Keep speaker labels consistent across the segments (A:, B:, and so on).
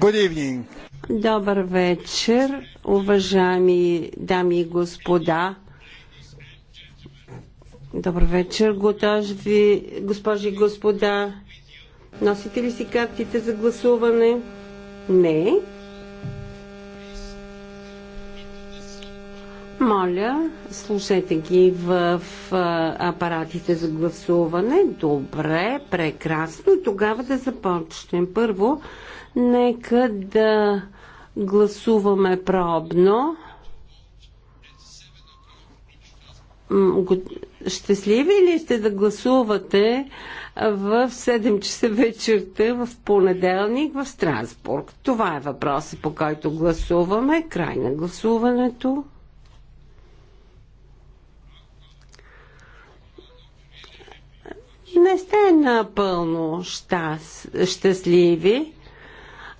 A: Good evening. Добър вечер, уважаеми дами и господа. Добър вечер, готови, госпожи и господа. Носите ли си картите за гласуване? Не. Моля, слушайте ги в апаратите за гласуване. Добре, прекрасно. Тогава да започнем. Първо, Нека да гласуваме пробно. Щастливи ли сте да гласувате в 7 часа вечерта в понеделник в Страсбург? Това е въпросът, по който гласуваме. Край на гласуването. Не сте напълно щастливи.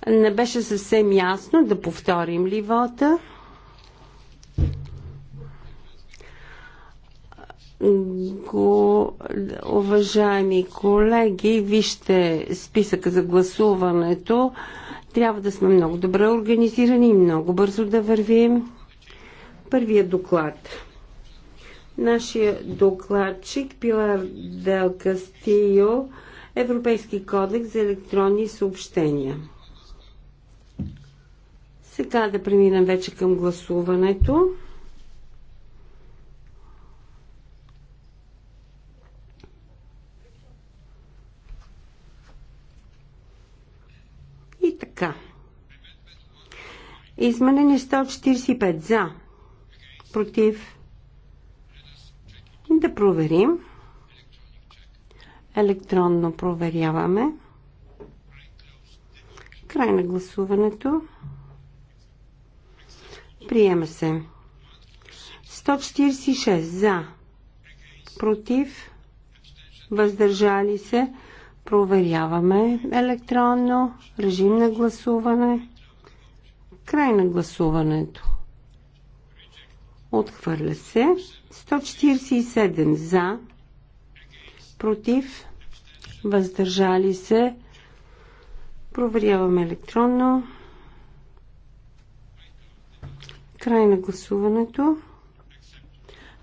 A: Не беше съвсем ясно да повторим ли вода. го, уважаеми колеги, вижте списъка за гласуването. Трябва да сме много добре организирани и много бързо да вървим. Първия доклад. Нашия докладчик Пилар Дел Кастио Европейски кодекс за електронни съобщения. Сега да преминем вече към гласуването. И така. Изменени 145 за. Против. Да проверим. Електронно проверяваме. Край на гласуването. Приема се. 146 за. Против. Въздържали се. Проверяваме електронно. Режим на гласуване. Край на гласуването. Отхвърля се. 147 за. Против. Въздържали се. Проверяваме електронно. Край на гласуването.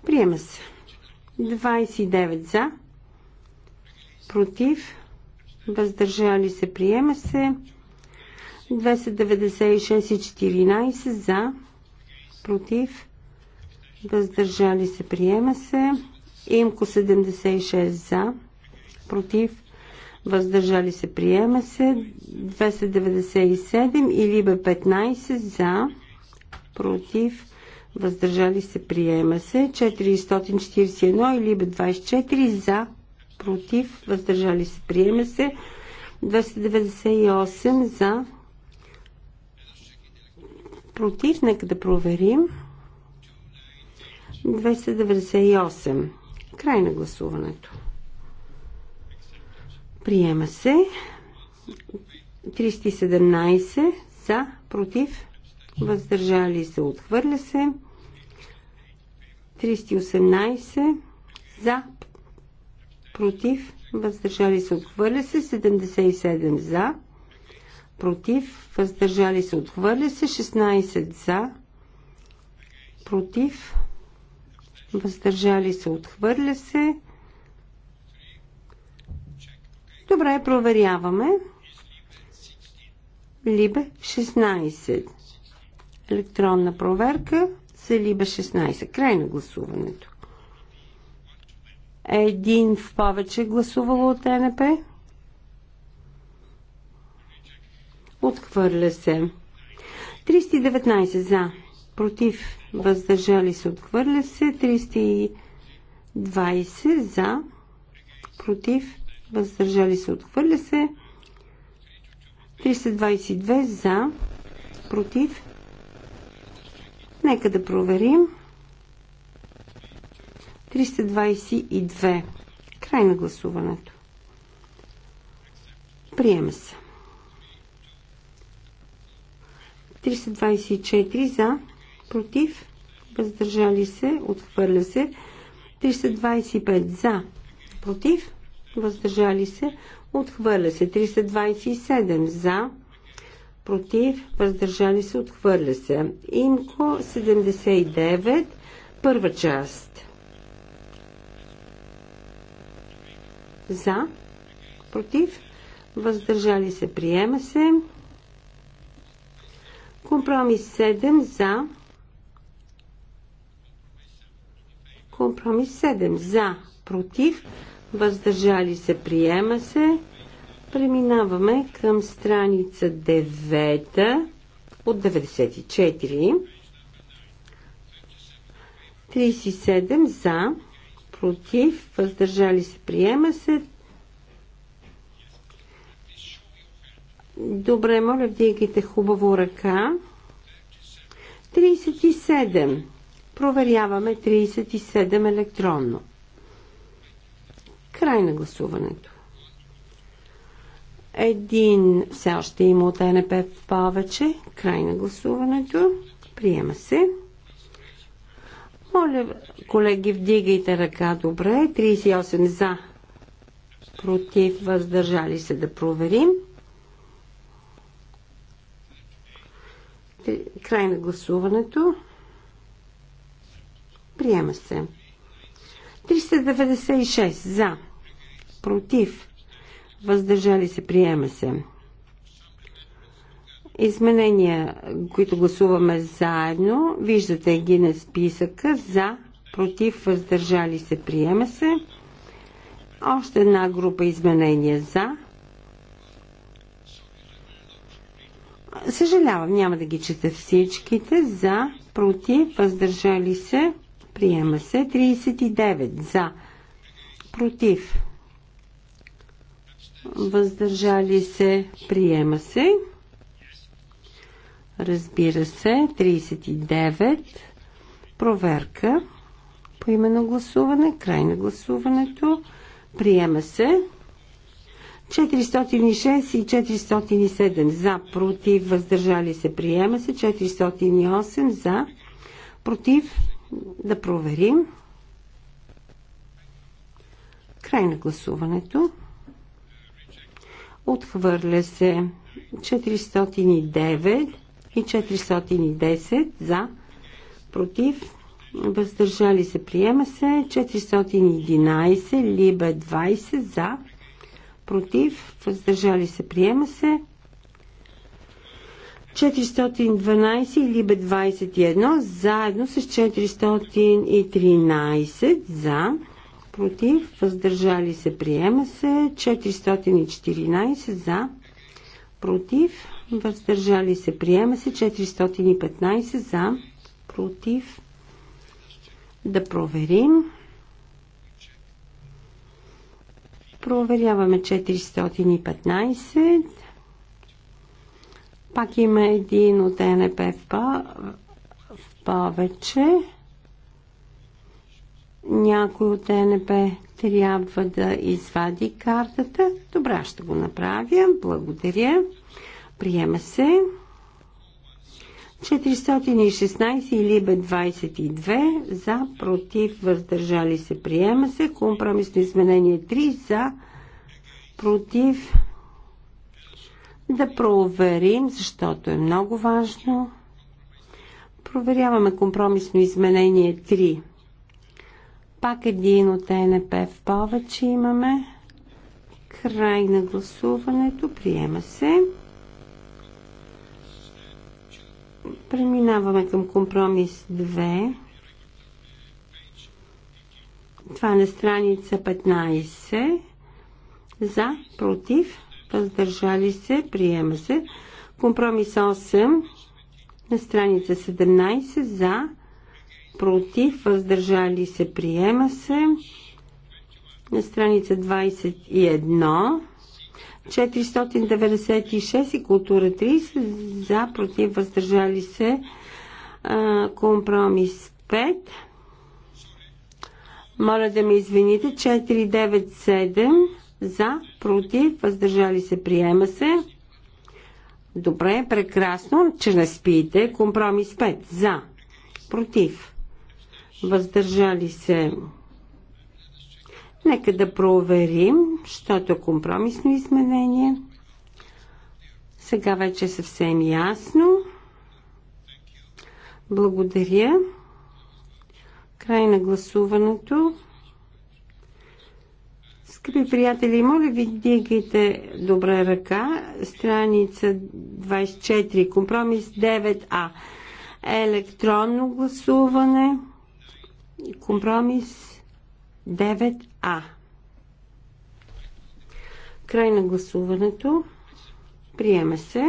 A: Приема се. 29 за. Против. Въздържали се. Приема се. 296 и 14 за. Против. Въздържали се. Приема се. Имко 76 за. Против. Въздържали се. Приема се. 297 или 15 за против, въздържали се, приема се. 441 или 24 за, против, въздържали се, приема се. 298 за, против, нека да проверим. 298. Край на гласуването. Приема се. 317 за, против, въздържали се, отхвърля се. 318 за, против, въздържали се, отхвърля се. 77 за, против, въздържали се, отхвърля се. 16 за, против, въздържали се, отхвърля се. Добре, проверяваме. Либе 16. Електронна проверка. Салиба 16. Край на гласуването. Един в повече гласувало от ЕНП. Отхвърля се. 319 за. Против. Въздържали се. Отхвърля се. 320 за. Против. Въздържали се. Отхвърля се. 322 за. Против. Нека да проверим. 322. Край на гласуването. Приема се. 324 за, против, въздържали се, отхвърля се. 325 за, против, въздържали се, отхвърля се. 327 за, против, въздържали се, отхвърля се. Имко 79, първа част. За, против, въздържали се, приема се. Компромис 7 за. Компромис 7 за, против, въздържали се, приема се. Преминаваме към страница 9 от 94. 37 за, против, въздържали се, приема се. Добре, моля, вдигайте хубаво ръка. 37. Проверяваме 37 електронно. Край на гласуването. Един все още има от НП в повече. Край на гласуването. Приема се. Моля, колеги, вдигайте ръка. Добре. 38 за. Против. Въздържали се да проверим. Край на гласуването. Приема се. 396 за. Против въздържали се, приема се. Изменения, които гласуваме заедно, виждате ги на списъка за, против, въздържали се, приема се. Още една група изменения за. Съжалявам, няма да ги чета всичките. За, против, въздържали се, приема се. 39 за, против, въздържали се, приема се. Разбира се, 39. Проверка по име на гласуване, край на гласуването. Приема се. 406 и 407 за, против, въздържали се, приема се. 408 за, против, да проверим. Край на гласуването. Отхвърля се 409 и 410 за, против, въздържали се, приема се 411, либе 20 за, против, въздържали се, приема се 412 или 21 заедно с 413 за против, въздържали се, приема се, 414 за, против, въздържали се, приема се, 415 за, против, да проверим. Проверяваме 415. Пак има един от НПФ в повече някой от ЕНП трябва да извади картата. Добре, ще го направя. Благодаря. Приема се. 416 или бе 22 за, против, въздържали се, приема се. Компромисно изменение 3 за, против. Да проверим, защото е много важно. Проверяваме компромисно изменение 3. Пак един от ЕНП в повече имаме. Край на гласуването. Приема се. Преминаваме към компромис 2. Това е на страница 15. За, против, въздържали се, приема се. Компромис 8 на страница 17. За, против, въздържали се, приема се. На страница 21, 496 и култура 30, за, против, въздържали се, компромис 5. Моля да ме извините, 497 за, против, въздържали се, приема се. Добре, прекрасно, че не спите. Компромис 5 за, против, въздържали се. Нека да проверим, защото е компромисно изменение. Сега вече е съвсем ясно. Благодаря. Край на гласуването. Скъпи приятели, моля ви, дигайте добра ръка. Страница 24, компромис 9А. Електронно гласуване. Компромис 9А. Край на гласуването. Приема се.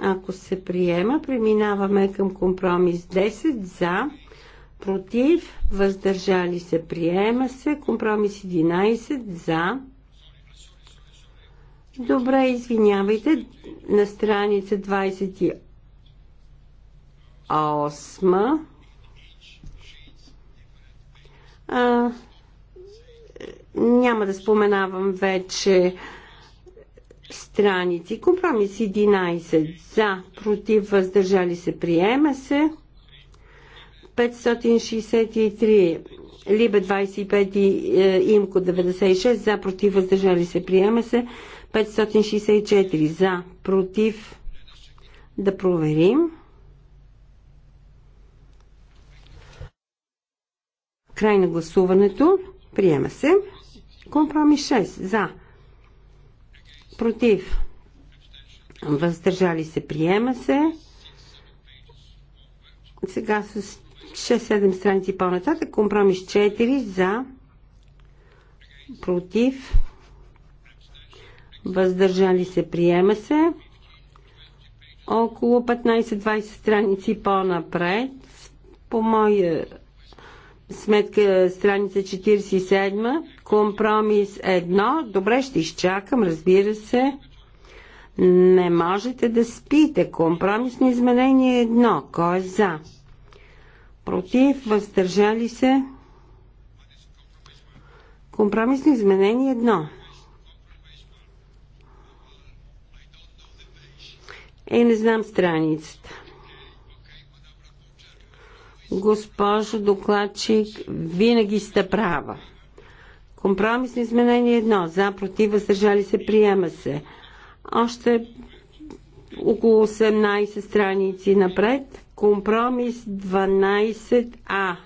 A: Ако се приема, преминаваме към компромис 10 за, против, въздържали се, приема се, компромис 11 за. Добре, извинявайте, на страница 28 а, няма да споменавам вече страници. Компромис 11 за, против, въздържали се, приема се. 563 Либе 25 е, Имко 96 за, против, въздържали се, приема се. 564 за, против, да проверим. Край на гласуването. Приема се. Компромис 6. За. Против. Въздържали се. Приема се. Сега с 6-7 страници по-нататък. Компромис 4. За. Против. Въздържали се. Приема се. Около 15-20 страници по-напред. По моя сметка страница 47, компромис 1. Добре, ще изчакам, разбира се. Не можете да спите. Компромисно изменение 1. Кой е за? Против, въздържали се. Компромисно изменение 1. Е, не знам страницата. Госпожо докладчик, винаги сте права. Компромисно изменение едно. За, против, въздържали се, приема се. Още около 18 страници напред. Компромис 12А.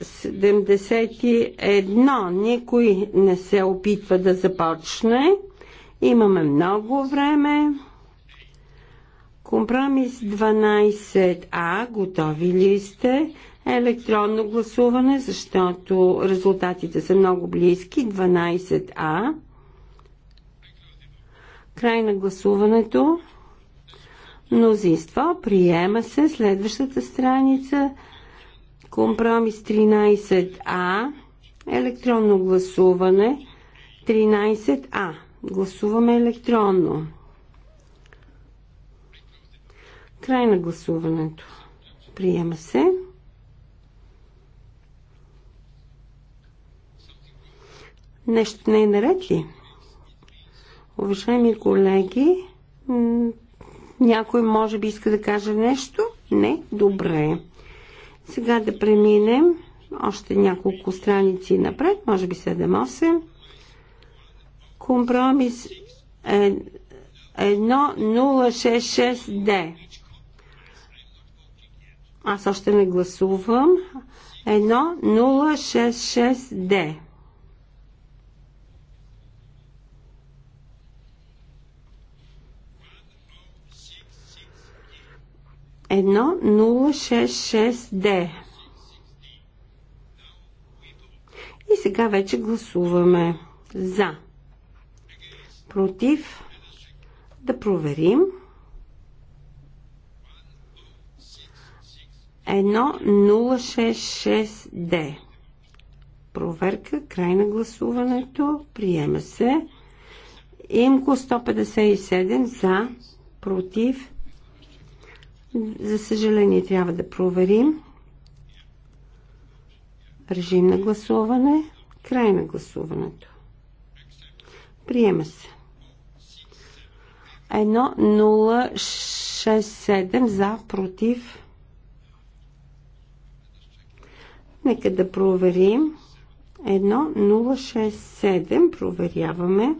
A: Седемдесет едно. Никой не се опитва да започне. Имаме много време. Компромис 12А. Готови ли сте? Електронно гласуване, защото резултатите са много близки. 12А. Край на гласуването. Мнозинство приема се. Следващата страница. Компромис 13А. Електронно гласуване. 13А. Гласуваме електронно. Край на гласуването. Приема се. Нещо не е наред ли? Уважаеми колеги, някой може би иска да каже нещо? Не? Добре. Сега да преминем още няколко страници напред, може би 7-8. Компромис е 1066D. Аз още не гласувам. 1066D. Едно 066 Д. И сега вече гласуваме за. Против. Да проверим. 1066 1066D. Проверка, край на гласуването, приема се. Имко 157 за, против. За съжаление трябва да проверим. Режим на гласуване, край на гласуването. Приема се. 1067 за, против. Нека да проверим. 1067 проверяваме.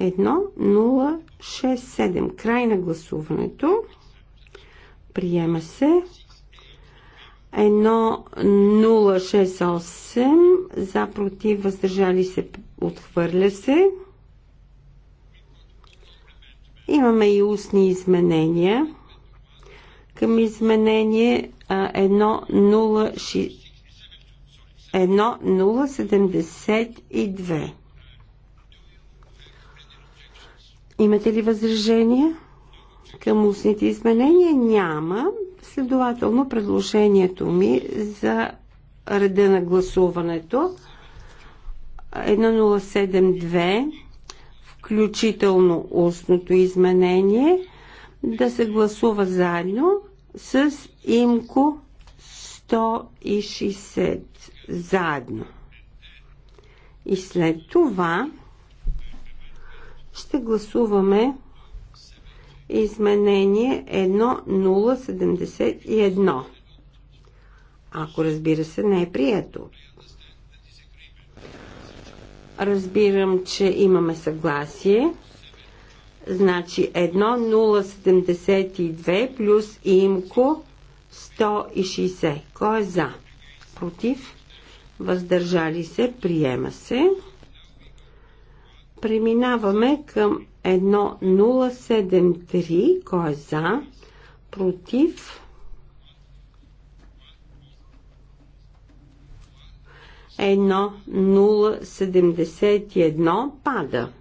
A: 1067. Край на гласуването. Приема се. 1068 за против въздържали се отхвърля се. Имаме и устни изменения. Към изменение 1072. Имате ли възражения към устните изменения? Няма. Следователно, предложението ми за реда на гласуването 1072 включително устното изменение да се гласува заедно с имко 160 заедно. И след това ще гласуваме изменение 1071. Ако разбира се не е прието. Разбирам, че имаме съгласие. Значи 1072 плюс имко 160. Кой е за? Против? Въздържали се? Приема се. Преминаваме към 1073. Кой е за? Против? Едно едно, пада.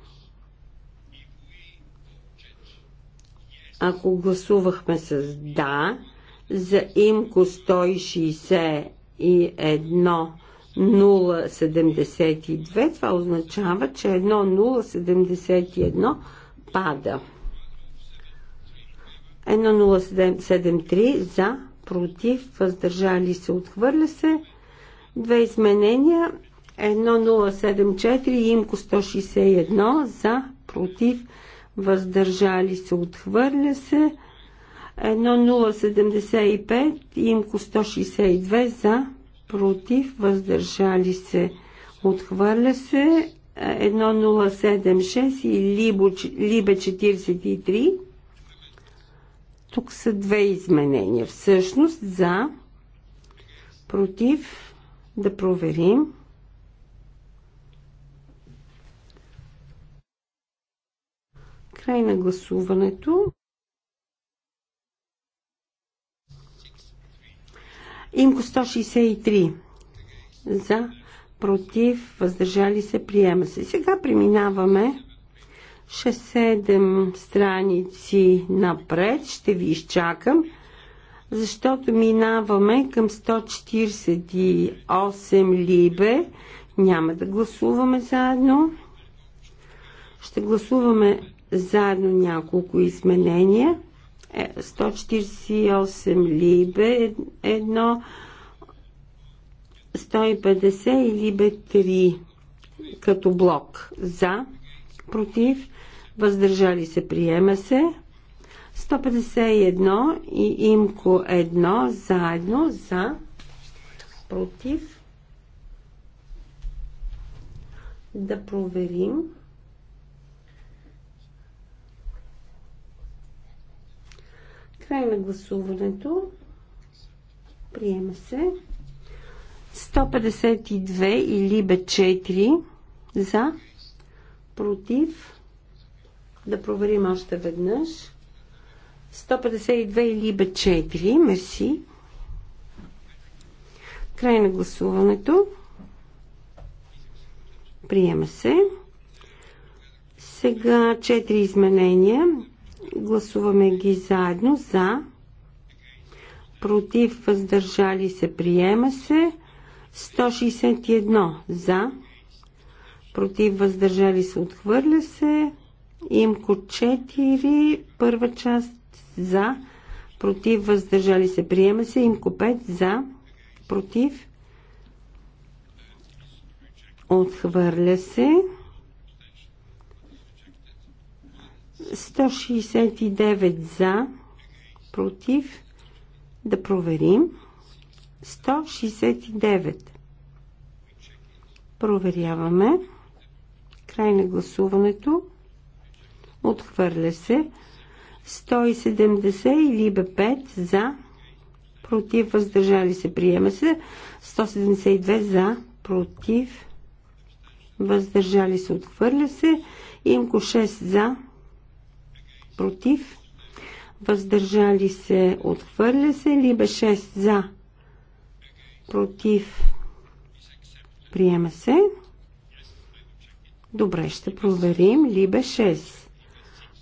A: ако гласувахме с да за имко 160 и 1072, 0,72, това означава, че 1,071 пада. 1,073 за, против, въздържали се, отхвърля се. Две изменения. 1,074 и имко 161 за, против, въздържали се въздържали се, отхвърля се. 1075, имко 162 за, против, въздържали се, отхвърля се. 1076 и Либо, Либе 43. Тук са две изменения. Всъщност за, против, да проверим. Край на гласуването. Имко 163. За, против, въздържали се, приема се. Сега преминаваме 6-7 страници напред. Ще ви изчакам, защото минаваме към 148 либе. Няма да гласуваме заедно. Ще гласуваме заедно няколко изменения. 148 е, либе едно 150 и либе 3 като блок за, против, въздържали се, приема се. 151 и имко 1 заедно за, против. Да проверим. Край на гласуването. Приема се. 152 или бе 4 за, против. Да проверим още веднъж. 152 или бе 4. Мерси. Край на гласуването. Приема се. Сега 4 изменения. Гласуваме ги заедно за, против, въздържали се, приема се. 161 за, против, въздържали се, отхвърля се. Имко 4, първа част за, против, въздържали се, приема се. Имко 5 за, против, отхвърля се. 169 за, против, да проверим. 169. Проверяваме. Край на гласуването. Отхвърля се. 170 или 5 за, против, въздържали се, приема се. 172 за, против, въздържали се, отхвърля се. Имко 6 за, против, въздържали се, отхвърля се, либе 6 за, против, приема се. Добре, ще проверим либе 6.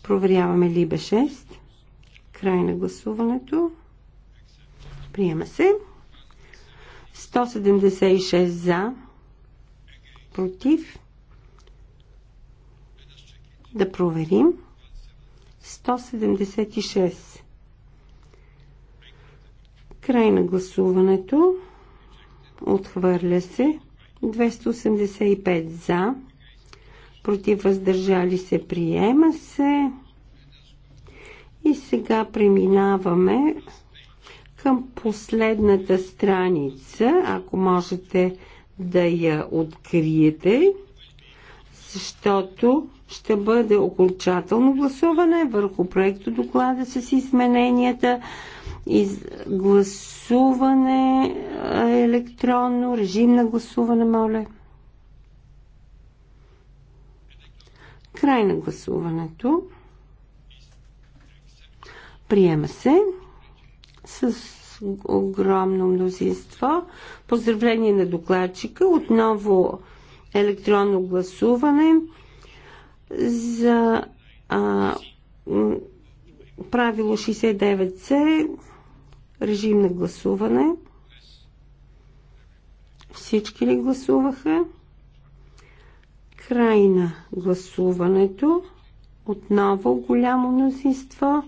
A: Проверяваме либе 6. Край на гласуването. Приема се. 176 за, против. Да проверим. 176. Край на гласуването. Отхвърля се. 285 за. Против въздържали се. Приема се. И сега преминаваме към последната страница, ако можете да я откриете, защото ще бъде окончателно гласуване върху проекто доклада с измененията и гласуване електронно, режим на гласуване, моля. Край на гласуването. Приема се с огромно мнозинство. Поздравление на докладчика. Отново електронно гласуване за а, правило 69C, режим на гласуване. Всички ли гласуваха? Край на гласуването. Отново голямо мнозинство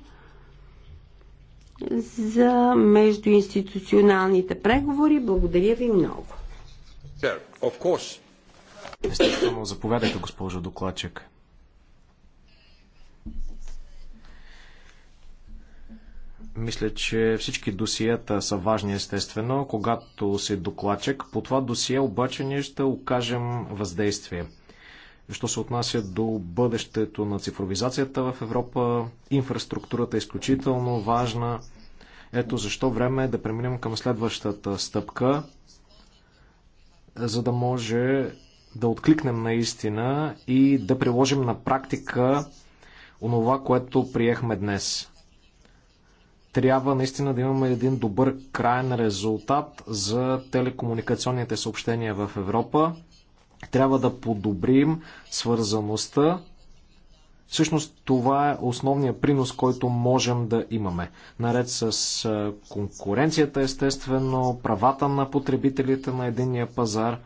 A: за междуинституционалните преговори. Благодаря ви много.
B: Естествено, заповядайте, госпожо докладчик. Мисля, че всички досията са важни, естествено, когато си докладчик. По това досие обаче ние ще окажем въздействие. Що се отнася до бъдещето на цифровизацията в Европа, инфраструктурата е изключително важна. Ето защо време е да преминем към следващата стъпка, за да може да откликнем наистина и да приложим на практика онова, което приехме днес трябва наистина да имаме един добър крайен резултат за телекомуникационните съобщения в Европа. Трябва да подобрим свързаността. Всъщност това е основният принос, който можем да имаме. Наред с конкуренцията, естествено, правата на потребителите на единния пазар –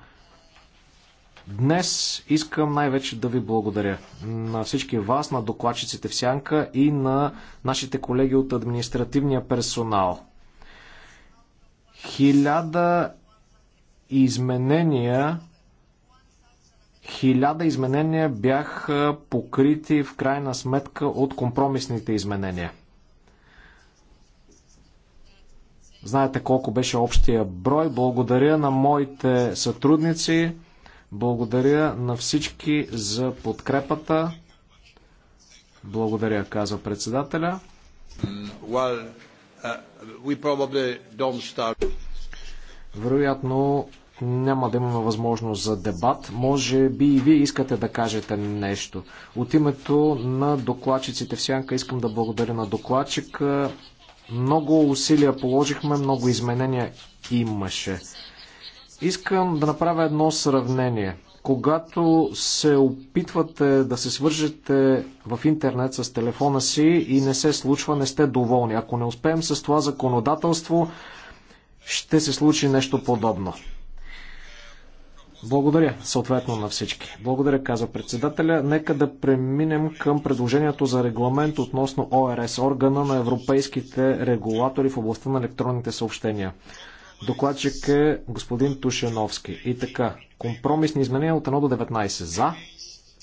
B: Днес искам най-вече да ви благодаря на всички вас, на докладчиците в Сянка и на нашите колеги от административния персонал. Хиляда изменения хиляда изменения бяха покрити в крайна сметка от компромисните изменения. Знаете колко беше общия брой. Благодаря на моите сътрудници. Благодаря на всички за подкрепата. Благодаря, казва председателя.
C: Well, uh,
B: Вероятно няма да имаме възможност за дебат. Може би и вие искате да кажете нещо. От името на докладчиците в Сянка искам да благодаря на докладчика. Много усилия положихме, много изменения имаше. Искам да направя едно сравнение. Когато се опитвате да се свържете в интернет с телефона си и не се случва, не сте доволни. Ако не успеем с това законодателство, ще се случи нещо подобно. Благодаря, съответно на всички. Благодаря, каза председателя. Нека да преминем към предложението за регламент относно ОРС, органа на европейските регулатори в областта на електронните съобщения. Докладчик е господин Тушеновски. И така, компромисни изменения от 1 до 19 за,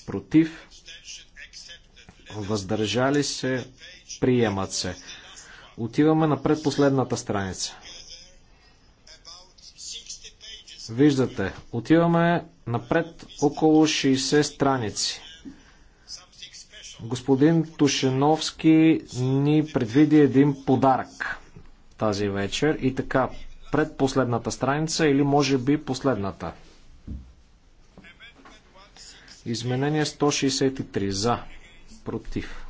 B: против, въздържали се, приемат се. Отиваме на предпоследната страница. Виждате, отиваме напред около 60 страници. Господин Тушеновски ни предвиди един подарък тази вечер. И така, предпоследната страница или може би последната. Изменение 163 за, против.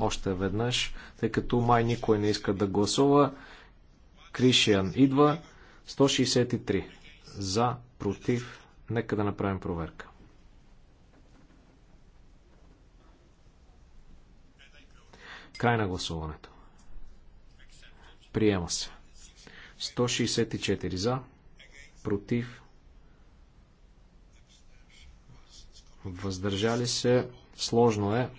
B: Още веднъж, тъй като май никой не иска да гласува. Кришиан идва. 163 за, против. Нека да направим проверка. Край на гласуването. Приема се. 164 за. Против. Въздържали се. Сложно е.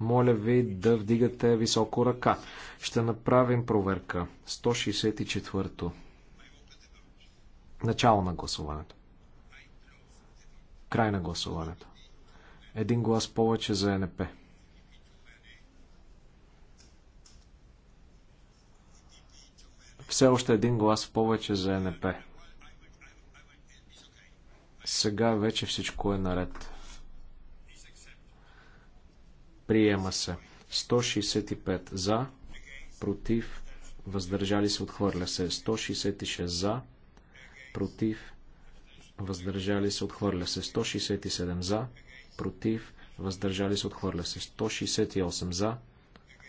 B: Моля ви да вдигате високо ръка. Ще направим проверка. 164-то. Начало на гласуването. Край на гласуването. Един глас повече за НП. Все още един глас повече за НП. Сега вече всичко е наред. Приема се. 165 за, против, въздържали се, отхвърля се. 166 за, против, въздържали се, отхвърля се. 167 за, против, въздържали се, отхвърля се. 168 за,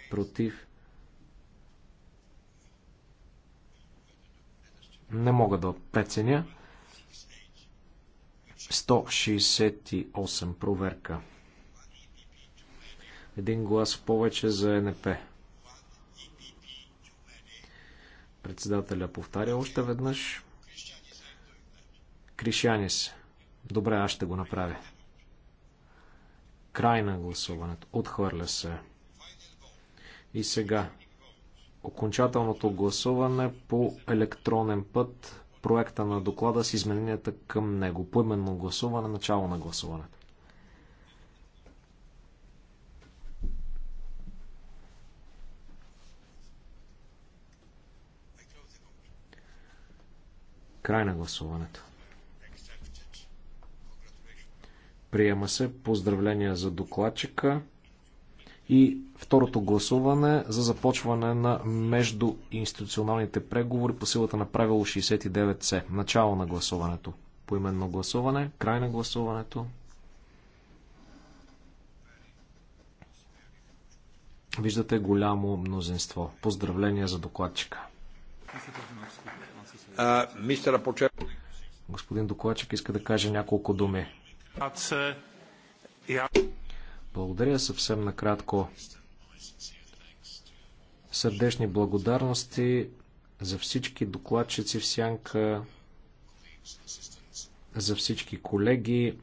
B: против, Не мога да преценя. 168 проверка. Един глас повече за НП. Председателя повтаря още веднъж. Кришянис. Добре, аз ще го направя. Край на гласуването. Отхвърля се. И сега окончателното гласуване по електронен път проекта на доклада с измененията към него. Поименно гласуване, начало на гласуването. Край на гласуването. Приема се поздравления за докладчика. И второто гласуване за започване на междуинституционалните преговори по силата на правило 69C. Начало на гласуването. Поименно гласуване, край на гласуването. Виждате голямо мнозинство. Поздравления за докладчика. Господин докладчик иска да каже няколко думи. Благодаря съвсем накратко. Сърдечни благодарности за всички докладчици в Сянка, за всички колеги,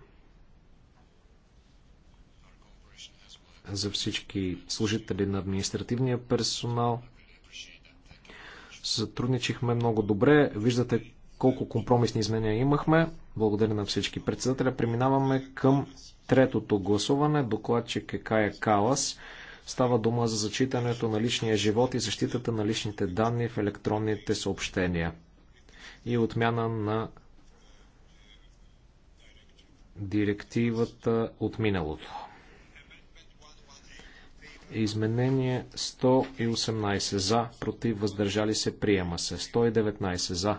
B: за всички служители на административния персонал. Сътрудничихме много добре. Виждате колко компромисни изменения имахме. Благодаря на всички. Председателя, преминаваме към третото гласуване, докладчик е Кая Калас. Става дума за зачитането на личния живот и защитата на личните данни в електронните съобщения и отмяна на директивата от миналото. Изменение 118 за, против, въздържали се, приема се. 119 за,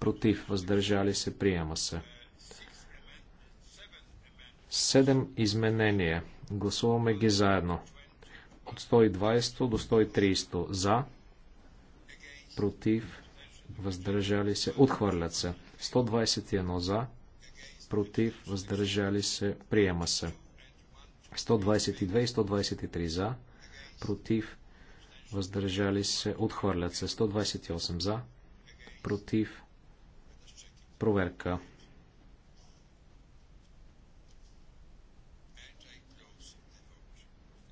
B: против, въздържали се, приема се. Седем изменения. Гласуваме ги заедно. От 120 до 130. За. Против. Въздържали се. Отхвърлят се. 121 за. Против. Въздържали се. Приема се. 122 и 123 за. Против. Въздържали се. Отхвърлят се. 128 за. Против. Проверка.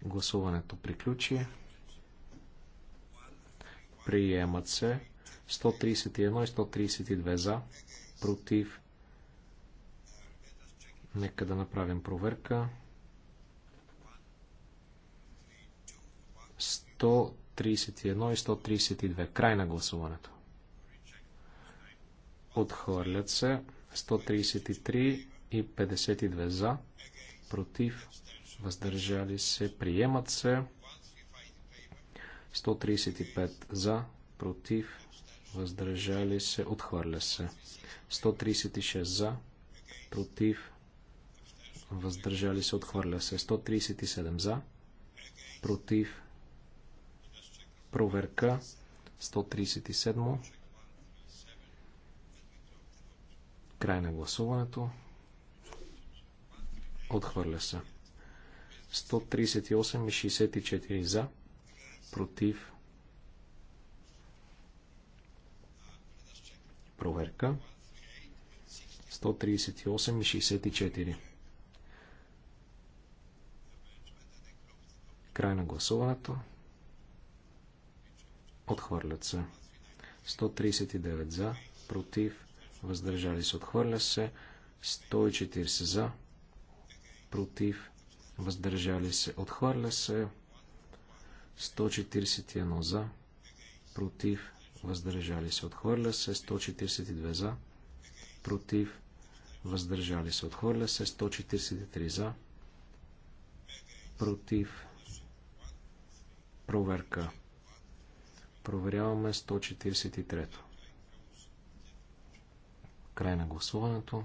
B: Гласуването приключи. Приемат се 131 и 132 за, против. Нека да направим проверка. 131 и 132. Край на гласуването. Отхвърлят се 133 и 52 за, против въздържали се, приемат се. 135 за, против, въздържали се, отхвърля се. 136 за, против, въздържали се, отхвърля се. 137 за, против, проверка. 137. Край на гласуването. Отхвърля се. 138 и 64 за, против. Проверка. 138 и 64. Край на гласуването. Отхвърлят се. 139 за, против, въздържали се, отхвърля се. 140 за, против, въздържали се, отхвърля се 141 за, против, въздържали се, отхвърля се 142 за, против, въздържали се, отхвърля се 143 за, против, проверка. Проверяваме 143. Край на гласуването.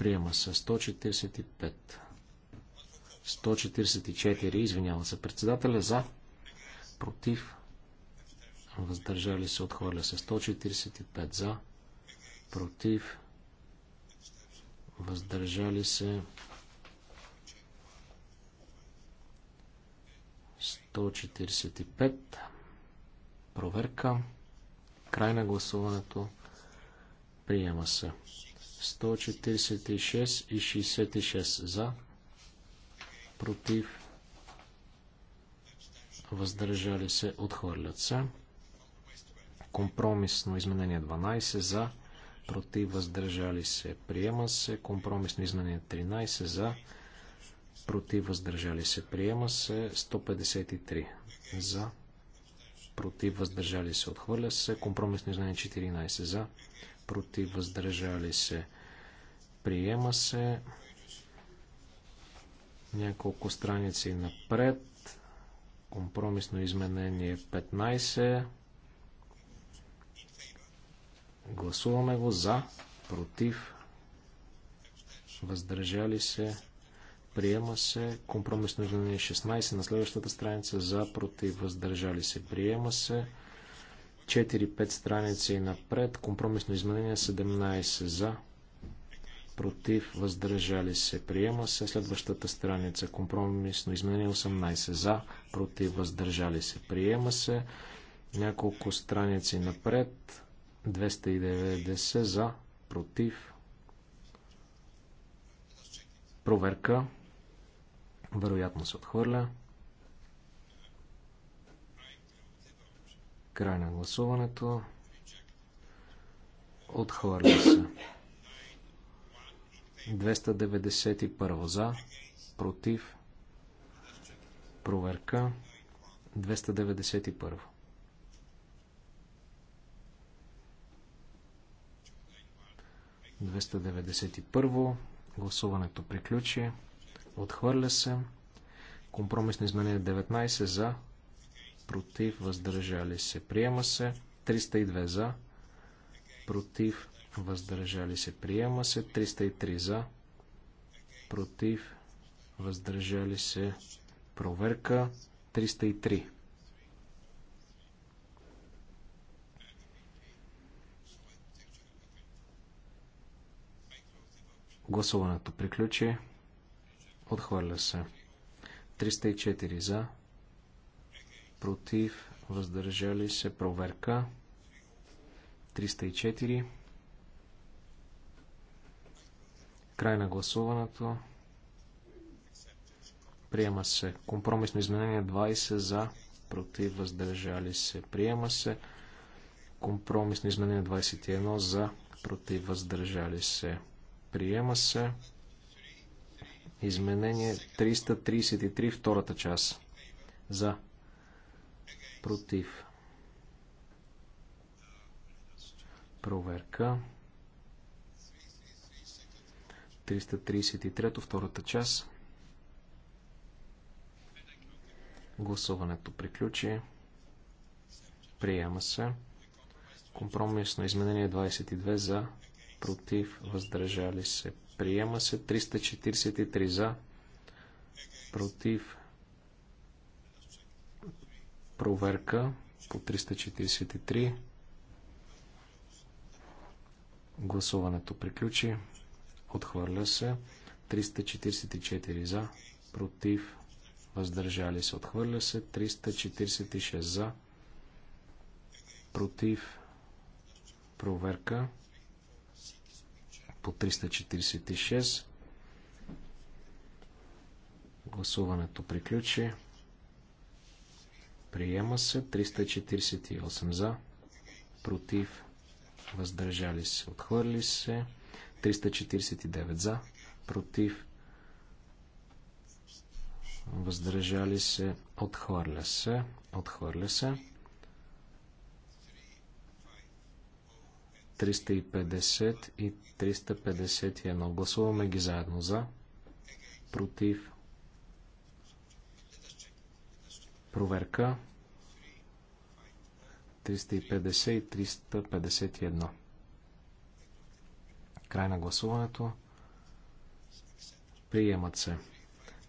B: Приема се 145. 144, извинява се председателя, за, против, въздържали се, отхвърля се 145 за, против, въздържали се 145. Проверка. Край на гласуването. Приема се. 146 и 66 за, против, въздържали се, отхвърлят се. Компромисно изменение 12 за, против, въздържали се, приема се. Компромисно изменение 13 за, против, въздържали се, приема се. 153 за, против, въздържали се, отхвърля се. Компромисни изменение 14 за, против, въздържали се, приема се. Няколко страници напред. Компромисно изменение 15. Гласуваме го за, против, въздържали се, Приема се компромисно изменение 16 на следващата страница за против въздържали се. Приема се 4-5 страници и напред. Компромисно изменение 17 за против въздържали се. Приема се следващата страница. Компромисно изменение 18 за против въздържали се. Приема се няколко страници напред. 290 за против проверка. Вероятно се отхвърля. Край на гласуването. Отхвърля се. 291 за, против, проверка. 291. Двеста Гласуването приключи. Отхвърля се. Компромисно изменение 19 за. Против. Въздържали се. Приема се. 302 за. Против. Въздържали се. Приема се. 303 за. Против. Въздържали се. Проверка. 303. Гласуването приключи. Отхвърля се. 304 за. Против. Въздържали се. Проверка. 304. Край на гласуването. Приема се. Компромисно изменение 20 за. Против. Въздържали се. Приема се. Компромисно изменение 21 за. Против. Въздържали се. Приема се. Изменение 333, втората част. За. Против. Проверка. 333, втората част. Гласуването приключи. Приема се. Компромисно изменение 22 за, против, въздържали се, Приема се 343 за. Против. Проверка по 343. Гласуването приключи. Отхвърля се. 344 за. Против. Въздържали се. Отхвърля се. 346 за. Против. Проверка по 346. Гласуването приключи. Приема се 348 за, против, въздържали се, отхвърли се 349 за, против, въздържали се, отхвърля се, отхвърля се 350 и 351. Гласуваме ги заедно за. Против. Проверка. 350 и 351. Край на гласуването. Приемат се.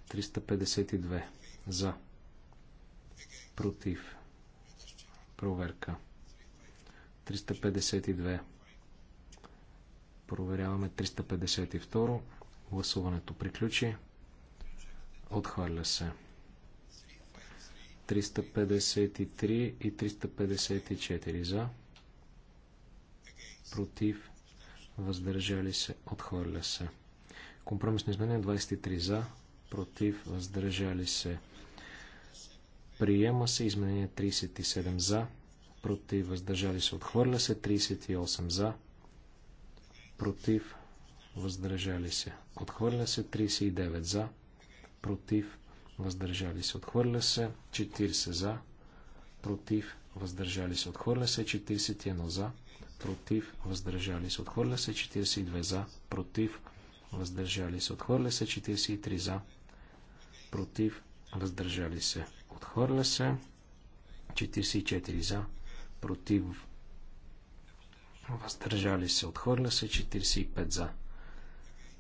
B: 352. За. Против. Проверка. 352. Проверяваме 352. Гласуването приключи. Отхвърля се. 353 и 354 за. Против. Въздържали се. Отхвърля се. Компромисно изменение 23 за. Против. Въздържали се. Приема се изменение 37 за. Против. Въздържали се. Отхвърля се. 38 за против, въздържали се. Отхвърля се 39 за, против, въздържали се. Отхвърля се 40 за, против, въздържали се. Отхвърля се 41 за, против, въздържали се. Отхвърля се 42 за, против, въздържали се. Отхвърля се 43 за, против, въздържали се. Отхвърля се 44 за, против, въздържали се, отхвърля се, 45 за,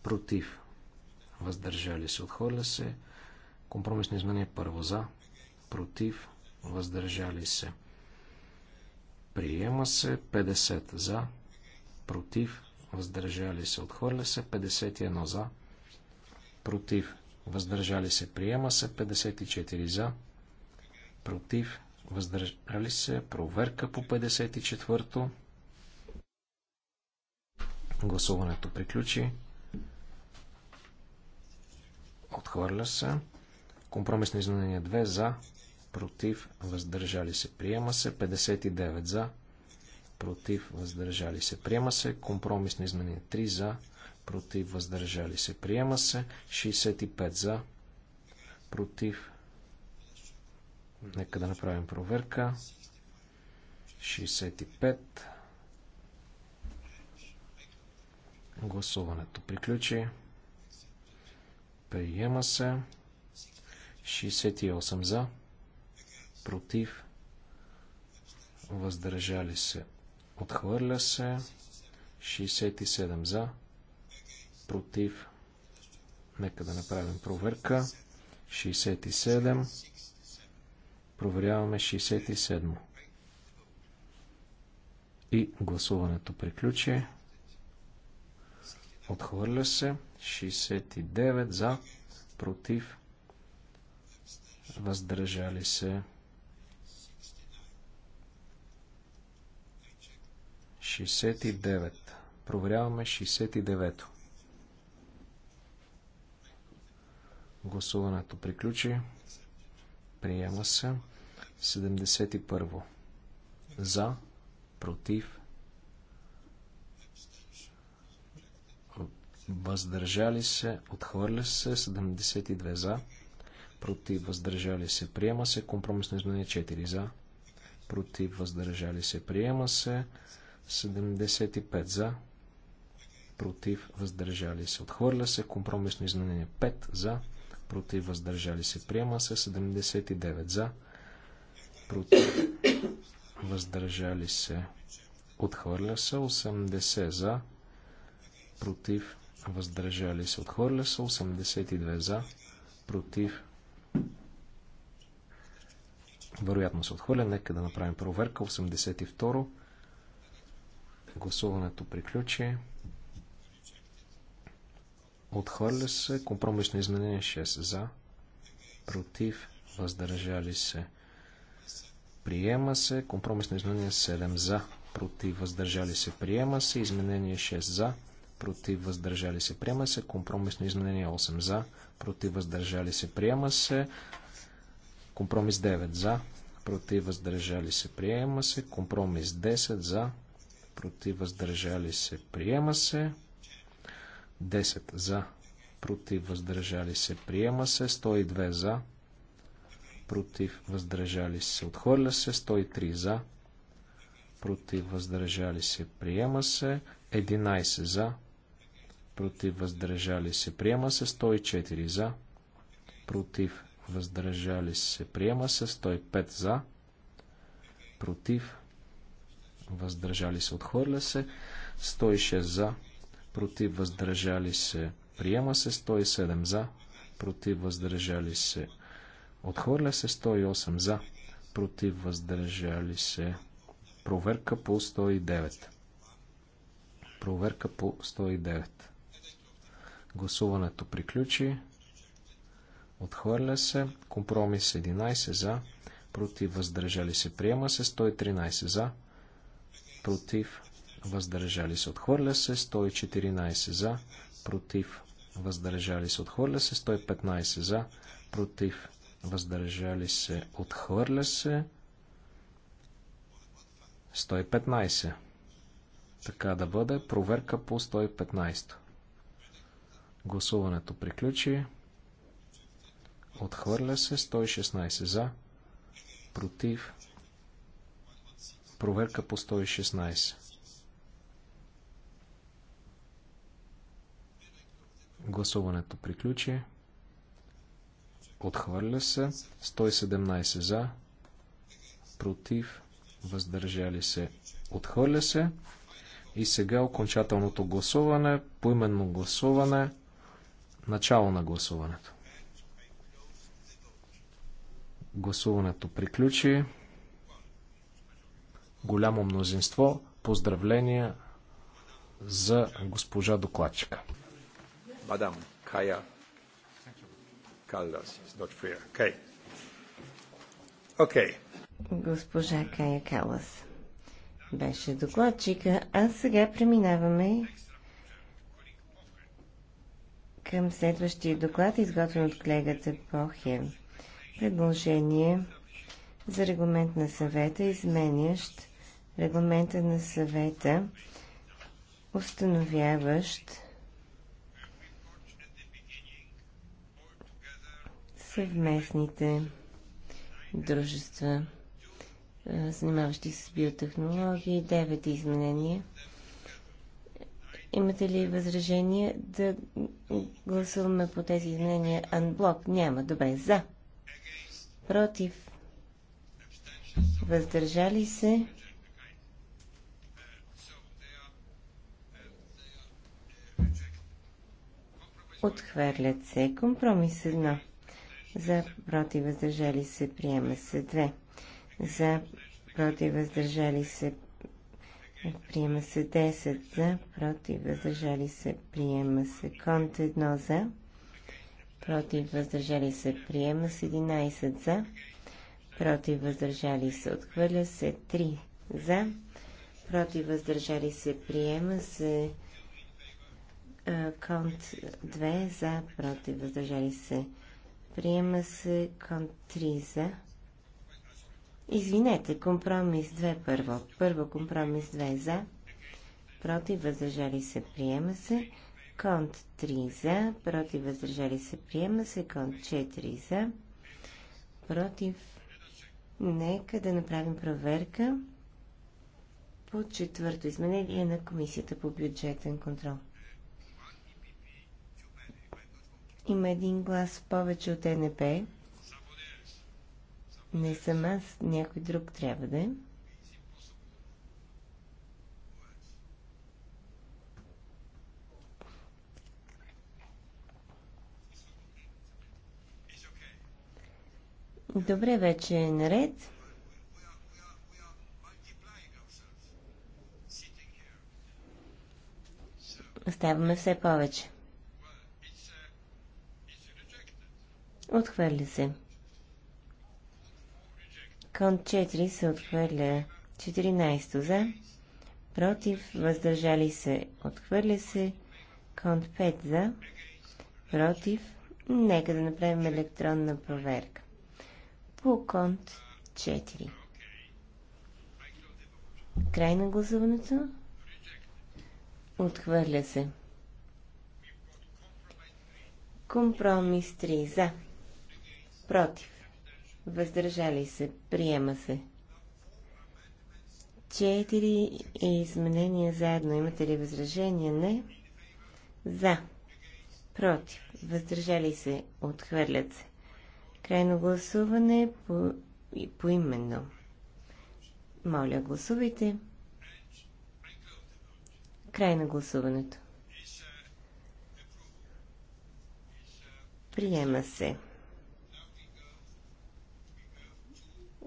B: против, въздържали се, отхвърля се, компромисно изменение първо за, против, въздържали се. Приема се 50 за, против, въздържали се, отхвърля се, 51 за, против, въздържали се, приема се, 54 за, против, въздържали се, проверка по 54-то, Гласуването приключи. Отхвърля се. Компромисно изменение 2 за, против, въздържали се, приема се. 59 за, против, въздържали се, приема се. Компромисно изменение 3 за, против, въздържали се, приема се. 65 за, против. Нека да направим проверка. 65. Гласуването приключи. Приема се. 68 за. Против. Въздържали се. Отхвърля се. 67 за. Против. Нека да направим проверка. 67. Проверяваме 67. И гласуването приключи. Отхвърля се. 69 за. Против. Въздържали се. 69. Проверяваме 69-то. Гласуването приключи. Приема се. 71. За. Против. 69 въздържали се, отхвърля се, 72 за, против, въздържали се, приема се, компромисно изменение 4 за, против, въздържали се, приема се, 75 за, против, въздържали се, отхвърля се, компромисно изменение 5 за, против, въздържали се, приема се, 79 за, против, въздържали се, отхвърля се, 80 за, против, въздържали се, отхвърля се, 82 за, против, вероятно се отхвърля, нека да направим проверка, 82 гласуването приключи, отхвърля се, компромисно изменение 6 за, против, въздържали се, приема се, компромисно изменение 7 за, против, въздържали се, приема се, изменение 6 за, против въздържали се, приема се. Компромисно изменение 8 за, против въздържали се, приема се. Компромис 9 за, против въздържали се, приема се. Компромис 10 за, против въздържали се, приема се. 10 за, против въздържали се, приема се. 102 за, против въздържали се, отхвърля се. 103 за, против въздържали се, приема се. 11 за, против, въздържали се, приема се 104 за, против, въздържали се, приема се 105 за, против, въздържали се, отхвърля се 106 за, против, въздържали се, приема се 107 за, против, въздържали се, отхвърля се 108 за, против, въздържали се, проверка по 109 проверка по 109. Гласуването приключи. Отхвърля се. Компромис 11 за. Против въздържали се. Приема се. 113 за. Против въздържали се. Отхвърля се. 114 за. Против въздържали се. Отхвърля се. 115 за. Против въздържали се. Отхвърля се. 115. Така да бъде. Проверка по 115. Гласуването приключи. Отхвърля се 116 за. Против. Проверка по 116. Гласуването приключи. Отхвърля се 117 за. Против. Въздържали се. Отхвърля се. И сега окончателното гласуване, поименно гласуване Начало на гласуването. Гласуването приключи. Голямо мнозинство. Поздравления за госпожа докладчика.
C: Мадам Кая Калдас, Окей. Окей.
D: Госпожа Кая Калас беше докладчика, а сега преминаваме към следващия доклад, изготвен от колегата Похе. Предложение за регламент на съвета, изменящ регламента на съвета, установяващ съвместните дружества, занимаващи се с биотехнологии, 9 изменения – Имате ли възражение да гласуваме по тези изменения анблок? Няма. Добре. За. Против. Въздържали се. Отхвърлят се. Компромис едно. За против въздържали се приема се две. За против въздържали се Приема се 10 за, против, въздържали се, приема се. Конт 1 за, против, въздържали се, приема се 11 за, против, въздържали се, отхвърля се 3 за, против, въздържали се, приема се. Конт 2 за, против, въздържали се, приема се. Конт 3 за, Извинете, компромис 2 първо. Първо компромис 2 за. Против въздържали се, приема се. Конт 3 за. Против въздържали се, приема се. Конт 4 за. Против. Нека да направим проверка по четвърто изменение на Комисията по бюджетен контрол. Има един глас повече от НП. Не съм аз, някой друг трябва да е. Добре, вече е наред. Оставаме все повече. Отхвърли се. Кон 4 се отхвърля 14 за, против, въздържали се, отхвърля се. Кон 5 за, против, нека да направим електронна проверка. По конт 4. Край на гласуването. Отхвърля се. Компромис 3 за. Против въздържали се, приема се. Четири изменения заедно. Имате ли възражения? Не. За. Против. Въздържали се. Отхвърлят се. Крайно гласуване по, поименно. Моля, гласувайте. Край на гласуването. Приема се.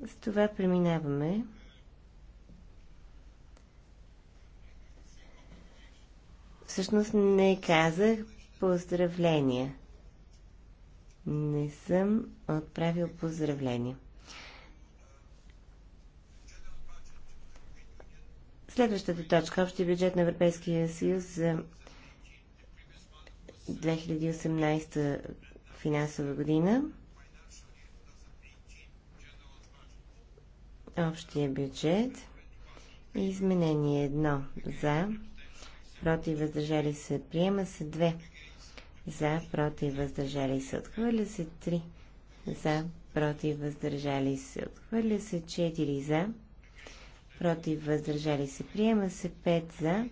D: С това преминаваме Всъщност не казах поздравления. Не съм отправил поздравления. Следващата точка – Общия бюджет на Европейския съюз за 2018 финансова година. общия бюджет. и Изменение 1 за, против въздържали се, приема се 2 за, против въздържали се, отхвърля се 3 за, против въздържали се, отхвърля се 4 за, против въздържали се, приема се 5 за,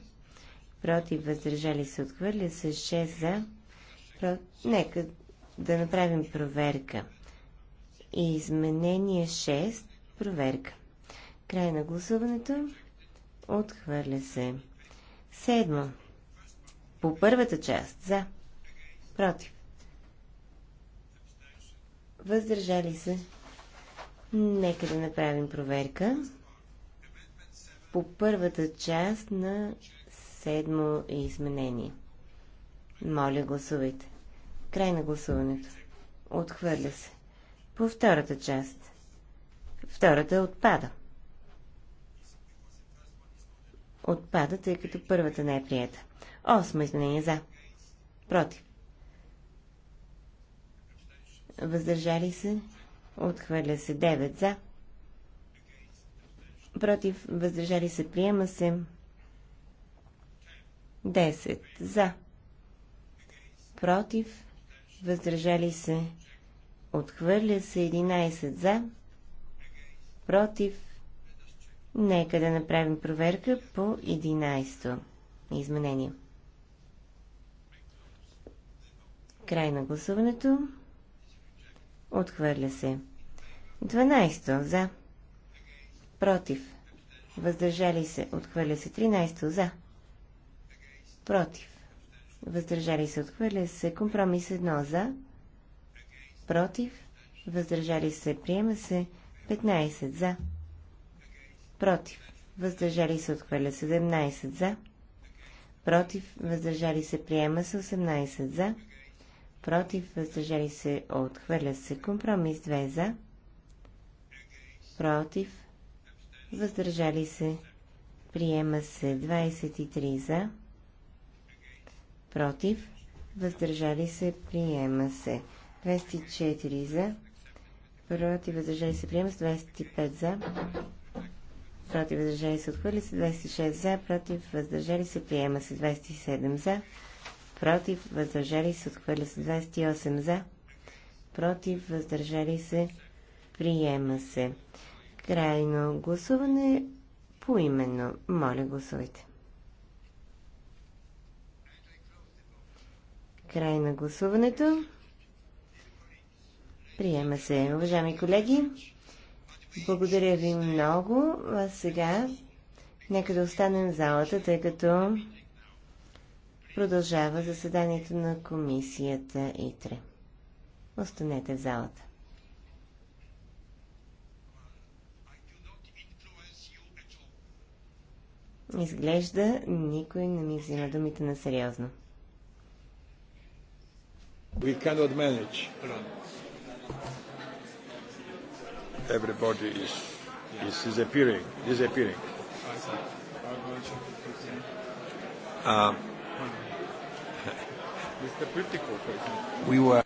D: против въздържали се, отхвърля се 6 за, про... нека да направим проверка. И изменение 6 Проверка. Край на гласуването. Отхвърля се. Седмо. По първата част. За. Против. Въздържали се. Нека да направим проверка. По първата част на седмо изменение. Моля, гласувайте. Край на гласуването. Отхвърля се. По втората част. Втората отпада. Отпада, тъй като първата не е приета. Осмо изменение за. Против. Въздържали се. Отхвърля се 9 за. Против. Въздържали се. Приема се. 10 за. Против. Въздържали се. Отхвърля се 11 за против. Нека да направим проверка по 11-то изменение. Край на гласуването. Отхвърля се. 12 за. Против. Въздържали се. Отхвърля се. 13 за. Против. Въздържали се. Отхвърля се. Компромис 1 за. Против. Въздържали се. Приема се. 15 за. Против. Въздържали се отхвърля 17 за. Против. Въздържали се приема с 18 за. Против. Въздържали се отхвърля се компромис 2 за. Против. Въздържали се приема се 23 за. Против. Въздържали се приема се 24 за против въздържали се приема с 25 за, против въздържали се отхвърля се 26 за, против въздържали се приема се 27 за, против въздържали се отхвърля се 28 за, против въздържали се приема се. Крайно гласуване поименно. Моля, гласувайте. Край на гласуването. Приема се. Уважаеми колеги, благодаря ви много. А сега нека да останем в залата, тъй като продължава заседанието на комисията ИТРЕ. Останете в залата. Изглежда, никой не ми взима думите на сериозно.
C: We cannot manage. Everybody is, is disappearing, disappearing. Um, we were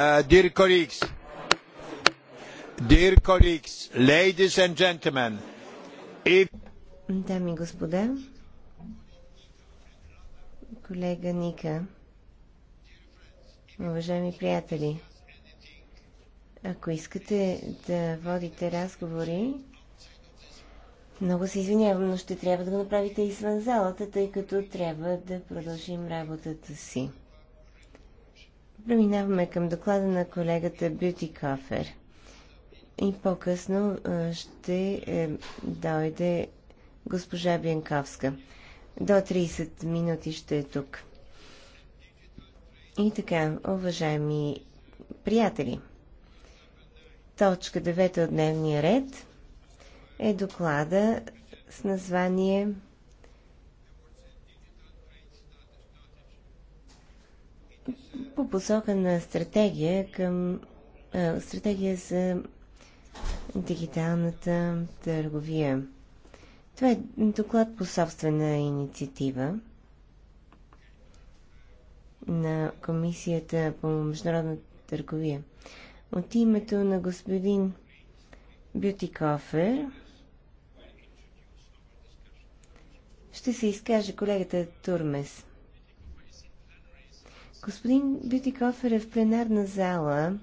C: Uh, dear colleagues, dear colleagues, ladies and gentlemen, if...
D: Дами и господа, колега Ника, уважаеми приятели, ако искате да водите разговори, много се извинявам, но ще трябва да го направите извън залата, тъй като трябва да продължим работата си. Преминаваме към доклада на колегата Бюти Кафер. И по-късно ще е, дойде госпожа Бянковска. До 30 минути ще е тук. И така, уважаеми приятели, точка 9 от дневния ред е доклада с название по посока на стратегия към а, стратегия за дигиталната търговия. Това е доклад по собствена инициатива на Комисията по международна търговия. От името на господин Бютикофер ще се изкаже колегата Турмес. Господин Бютикофер е в пленарна зала.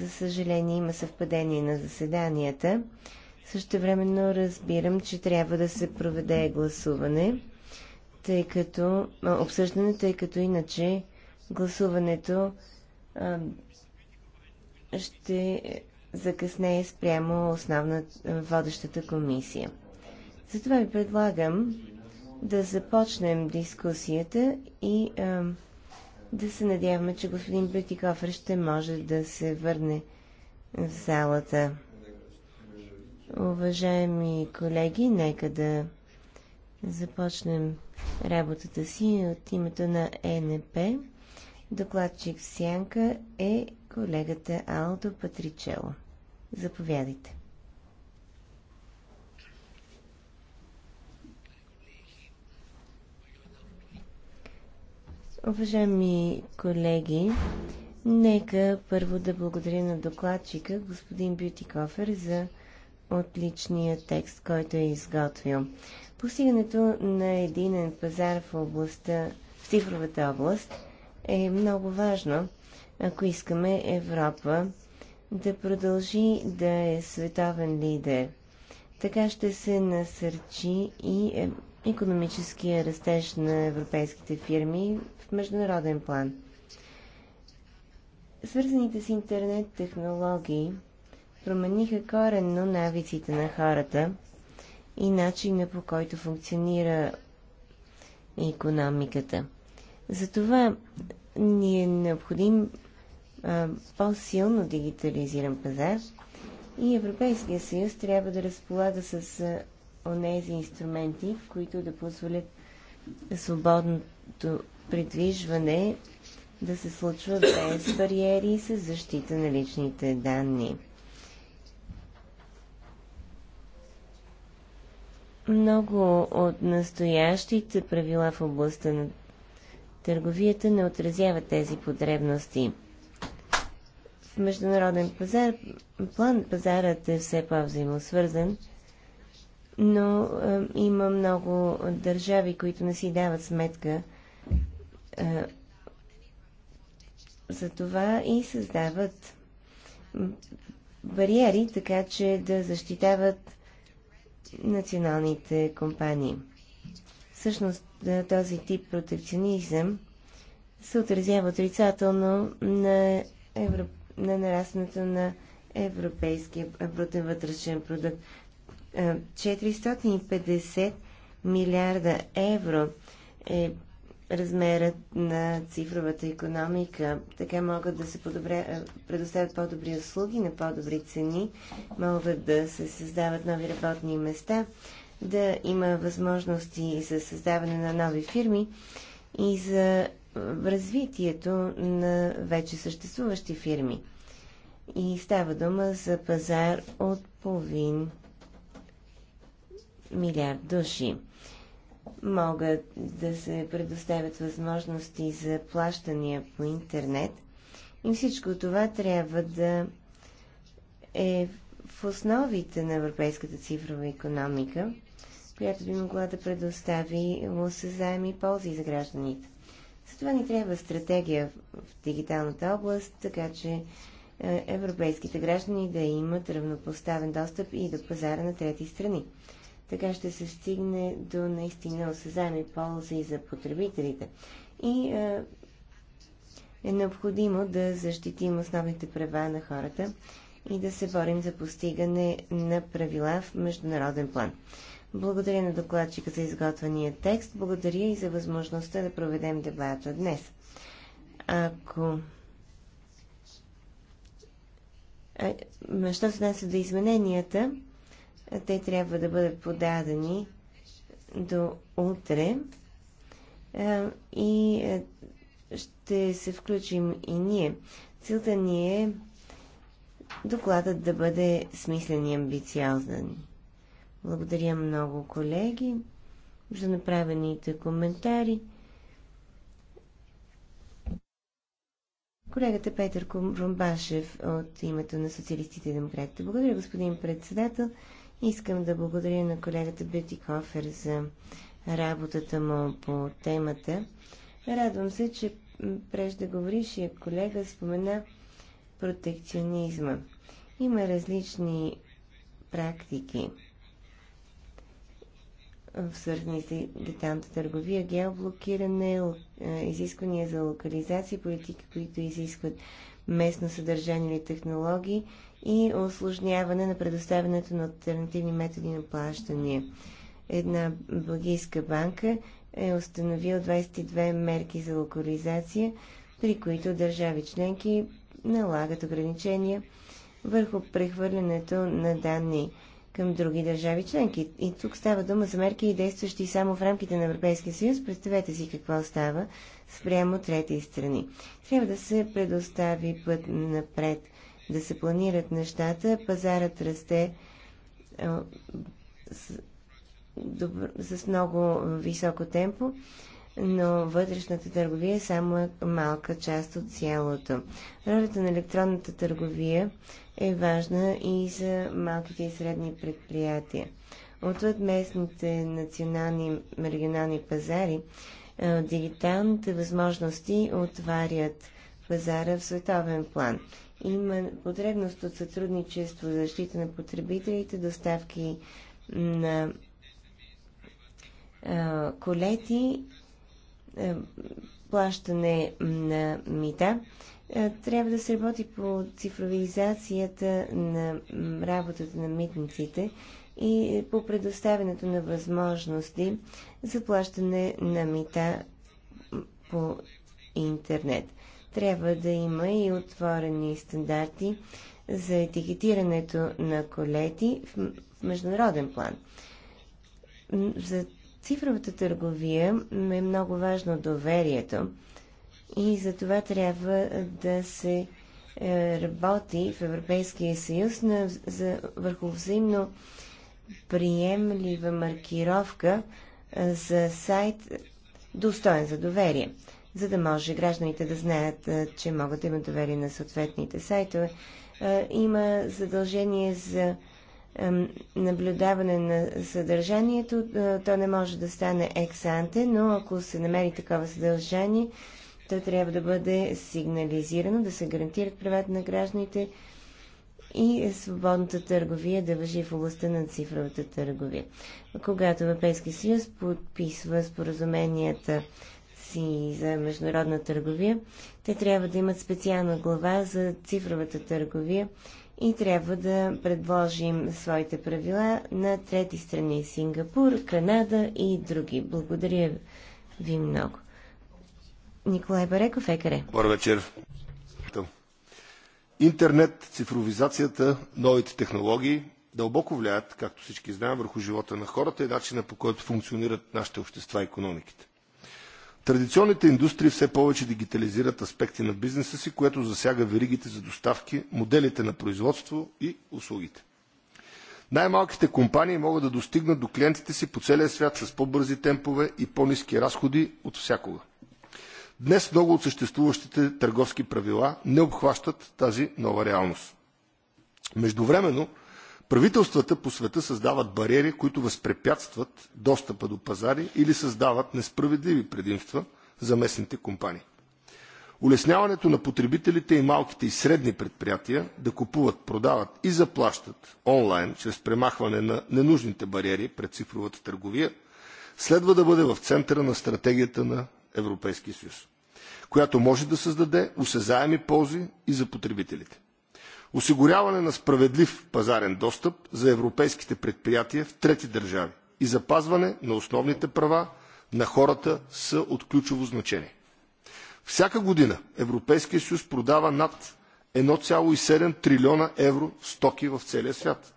D: За съжаление има съвпадение на заседанията. Също времено разбирам, че трябва да се проведе гласуване, тъй като, обсъждане, тъй като иначе гласуването ще закъснее спрямо основна водещата комисия. Затова ви предлагам да започнем дискусията и а, да се надяваме, че господин Петикофер ще може да се върне в залата. Уважаеми колеги, нека да започнем работата си от името на ЕНП. Докладчик в сянка е колегата Алдо Патричело. Заповядайте. Уважаеми колеги, нека първо да благодаря на докладчика, господин Бютикофер, за отличния текст, който е изготвил. Постигането на единен пазар в областта, в цифровата област, е много важно, ако искаме Европа да продължи да е световен лидер. Така ще се насърчи и економическия растеж на европейските фирми в международен план. Свързаните с интернет технологии промениха коренно навиците на хората и начина по който функционира економиката. Затова ни е необходим по-силно дигитализиран пазар и Европейския съюз трябва да разполага с онези инструменти, които да позволят свободното придвижване да се случва без бариери и с защита на личните данни. Много от настоящите правила в областта на търговията не отразяват тези потребности. В международен пазар, план пазарът е все по-взаимосвързан – но а, е, има много държави, които не си дават сметка а, е, за това и създават бариери, така че да защитават националните компании. Всъщност е, този тип протекционизъм се отразява отрицателно на, евро... на нарастването на европейския брутен вътрешен продукт. 450 милиарда евро е размерът на цифровата економика. Така могат да се подобре, предоставят по-добри услуги на по-добри цени, могат да се създават нови работни места, да има възможности за създаване на нови фирми и за е, развитието на вече съществуващи фирми. И става дума за пазар от половин милиард души. Могат да се предоставят възможности за плащания по интернет и всичко това трябва да е в основите на европейската цифрова економика, която би могла да предостави осезаеми ползи за гражданите. Затова ни трябва стратегия в дигиталната област, така че е, европейските граждани да имат равнопоставен достъп и до пазара на трети страни. Така ще се стигне до наистина осъзаеми ползи за потребителите. И е, е необходимо да защитим основните права на хората и да се борим за постигане на правила в международен план. Благодаря на докладчика за изготвения текст. Благодаря и за възможността да проведем дебата днес. Ако... А, е, що се нася до измененията, те трябва да бъдат подадени до утре. И ще се включим и ние. Целта ни е докладът да бъде смислен и амбициозен. Благодаря много, колеги, за направените коментари. Колегата Петър Румбашев от името на социалистите и демократите. Благодаря, господин председател. Искам да благодаря на колегата Бютикофер за работата му по темата. Радвам се, че преждеговорившия колега спомена протекционизма. Има различни практики свързани с деталната търговия, геоблокиране, е, изисквания за локализация, политики, които изискват местно съдържание или технологии, и осложняване на предоставянето на альтернативни методи на плащания. Една бългийска банка е установил 22 мерки за локализация, при които държави членки налагат ограничения върху прехвърлянето на данни към други държави членки. И тук става дума за мерки, действащи само в рамките на Европейския съюз. Представете си какво става спрямо трети страни. Трябва да се предостави път напред да се планират нещата. Пазарът расте е, с, много високо темпо, но вътрешната търговия е само малка част от цялото. Ролята на електронната търговия е важна и за малките и средни предприятия. Отвъд местните национални регионални пазари, е, дигиталните възможности отварят пазара в световен план. Има потребност от сътрудничество за защита на потребителите, доставки на а, колети, а, плащане на мита. А, трябва да се работи по цифровизацията на работата на митниците и по предоставянето на възможности за плащане на мита по интернет трябва да има и отворени стандарти за етикетирането на колети в международен план. За цифровата търговия е много важно доверието и за това трябва да се е, работи в Европейския съюз на, за, върху взаимно приемлива маркировка е, за сайт достоен за доверие за да може гражданите да знаят, че могат да имат доверие на съответните сайтове. Има задължение за наблюдаване на съдържанието. То не може да стане ексанте, но ако се намери такова съдържание, то трябва да бъде сигнализирано, да се гарантират правата на гражданите и свободната търговия да въжи в областта на цифровата търговия. Когато Европейски съюз подписва споразуменията си за международна търговия, те трябва да имат специална глава за цифровата търговия и трябва да предложим своите правила на трети страни Сингапур, Канада и други. Благодаря ви много. Николай Бареков, ЕКРЕ.
C: Добър вечер. Интернет, цифровизацията, новите технологии дълбоко влияят, както всички знаем, върху живота на хората и начина по който функционират нашите общества и економиките. Традиционните индустрии все повече дигитализират аспекти на бизнеса си, което засяга веригите за доставки, моделите на производство и услугите. Най-малките компании могат да достигнат до клиентите си по целия свят с по-бързи темпове и по-низки разходи от всякога. Днес много от съществуващите търговски правила не обхващат тази нова реалност. Междувременно, Правителствата по света създават бариери, които възпрепятстват достъпа до пазари или създават несправедливи предимства за местните компании. Улесняването на потребителите и малките и средни предприятия да купуват, продават и заплащат онлайн чрез премахване на ненужните бариери пред цифровата търговия следва да бъде в центъра на стратегията на Европейския съюз, която може да създаде осезаеми ползи и за потребителите осигуряване на справедлив пазарен достъп за европейските предприятия в трети държави и запазване на основните права на хората са от ключово значение. Всяка година Европейският съюз продава над 1,7 трилиона евро стоки в целия свят.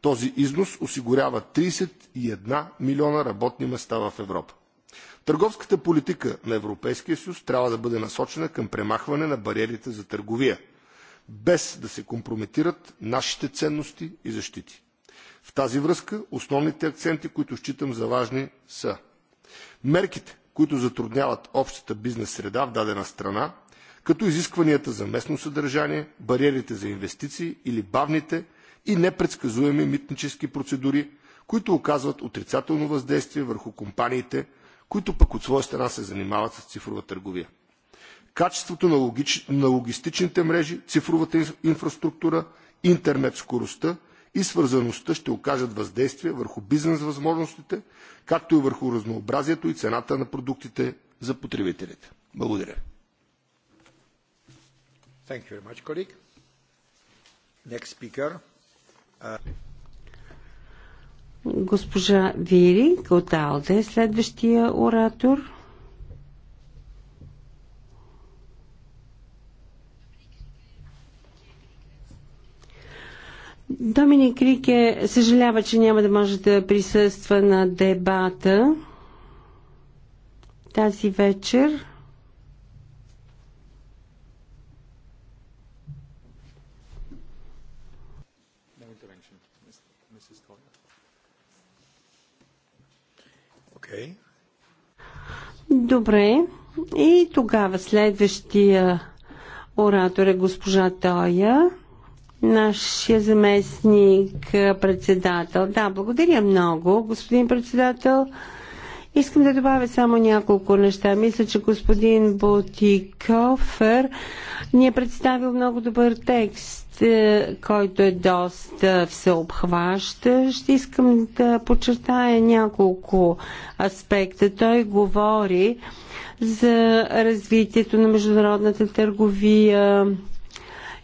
C: Този износ осигурява 31 милиона работни места в Европа. Търговската политика на Европейския съюз трябва да бъде насочена към премахване на бариерите за търговия – без да се компрометират нашите ценности и защити. В тази връзка основните акценти, които считам за важни са мерките, които затрудняват общата бизнес среда в дадена страна, като изискванията за местно съдържание, бариерите за инвестиции или бавните и непредсказуеми митнически процедури, които оказват отрицателно въздействие върху компаниите, които пък от своя страна се занимават с цифрова търговия качеството на, логич... на логистичните мрежи, цифровата инфраструктура, интернет скоростта и свързаността ще окажат въздействие върху бизнес възможностите, както и върху разнообразието и цената на продуктите за потребителите. Благодаря. Thank you very much, colleague. Next speaker. Uh...
A: Госпожа Вири Калталде, е следващия оратор. Домини Крике съжалява, че няма да може да присъства на дебата тази вечер. Okay. Добре. И тогава следващия оратор е госпожа Тоя нашия заместник председател. Да, благодаря много, господин председател. Искам да добавя само няколко неща. Мисля, че господин Ботикофер ни е представил много добър текст, е, който е доста всеобхващащ. Искам да подчертая няколко аспекта. Той говори за развитието на международната търговия,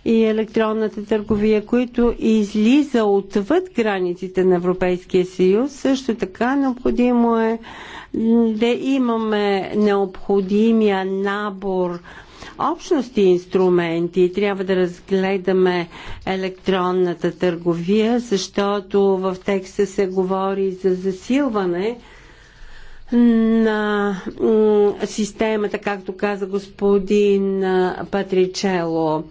A: и електронната търговия, които излиза отвъд границите на Европейския съюз. Също така необходимо е да имаме необходимия набор общности инструменти. Трябва да разгледаме електронната търговия, защото в текста се говори за засилване на системата, както каза господин Патричело.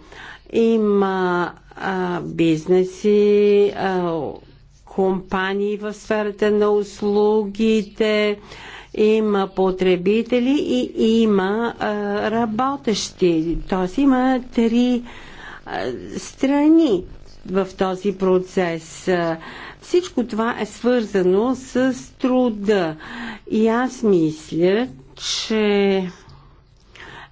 A: Има а, бизнеси, а, компании в сферата на услугите, има потребители и има а, работещи. Тоест има три а, страни в този процес. Всичко това е свързано с труда. И аз мисля, че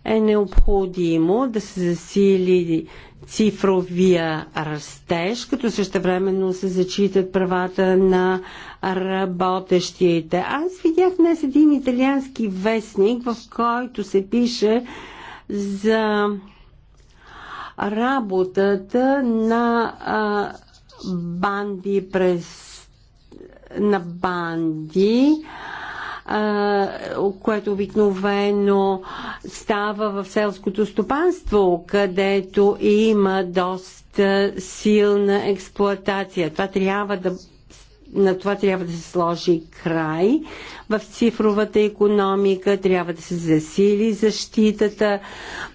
A: е необходимо да се засили цифровия растеж, като същевременно се зачитат правата на работещите. Аз видях днес един италиански вестник, в който се пише за работата на а, банди през на банди. А, което обикновено става в селското стопанство, където има доста силна експлоатация. Това трябва да, на това трябва да се сложи край в цифровата економика, трябва да се засили защитата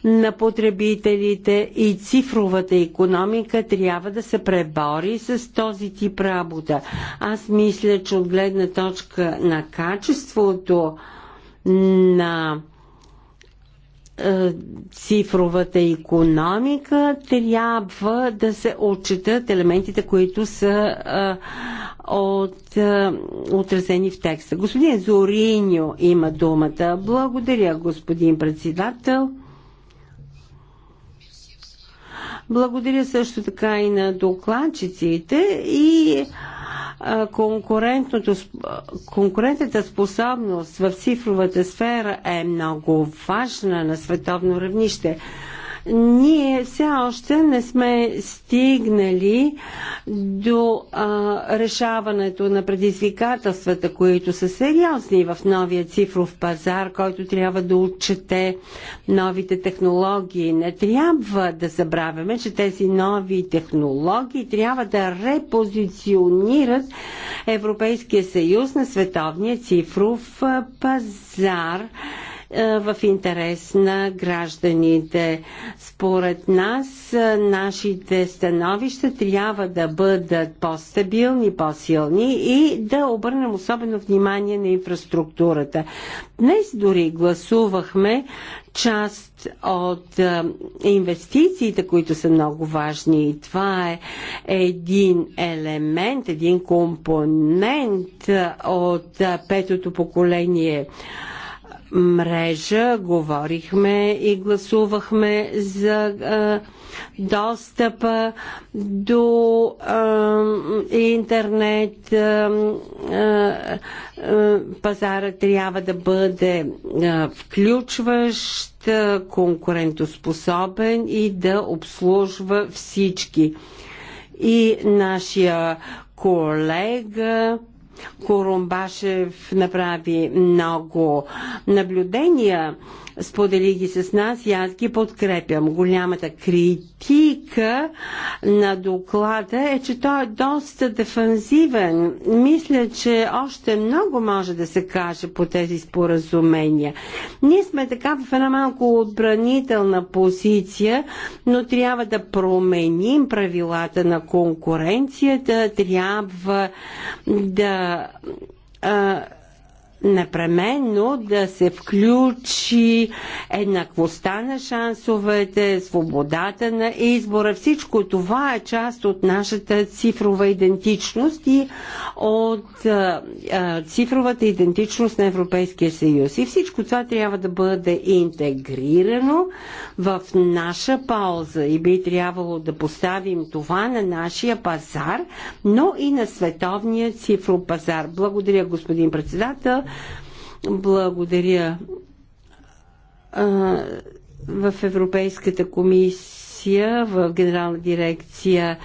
A: на потребителите и цифровата економика трябва да се пребори с този тип работа. Аз мисля, че от гледна точка на качеството на е, цифровата економика, трябва да се отчитат елементите, които са е, от, е, отразени в текста. Господин Зориньо има думата. Благодаря, господин председател. Благодаря също така и на докладчиците и конкурентната способност в цифровата сфера е много важна на световно равнище. Ние все още не сме стигнали до а, решаването на предизвикателствата, които са сериозни в новия цифров пазар, който трябва да отчете новите технологии. Не трябва да забравяме, че тези нови технологии трябва да репозиционират Европейския съюз на световния цифров пазар. Е, в интерес на гражданите. Според нас, е, нашите становища трябва да бъдат по-стабилни, по-силни и да обърнем особено внимание на инфраструктурата. Днес дори гласувахме, част от е, инвестициите, които са много важни. И това е един елемент, един компонент от петото поколение мрежа. Говорихме и гласувахме за а, достъпа до а, интернет. А, а, пазара трябва да бъде а, включващ, а, конкурентоспособен и да обслужва всички. И нашия колега Корумбашев направи много наблюдения сподели ги с нас и аз ги подкрепям. Голямата критика на доклада е, че той е доста дефанзивен. Мисля, че още много може да се каже по тези споразумения. Ние сме така в една малко отбранителна позиция, но трябва да променим правилата на конкуренцията, трябва да а, непременно да се включи еднаквостта на шансовете, свободата на избора. Всичко това е част от нашата цифрова идентичност и от а, а, цифровата идентичност на Европейския съюз. И всичко това трябва да бъде интегрирано в наша полза и би трябвало да поставим това на нашия пазар, но и на световния цифров пазар. Благодаря, господин председател. Благодаря. В Европейската комисия, в Генерална дирекция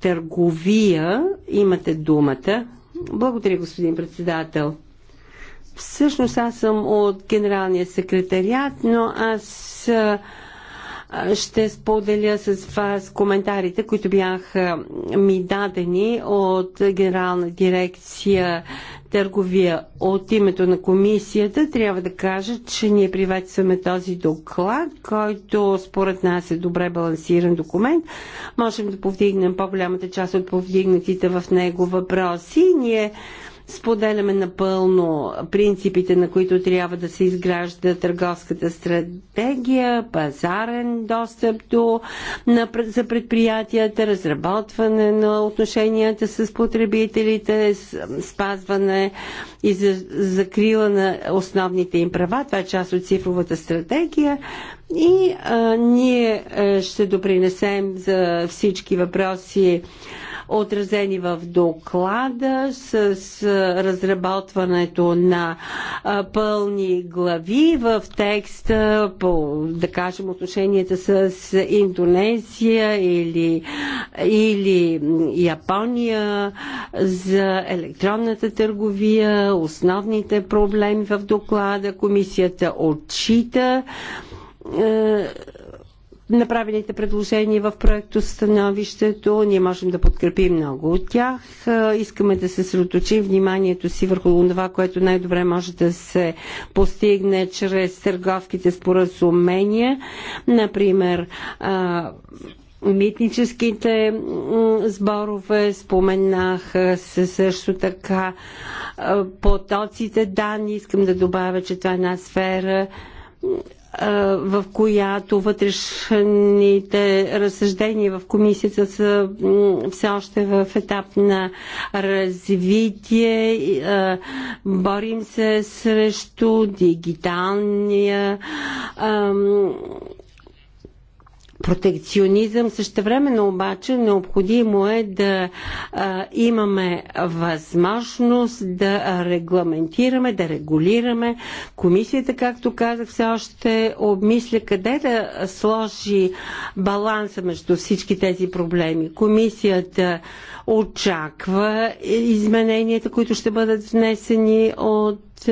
A: търговия, имате думата. Благодаря, господин председател. Всъщност аз съм от генералния секретариат, но аз ще споделя с вас коментарите, които бяха ми дадени от Генерална дирекция търговия от името на комисията. Трябва да кажа, че ние приветстваме този доклад, който според нас е добре балансиран документ. Можем да повдигнем по-голямата част от повдигнатите в него въпроси. Ние Споделяме напълно принципите, на които трябва да се изгражда търговската стратегия, пазарен достъп до, на, за предприятията, разработване на отношенията с потребителите, спазване и за, закрила на основните им права. Това е част от цифровата стратегия. И а, ние ще допринесем за всички въпроси отразени в доклада с разработването на пълни глави в текста по, да кажем, отношенията с Индонезия или, или Япония за електронната търговия, основните проблеми в доклада. Комисията отчита направените предложения в проекто становището. Ние можем да подкрепим много от тях. Е, искаме да се средоточим вниманието си върху това, което най-добре може да се постигне чрез търговските споразумения. Например, митническите сборове, споменах се също така потоците данни. Искам да добавя, че това е една сфера, в която вътрешните разсъждения в комисията са все още в етап на развитие. Борим се срещу дигиталния протекционизъм. Същевременно обаче необходимо е да а, имаме възможност да регламентираме, да регулираме. Комисията, както казах, все още обмисля къде да сложи баланса между всички тези проблеми. Комисията очаква измененията, които ще бъдат внесени от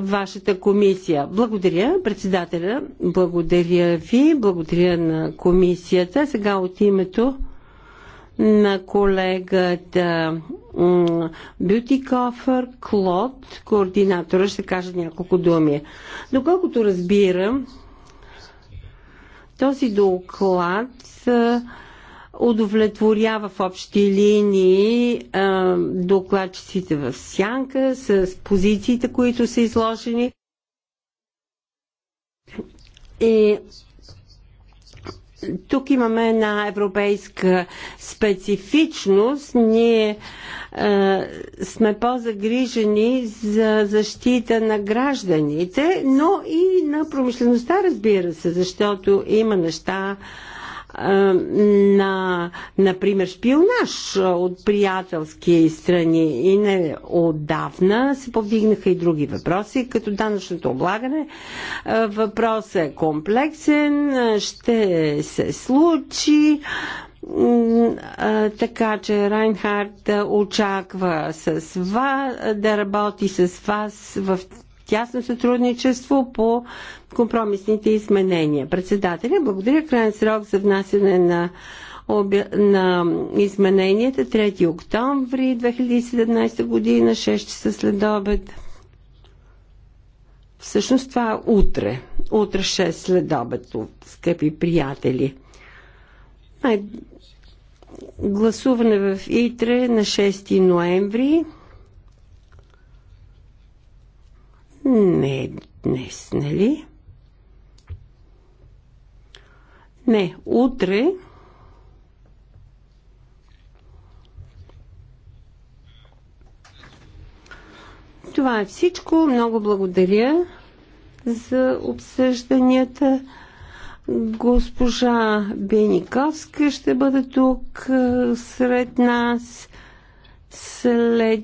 A: вашата комисия. Благодаря, председателя. Благодаря ви. Благодаря на комисията. Сега от името на колегата Кофър Клод, координатора, ще кажа няколко думи. Доколкото разбирам, този доклад удовлетворява в общи линии а, докладчиците в сянка с позициите, които са изложени. И тук имаме една европейска специфичност. Ние а, сме по-загрижени за защита на гражданите, но и на промишлеността, разбира се, защото има неща, на, например, шпионаж от приятелски страни. И не отдавна се повдигнаха и други въпроси, като данъчното облагане. Въпросът е комплексен, ще се случи така че Райнхард очаква с вас, да работи с вас в тясно сътрудничество по компромисните изменения. Председателя, благодаря. Крайен срок за внасяне на на измененията 3 е октомври 2017 година, 6 часа след обед. Всъщност това е утре. Утре 6 след обед, скъпи приятели. Гласуване в Итре на 6 ноември. Не днес, нали? Не, утре Това е всичко. Много благодаря за обсъжданията. Госпожа Бениковска ще бъде тук сред нас след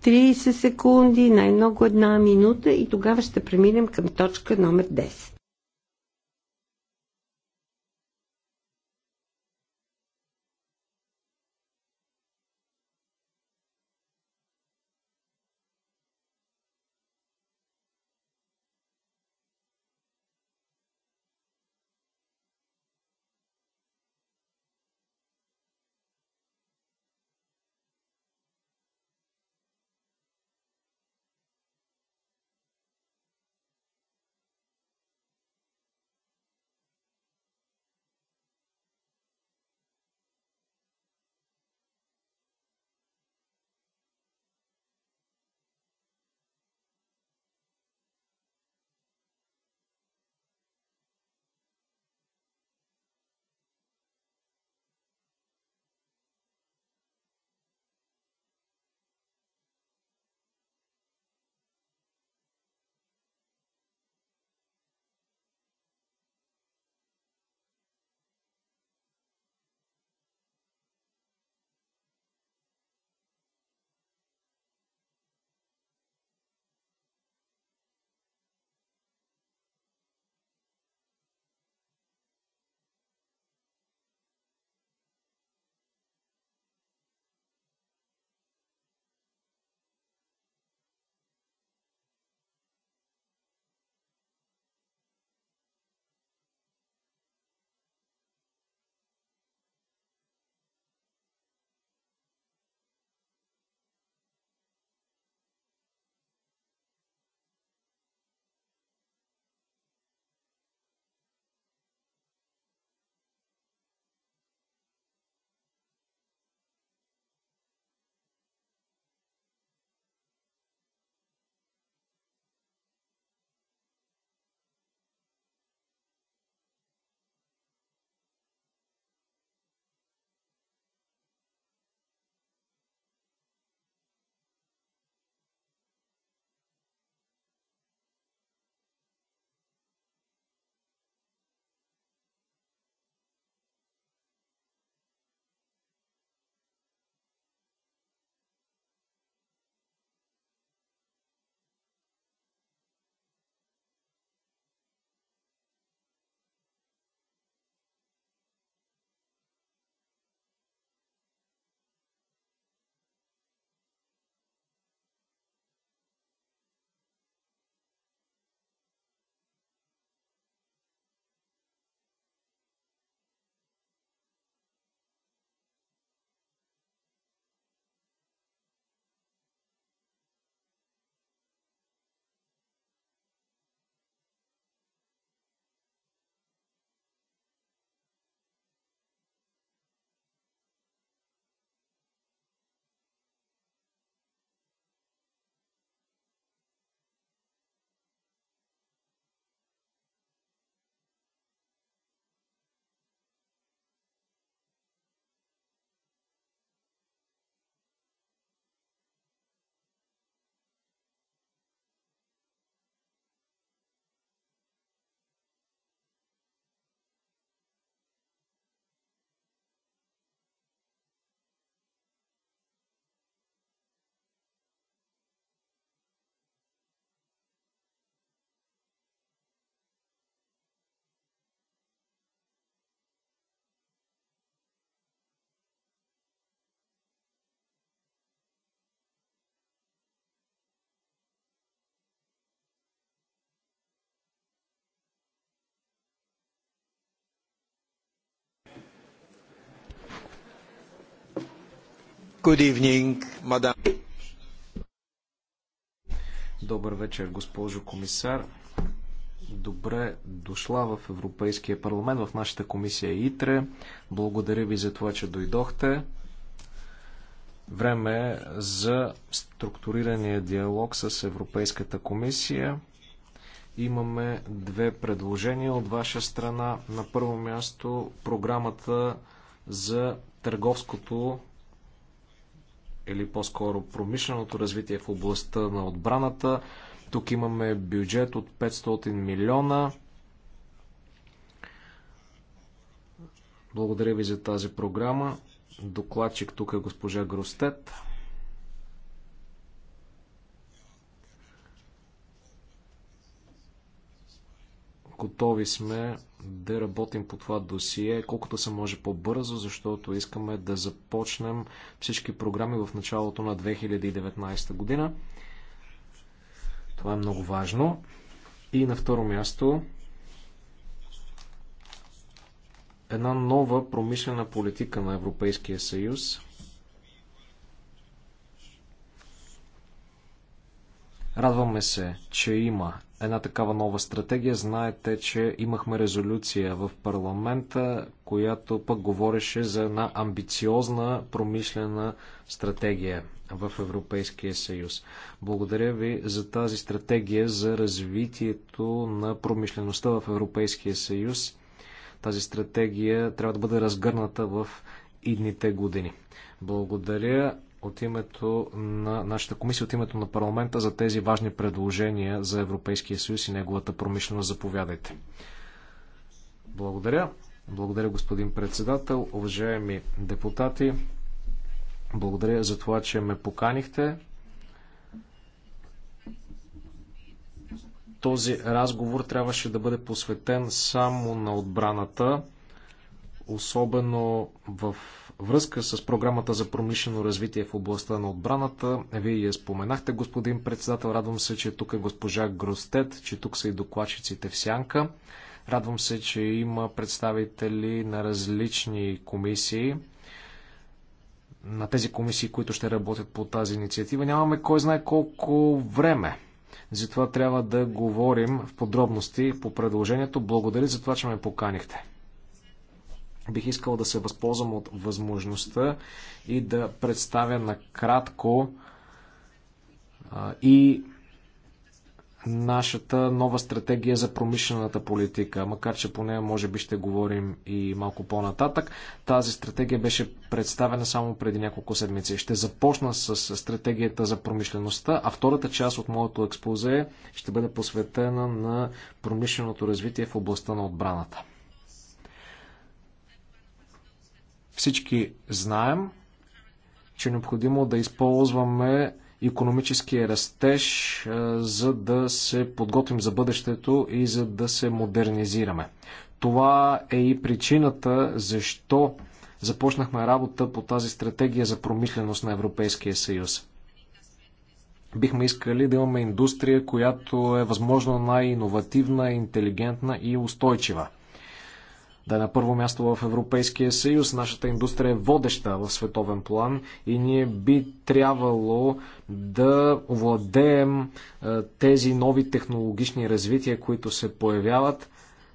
A: 30 секунди, най-много една минута и тогава ще преминем към точка номер 10.
B: Добър вечер, госпожо комисар. Добре дошла в Европейския парламент, в нашата комисия ИТРЕ. Благодаря ви за това, че дойдохте. Време е за структурирания диалог с Европейската комисия. Имаме две предложения от ваша страна. На първо място програмата за търговското или по-скоро промишленото развитие в областта на отбраната. Тук имаме бюджет от 500 милиона. Благодаря ви за тази програма. Докладчик тук е госпожа Гростет. Готови сме да работим по това досие, колкото се може по-бързо, защото искаме да започнем всички програми в началото на 2019 година. Това е много важно. И на второ място, една нова промишлена политика на Европейския съюз. Радваме се, че има една такава нова стратегия. Знаете, че имахме резолюция в парламента, която пък говореше за една амбициозна промишлена стратегия в Европейския съюз. Благодаря ви за тази стратегия за развитието на промишлеността в Европейския съюз. Тази стратегия трябва да бъде разгърната в идните години. Благодаря от името на нашата комисия, от името на парламента за тези важни предложения за Европейския съюз и неговата промишленост. Заповядайте. Благодаря. Благодаря, господин председател, уважаеми депутати. Благодаря за това, че ме поканихте. Този разговор трябваше да бъде посветен само на отбраната, особено в връзка с програмата за промишлено развитие в областта на отбраната. Вие я споменахте, господин председател. Радвам се, че тук е госпожа Гростет, че тук са и докладчиците в Сянка. Радвам се, че има представители на различни комисии, на тези комисии, които ще работят по тази инициатива. Нямаме кой знае колко време. Затова трябва да говорим в подробности по предложението. Благодаря за това, че ме поканихте. Бих искал да се възползвам от възможността и да представя накратко и нашата нова стратегия за промишлената политика, макар че по нея може би ще говорим и малко по-нататък. Тази стратегия беше представена само преди няколко седмици. Ще започна с стратегията за промишлеността, а втората част от моето експозе ще бъде посветена на промишленото развитие в областта на отбраната. Всички знаем, че е необходимо да използваме економическия растеж, за да се подготвим за бъдещето и за да се модернизираме. Това е и причината защо започнахме работа по тази стратегия за промишленост на Европейския съюз. Бихме искали да имаме индустрия, която е възможно най-инновативна, интелигентна и устойчива да е на първо място в Европейския съюз. Нашата индустрия е водеща в световен план и ние би трябвало да овладеем е, тези нови технологични развития, които се появяват.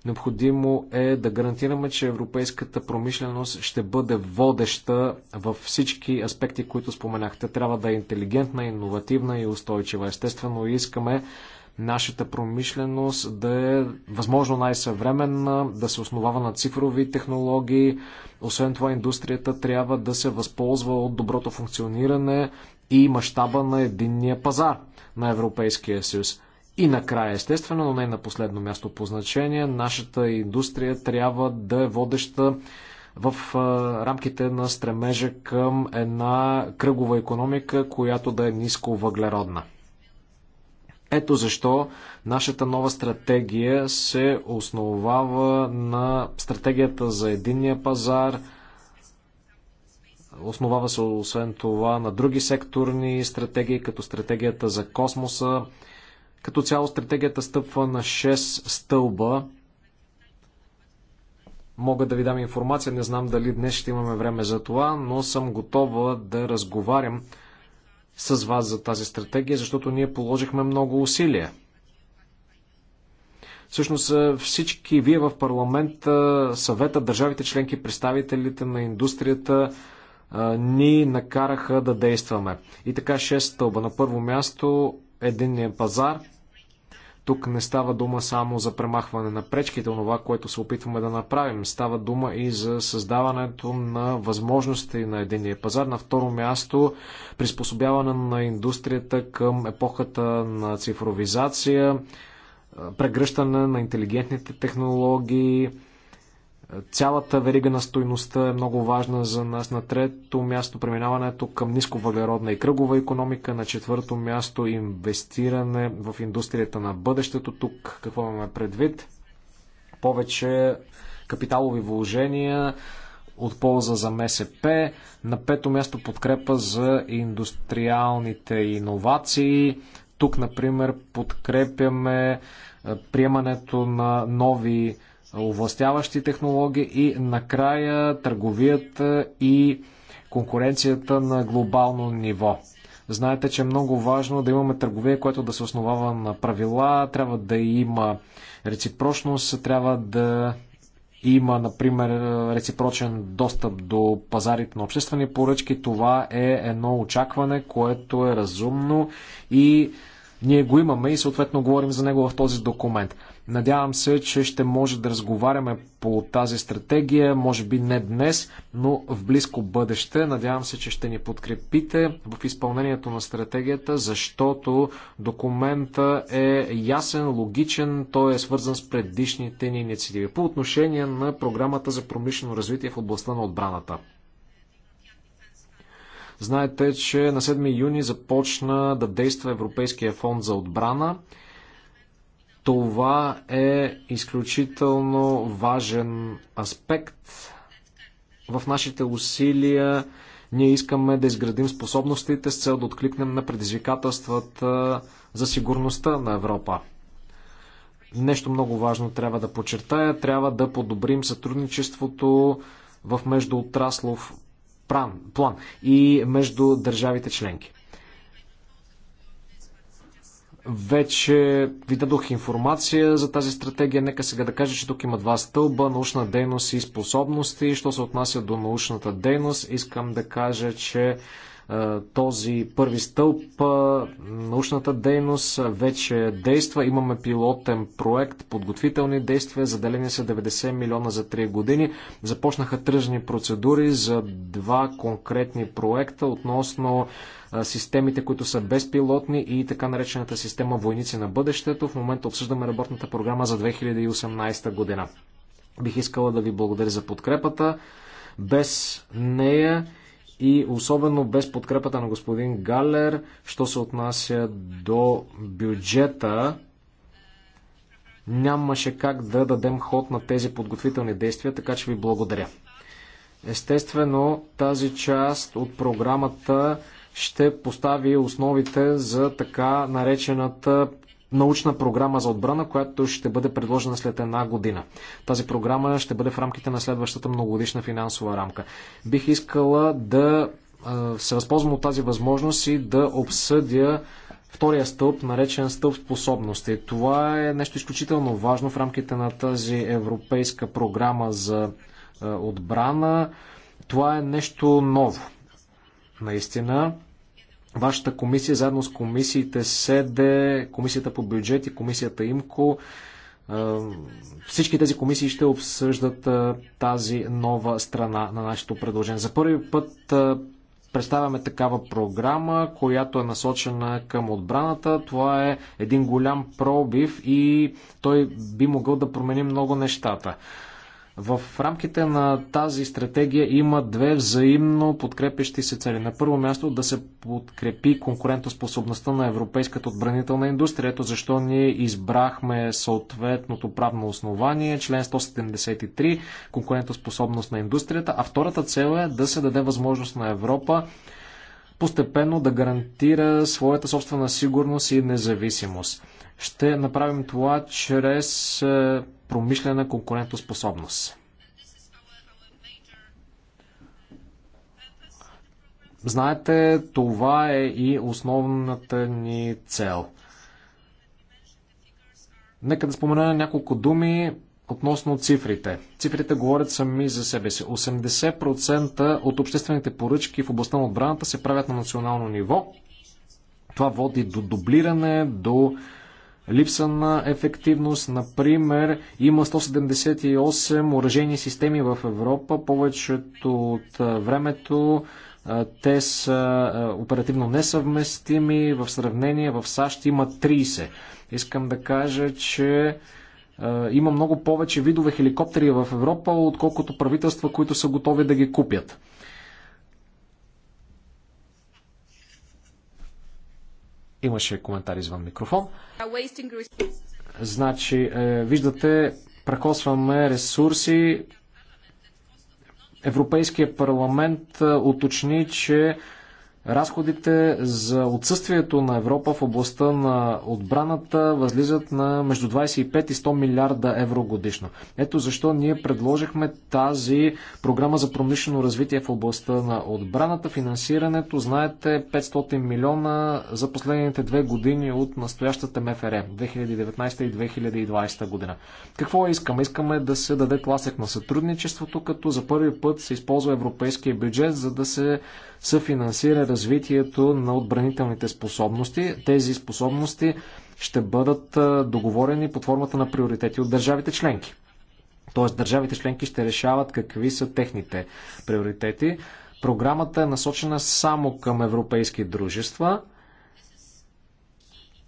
B: Необходимо е да гарантираме, че европейската промишленост ще бъде водеща във всички аспекти, които споменахте. Трябва да е интелигентна, иновативна и устойчива. Естествено, искаме нашата промишленост да е възможно най-съвременна, да се основава на цифрови технологии. Освен това, индустрията трябва да се възползва от доброто функциониране и мащаба на единния пазар на Европейския съюз. И накрая, естествено, но не на последно място по значение, нашата индустрия трябва да е водеща в рамките на стремежа към една кръгова економика, която да е ниско въглеродна. Ето защо нашата нова стратегия се основава на стратегията за единния пазар, основава се освен това на други секторни стратегии, като стратегията за космоса. Като цяло стратегията стъпва на 6 стълба. Мога да ви дам информация, не знам дали днес ще имаме време за това, но съм готова да разговарям с вас за тази стратегия, защото ние положихме много усилия. Всъщност всички вие в парламента, съвета, държавите членки, представителите на индустрията ни накараха да действаме. И така шест стълба. На първо място единния пазар – тук не става дума само за премахване на пречките, това, което се опитваме да направим. Става дума и за създаването на възможности на единия пазар. На второ място, приспособяване на индустрията към епохата на цифровизация, прегръщане на интелигентните технологии, Цялата верига на стойността е много важна за нас. На трето място преминаването към нисковъглеродна и кръгова економика. На четвърто място инвестиране в индустрията на бъдещето. Тук какво имаме предвид? Повече капиталови вложения от полза за МСП. На пето място подкрепа за индустриалните иновации. Тук, например, подкрепяме приемането на нови овластяващи технологии и накрая търговията и конкуренцията на глобално ниво. Знаете, че е много важно да имаме търговия, която да се основава на правила, трябва да има реципрочност, трябва да има, например, реципрочен достъп до пазарите на обществени поръчки. Това е едно очакване, което е разумно и ние го имаме и съответно говорим за него в този документ. Надявам се, че ще може да разговаряме по тази стратегия, може би не днес, но в близко бъдеще. Надявам се, че ще ни подкрепите в изпълнението на стратегията, защото документа е ясен, логичен, той е свързан с предишните ни инициативи. По отношение на програмата за промишлено развитие в областта на отбраната. Знаете, че на 7 юни започна да действа Европейския фонд за отбрана. Това е изключително важен аспект в нашите усилия. Ние искаме да изградим способностите с цел да откликнем на предизвикателствата за сигурността на Европа. Нещо много важно трябва да подчертая. Трябва да подобрим сътрудничеството в междуотраслов план и между държавите членки. Вече ви дадох информация за тази стратегия. Нека сега да кажа, че тук има два стълба научна дейност и способности. Що се отнася до научната дейност, искам да кажа, че този първи стълб, научната дейност вече действа. Имаме пилотен проект, подготвителни действия, заделени са 90 милиона за 3 години. Започнаха тръжни процедури за два конкретни проекта относно системите, които са безпилотни и така наречената система Войници на бъдещето. В момента обсъждаме работната програма за 2018 година. Бих искала да ви благодаря за подкрепата. Без нея и особено без подкрепата на господин Галер, що се отнася до бюджета, нямаше как да дадем ход на тези подготвителни действия, така че ви благодаря. Естествено, тази част от програмата ще постави основите за така наречената научна програма за отбрана, която ще бъде предложена след една година. Тази програма ще бъде в рамките на следващата многогодишна финансова рамка. Бих искала да се възползвам от тази възможност и да обсъдя втория стълб, наречен стълб способности. Това е нещо изключително важно в рамките на тази европейска програма за отбрана. Това е нещо ново. Наистина, вашата комисия, заедно с комисиите СЕДЕ, комисията по бюджет и комисията ИМКО, всички тези комисии ще обсъждат тази нова страна на нашето предложение. За първи път представяме такава програма, която е насочена към отбраната. Това е един голям пробив и той би могъл да промени много нещата. В рамките на тази стратегия има две взаимно подкрепящи се цели. На първо място да се подкрепи конкурентоспособността на европейската отбранителна индустрия. Ето защо ние избрахме съответното правно основание, член 173, конкурентоспособност на индустрията. А втората цел е да се даде възможност на Европа постепенно да гарантира своята собствена сигурност и независимост. Ще направим това чрез е, промишлена конкурентоспособност. Знаете, това е и основната ни цел. Нека да спомена няколко думи относно цифрите. Цифрите говорят сами за себе си. 80% от обществените поръчки в областта на отбраната се правят на национално ниво. Това води до дублиране, до липса на ефективност. Например, има 178 уражени системи в Европа. Повечето от времето те са оперативно несъвместими. В сравнение в САЩ има 30. Искам да кажа, че има много повече видове хеликоптери в Европа, отколкото правителства, които са готови да ги купят. Имаше коментар извън микрофон. Значи, е, виждате, прекосваме ресурси. Европейския парламент е, уточни, че Разходите за отсъствието на Европа в областта на отбраната възлизат на между 25 и 100 милиарда евро годишно. Ето защо ние предложихме тази програма за промишлено развитие в областта на отбраната. Финансирането, знаете, 500 милиона за последните две години от настоящата МФР 2019 и 2020 година. Какво искаме? Искаме да се даде тласък на сътрудничеството, като за първи път се използва европейския бюджет, за да се съфинансира развитието на отбранителните способности. Тези способности ще бъдат договорени под формата на приоритети от държавите членки. Тоест държавите членки ще решават какви са техните приоритети. Програмата е насочена само към европейски дружества.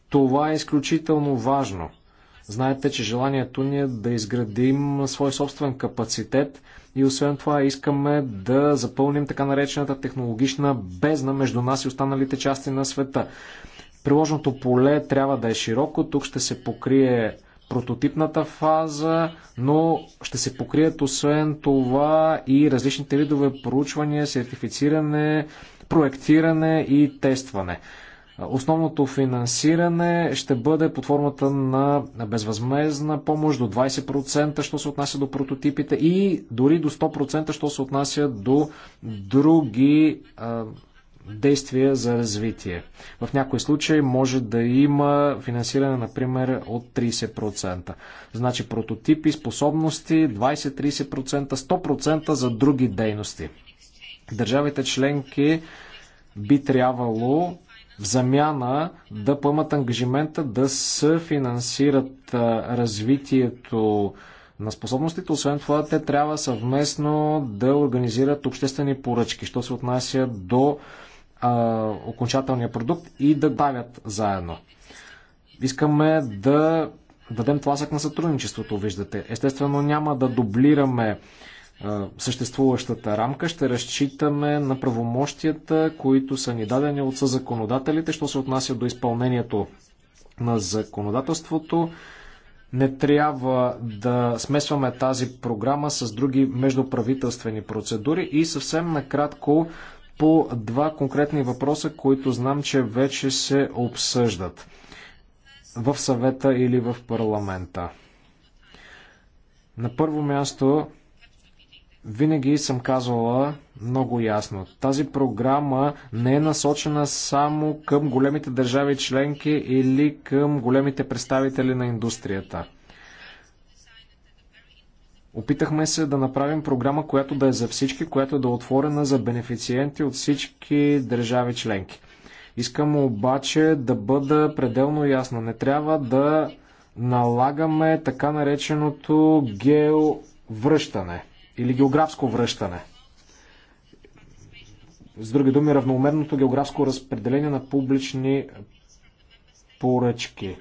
B: Това е изключително важно – Знаете, че желанието ни е да изградим свой собствен капацитет и освен това искаме да запълним така наречената технологична бездна между нас и останалите части на света. Приложното поле трябва да е широко, тук ще се покрие прототипната фаза, но ще се покрият освен това и различните видове проучвания, сертифициране, проектиране и тестване. Основното финансиране ще бъде под формата на безвъзмезна помощ до 20%, що се отнася до прототипите и дори до 100%, що се отнася до други а, действия за развитие. В някои случаи може да има финансиране, например, от 30%. Значи прототипи, способности 20-30%, 100% за други дейности. Държавите членки би трябвало в замяна да поемат ангажимента да се финансират развитието на способностите. Освен това, те трябва съвместно да организират обществени поръчки, що се отнася до а, окончателния продукт и да давят заедно. Искаме да дадем тласък на сътрудничеството, виждате. Естествено, няма да дублираме съществуващата рамка. Ще разчитаме на правомощията, които са ни дадени от съзаконодателите, що се отнася до изпълнението на законодателството. Не трябва да смесваме тази програма с други междуправителствени процедури и съвсем накратко по два конкретни въпроса, които знам, че вече се обсъждат в съвета или в парламента. На първо място винаги съм казвала много ясно. Тази програма не е насочена само към големите държави членки или към големите представители на индустрията. Опитахме се да направим програма, която да е за всички, която да е отворена за бенефициенти от всички държави членки. Искам обаче да бъда пределно ясна. Не трябва да налагаме така нареченото геовръщане или географско връщане. С други думи, равномерното географско разпределение на публични поръчки.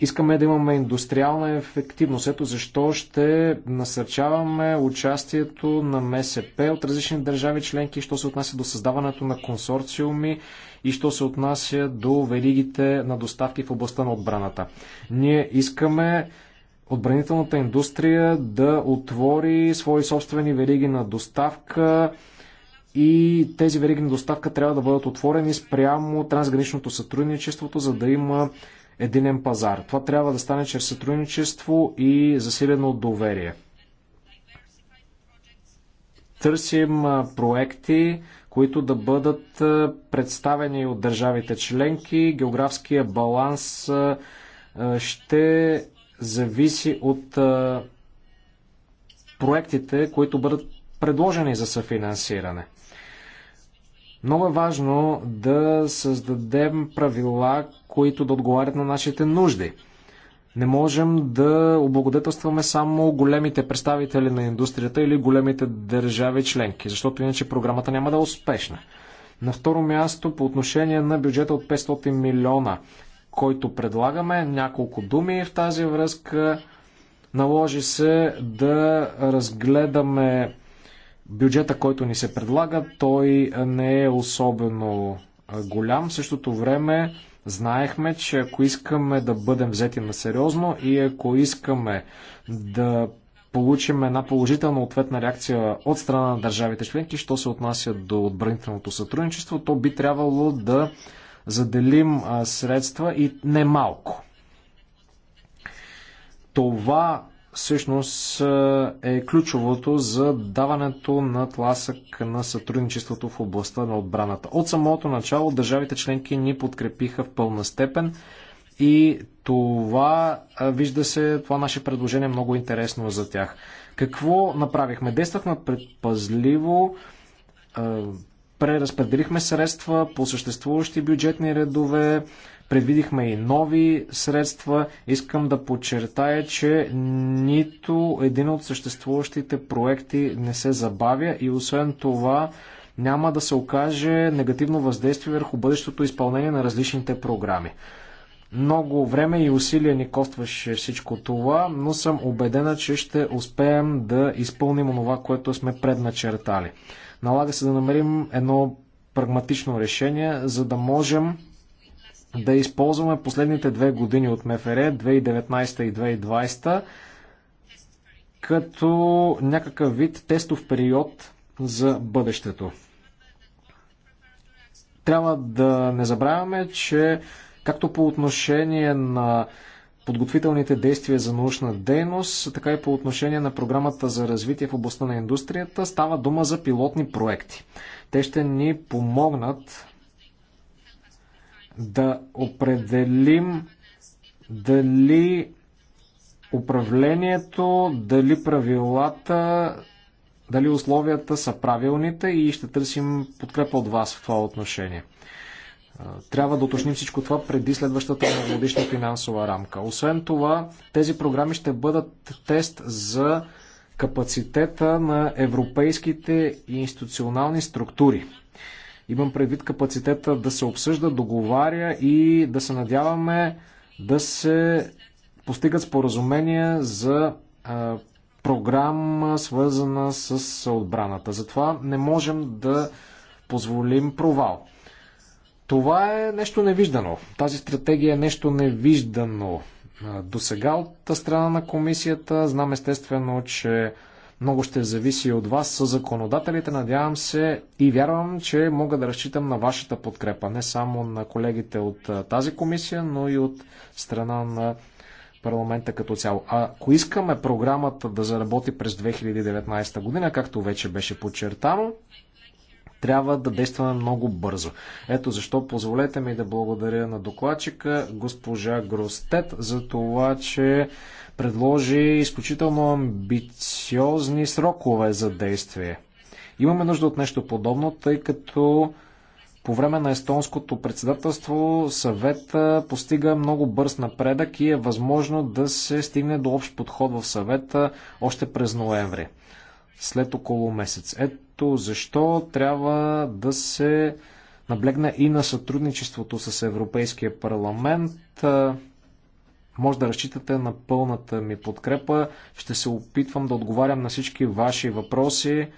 B: Искаме да имаме индустриална ефективност. Ето защо ще насърчаваме участието на МСП от различни държави членки, що се отнася до създаването на консорциуми и що се отнася до веригите на доставки в областта на отбраната. Ние искаме отбранителната индустрия да отвори свои собствени вериги на доставка и тези вериги на доставка трябва да бъдат отворени спрямо трансграничното сътрудничеството, за да има единен пазар. Това трябва да стане чрез сътрудничество и засилено доверие. Търсим проекти, които да бъдат представени от държавите членки. Географския баланс ще зависи от а, проектите, които бъдат предложени за съфинансиране. Много е важно да създадем правила, които да отговарят на нашите нужди. Не можем да облагодетелстваме само големите представители на индустрията или големите държави членки, защото иначе програмата няма да е успешна. На второ място, по отношение на бюджета от 500 милиона, който предлагаме. Няколко думи в тази връзка. Наложи се да разгледаме бюджета, който ни се предлага. Той не е особено голям. В същото време знаехме, че ако искаме да бъдем взети на сериозно и ако искаме да получим една положителна ответна реакция от страна на държавите членки, що се отнася до отбранителното сътрудничество, то би трябвало да заделим средства и не малко. Това всъщност е ключовото за даването на тласък на сътрудничеството в областта на отбраната. От самото начало държавите членки ни подкрепиха в пълна степен и това, вижда се, това наше предложение е много интересно за тях. Какво направихме? Действахме предпазливо, преразпределихме средства по съществуващи бюджетни редове, предвидихме и нови средства. Искам да подчертая, че нито един от съществуващите проекти не се забавя и освен това няма да се окаже негативно въздействие върху бъдещото изпълнение на различните програми. Много време и усилия ни костваше всичко това, но съм убедена, че ще успеем да изпълним това, което сме предначертали. Налага се да намерим едно прагматично решение, за да можем да използваме последните две години от МФР, 2019 и 2020, като някакъв вид тестов период за бъдещето. Трябва да не забравяме, че както по отношение на подготвителните действия за научна дейност, така и по отношение на програмата за развитие в областта на индустрията, става дума за пилотни проекти. Те ще ни помогнат да определим дали управлението, дали правилата, дали условията са правилните и ще търсим подкрепа от вас в това отношение. Трябва да уточним всичко това преди следващата годишна финансова рамка. Освен това, тези програми ще бъдат тест за капацитета на европейските институционални структури. Имам предвид капацитета да се обсъжда, договаря и да се надяваме да се постигат споразумения за а, програма, свързана с отбраната. Затова не можем да позволим провал. Това е нещо невиждано. Тази стратегия е нещо невиждано. До сега от страна на комисията знам естествено, че много ще зависи от вас, с законодателите. Надявам се и вярвам, че мога да разчитам на вашата подкрепа. Не само на колегите от тази комисия, но и от страна на парламента като цяло. А ако искаме програмата да заработи през 2019 година, както вече беше подчертано, трябва да действаме много бързо. Ето защо позволете ми да благодаря на докладчика госпожа Гростет за това, че предложи изключително амбициозни срокове за действие. Имаме нужда от нещо подобно, тъй като по време на естонското председателство съвета постига много бърз напредък и е възможно да се стигне до общ подход в съвета още през ноември, след около месец. Ето ето защо трябва да се наблегне и на сътрудничеството с Европейския парламент. Може да разчитате на пълната ми подкрепа. Ще се опитвам да отговарям на всички ваши въпроси.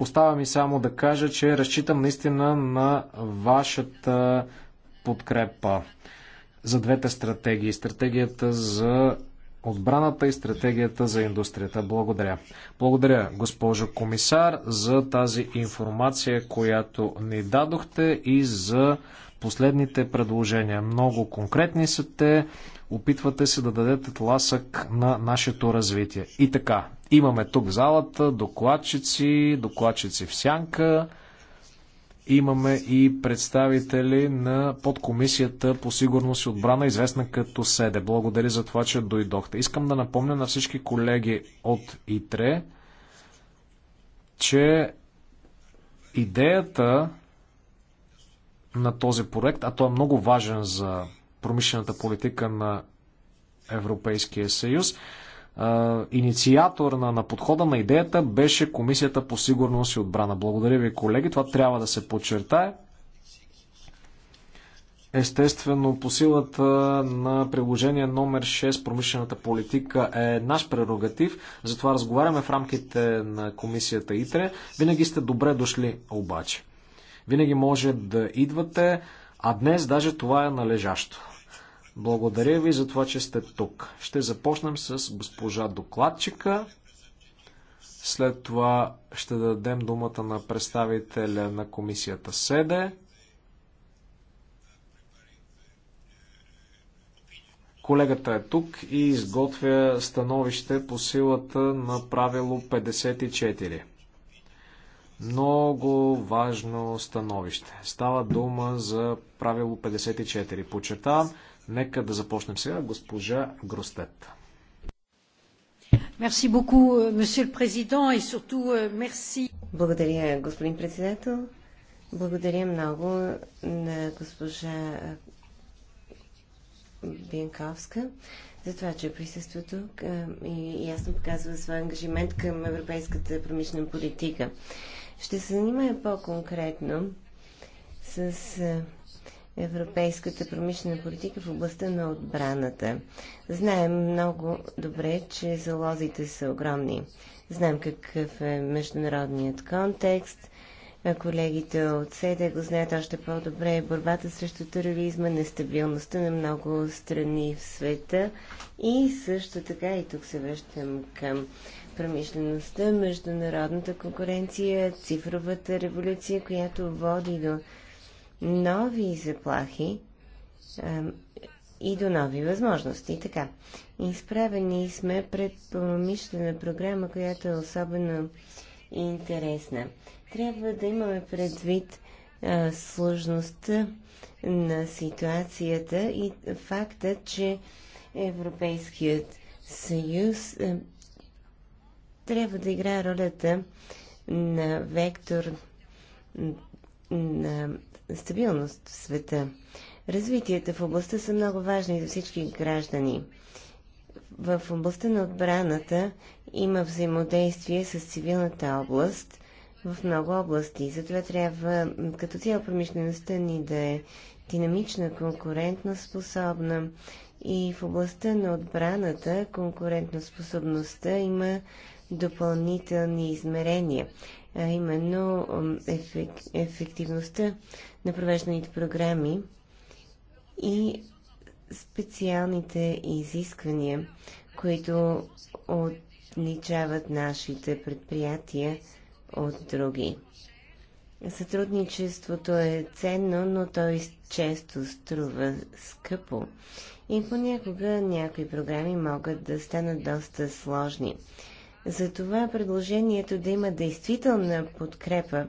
B: Остава ми само да кажа, че разчитам наистина на вашата подкрепа за двете стратегии. Стратегията за отбраната и стратегията за индустрията. Благодаря. Благодаря, госпожо комисар, за тази информация, която ни дадохте и за последните предложения. Много конкретни са те. Опитвате се да дадете тласък на нашето развитие. И така, имаме тук в залата докладчици, докладчици в сянка имаме и представители на подкомисията по сигурност и отбрана, известна като СЕДЕ. Благодаря за това, че дойдохте. Искам да напомня на всички колеги от ИТРЕ, че идеята на този проект, а той е много важен за промишлената политика на Европейския съюз, инициатор на, на подхода на идеята беше Комисията по сигурност и отбрана. Благодаря ви, колеги. Това трябва да се подчертае. Естествено, по силата на приложение номер 6, промишлената политика е наш прерогатив, затова разговаряме в рамките на комисията ИТРЕ. Винаги сте добре дошли, обаче. Винаги може да идвате, а днес даже това е належащо. Благодаря ви за това, че сте тук. Ще започнем с госпожа докладчика. След това ще дадем думата на представителя на комисията СЕДЕ. Колегата е тук и изготвя становище по силата на правило 54. Много важно становище. Става дума за правило 54. Почетавам Нека да започнем сега. Госпожа Гростет.
A: Euh, euh,
D: Благодаря, господин председател. Благодаря много на госпожа э, Бенковска за това, че присъства тук э, и ясно показва своя ангажимент към европейската промишлена политика. Ще се занимая по-конкретно с э, европейската промишлена политика в областта на отбраната. Знаем много добре, че залозите са огромни. Знаем какъв е международният контекст. Колегите от СЕДЕ го знаят още по-добре. Борбата срещу тероризма, нестабилността на много страни в света и също така, и тук се връщам към промишлеността, международната конкуренция, цифровата революция, която води до нови заплахи а, и до нови възможности. Така, изправени сме пред промишлена програма, която е особено интересна. Трябва да имаме предвид а, сложността на ситуацията и факта, че Европейският съюз а, трябва да играе ролята на вектор на стабилност в света. Развитията в областта са много важни за всички граждани. В областта на отбраната има взаимодействие с цивилната област в много области. Затова трябва като цяло промишлеността ни да е динамична, конкурентно способна и в областта на отбраната способността има допълнителни измерения, а именно ефективността на провежданите програми и специалните изисквания, които отличават нашите предприятия от други. Сътрудничеството е ценно, но то често струва скъпо и понякога някои програми могат да станат доста сложни. Затова предложението да има действителна подкрепа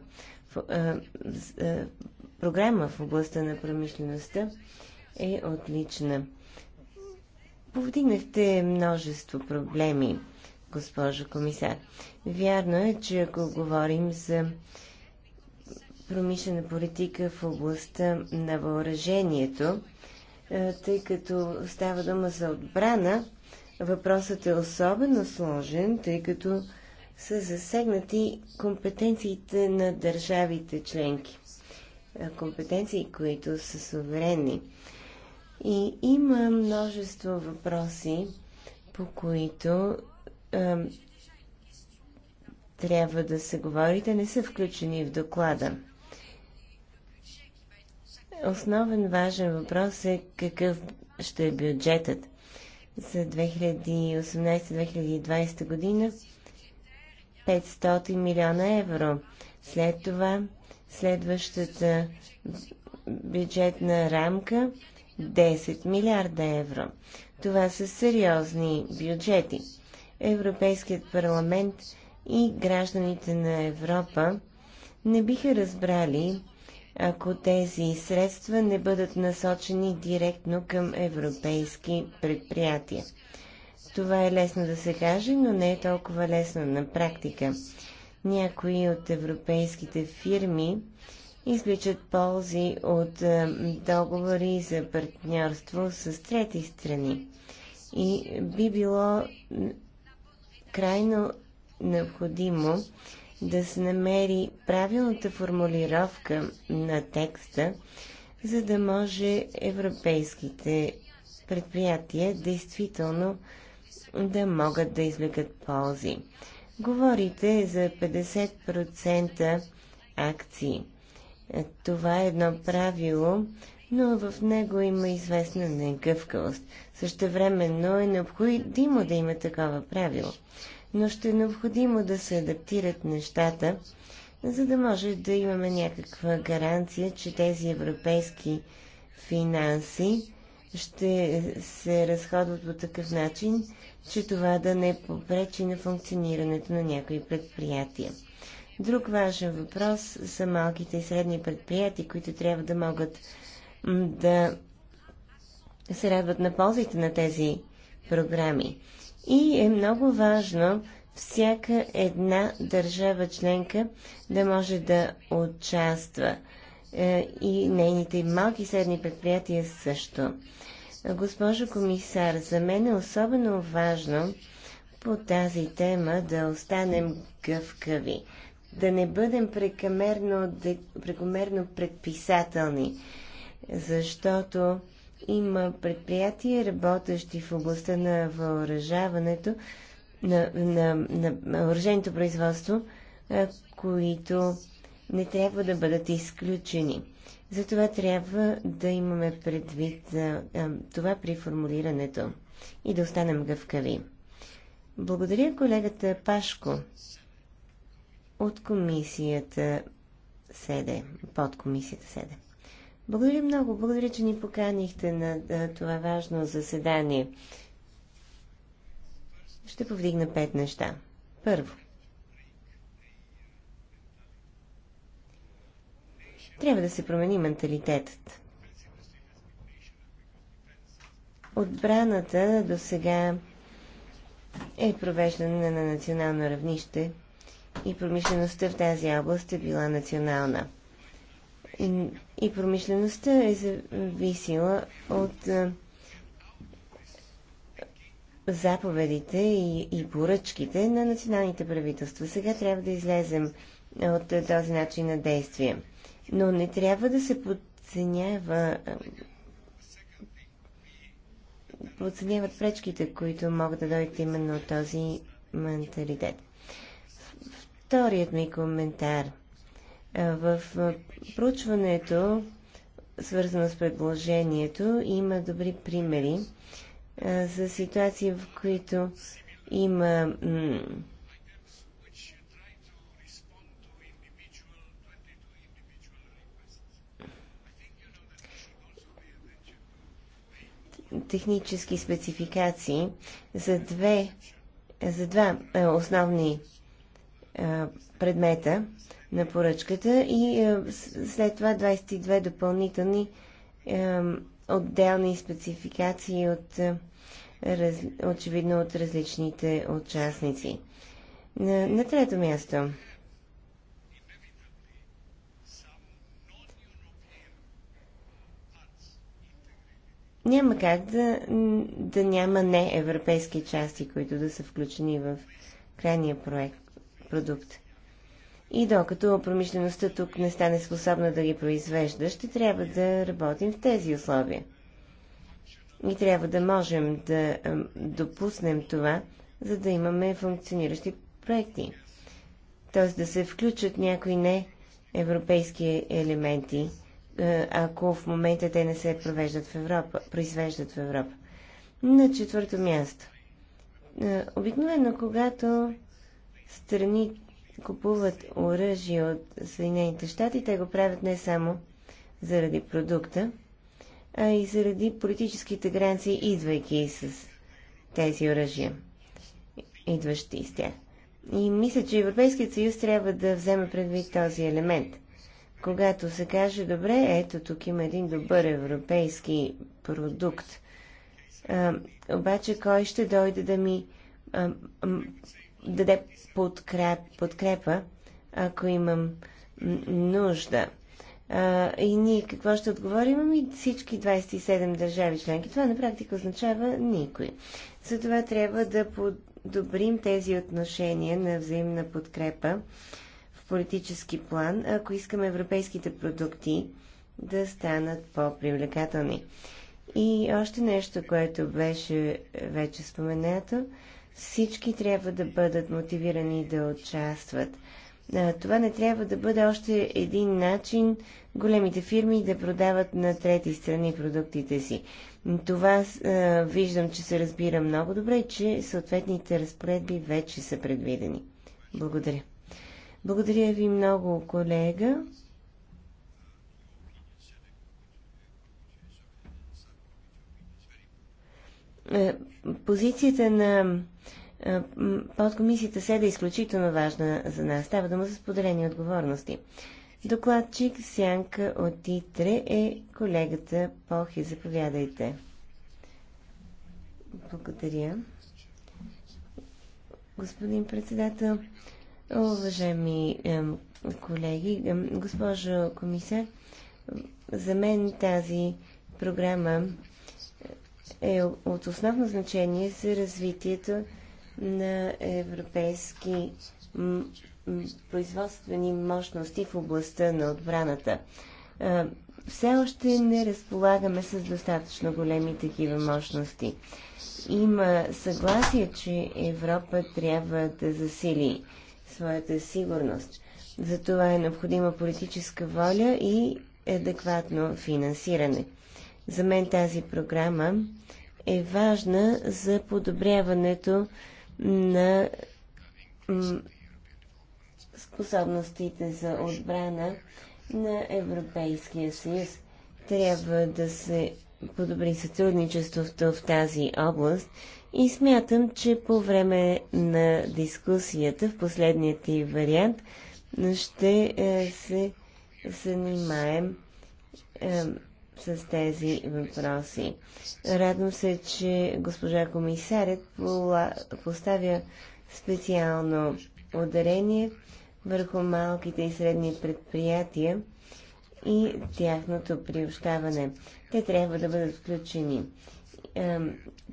D: програма в областта на промишлеността е отлична. Повдигнахте множество проблеми, госпожо комисар. Вярно е, че ако говорим за промишлена политика в областта на въоръжението, е, тъй като става дума за отбрана, въпросът е особено сложен, тъй като са засегнати компетенциите на държавите членки. Е, компетенции, които са суверенни. И има множество въпроси, по които а, е, трябва да се говори, да не са включени в доклада. Основен важен въпрос е какъв ще е бюджетът за 2018-2020 година 500 милиона евро. След това следващата бюджетна рамка 10 милиарда евро. Това са сериозни бюджети. Европейският парламент и гражданите на Европа не биха разбрали, ако тези средства не бъдат насочени директно към европейски предприятия. Това е лесно да се каже, но не е толкова лесно на практика някои от европейските фирми извличат ползи от е, договори за партньорство с трети страни. И би било крайно необходимо да се намери правилната формулировка на текста, за да може европейските предприятия действително да могат да извлекат ползи. Говорите за 50% акции. Е, това е едно правило, но в него има известна негъвкавост. Същевременно е необходимо да има такова правило, но ще е необходимо да се адаптират нещата, за да може да имаме някаква гаранция, че тези европейски финанси ще се разходват по такъв начин, че това да не попречи на функционирането на някои предприятия. Друг важен въпрос са малките и средни предприятия, които трябва да могат да се радват на ползите на тези програми. И е много важно всяка една държава членка да може да участва. Е, и нейните малки и средни предприятия също. Госпожо комисар, за мен е особено важно по тази тема да останем гъвкави, да не бъдем прекомерно, прекомерно предписателни, защото има предприятия, работещи в областта на въоръжаването, на, на, на въоръженото производство, които не трябва да бъдат изключени. Затова трябва да имаме предвид а, а, това при формулирането и да останем гъвкави. Благодаря колегата Пашко от комисията СЕДЕ, под комисията СЕДЕ. Благодаря много. Благодаря, че ни поканихте на това важно заседание. Ще повдигна пет неща. Първо, Трябва да се промени менталитетът. Отбраната до сега е провеждана на национално равнище и промишлеността в тази област е била национална. И промишлеността е зависела от заповедите и, и поръчките на националните правителства. Сега трябва да излезем от този начин на действие но не трябва да се подценява подценяват пречките, които могат да дойдат именно от този менталитет. Вторият ми коментар. В проучването, свързано с предложението, има добри примери за ситуации, в които има технически спецификации за, две, за два е, основни е, предмета на поръчката и е, след това 22 допълнителни отделни спецификации от, очевидно от различните участници. На, на трето място няма как да, да няма европейски части, които да са включени в крайния проект, продукт. И докато промишлеността тук не стане способна да ги произвежда, ще трябва да работим в тези условия. И трябва да можем да допуснем това, за да имаме функциониращи проекти. Т.е. да се включат някои не европейски елементи – е, ако в момента те не се провеждат в Европа, произвеждат в Европа. На четвърто място. Е, обикновено, когато страни купуват оръжие от Съединените щати, те го правят не само заради продукта, а и заради политическите граници, идвайки с тези оръжия, идващи с тях. И мисля, че Европейският съюз трябва да вземе предвид този елемент когато се каже, добре, ето тук има един добър европейски продукт, а, обаче кой ще дойде да ми а, а, даде подкреп, подкрепа, ако имам нужда? А, и ние какво ще отговорим? Ами всички 27 държави членки. Това на практика означава никой. Затова трябва да подобрим тези отношения на взаимна подкрепа политически план, ако искаме европейските продукти да станат по-привлекателни. И още нещо, което беше вече споменато, всички трябва да бъдат мотивирани да участват. Това не трябва да бъде още един начин големите фирми да продават на трети страни продуктите си. Това виждам, че се разбира много добре че съответните разпоредби вече са предвидени. Благодаря. Благодаря ви много, колега. Е, позицията на е, подкомисията СЕДА е изключително важна за нас. Става дума за споделени отговорности. Докладчик Сянка от ИТРЕ е колегата Похи. Заповядайте. Благодаря. Господин председател, Уважаеми колеги, госпожо комисар, за мен тази програма е от основно значение за развитието на европейски производствени мощности в областта на отбраната. Е, все още не разполагаме с достатъчно големи такива мощности. Има съгласие, че Европа трябва да засили своята сигурност. За това е необходима политическа воля и адекватно финансиране. За мен тази програма е важна за подобряването на способностите за отбрана на Европейския съюз. Трябва да се подобри сътрудничеството в тази област и смятам, че по време на дискусията в последният ти вариант ще е, се занимаем е, с тези въпроси. Радвам се, че госпожа комисарят поставя специално ударение върху малките и средни предприятия и тяхното приобщаване. Те трябва да бъдат включени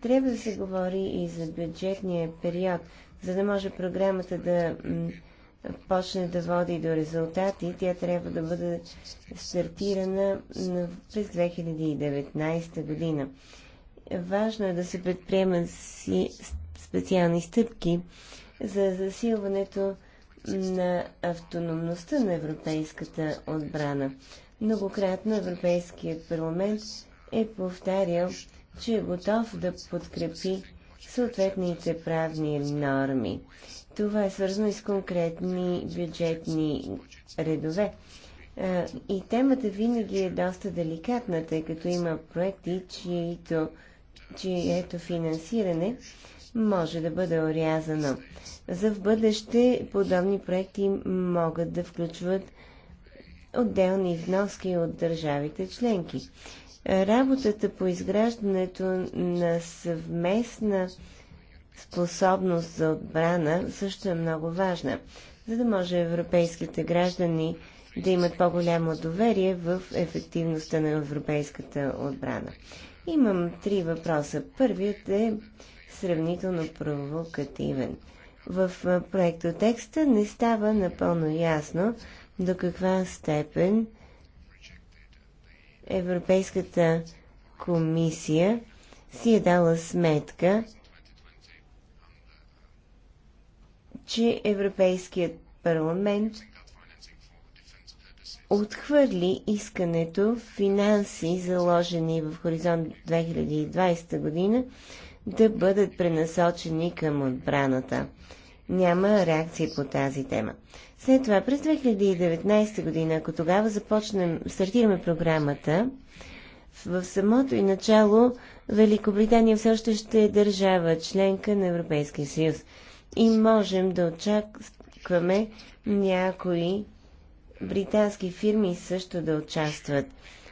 D: трябва да се говори и за бюджетния период, за да може програмата да почне да води до резултати, тя трябва да бъде стартирана през 2019 година. Важно е да се предприемат си специални стъпки за засилването на автономността на европейската отбрана. Многократно Европейският парламент е повтарял, че е готов да подкрепи съответните правни норми. Това е свързано и с конкретни бюджетни редове. И темата винаги е доста деликатна, тъй като има проекти, чието, чието финансиране може да бъде орязано. За в бъдеще подобни проекти могат да включват отделни вноски от държавите членки. Работата по изграждането на съвместна способност за отбрана също е много важна, за да може европейските граждани да имат по-голямо доверие в ефективността на европейската отбрана. Имам три въпроса. Първият е сравнително провокативен. В проекто текста не става напълно ясно до каква степен Европейската комисия си е дала сметка, че Европейският парламент отхвърли искането финанси, заложени в Хоризонт 2020 година, да бъдат пренасочени към отбраната няма реакции по тази тема. След това, през 2019 година, ако тогава започнем, стартираме програмата, в самото и начало Великобритания все още ще е държава, членка на Европейския съюз. И можем да очакваме някои британски фирми също да участват.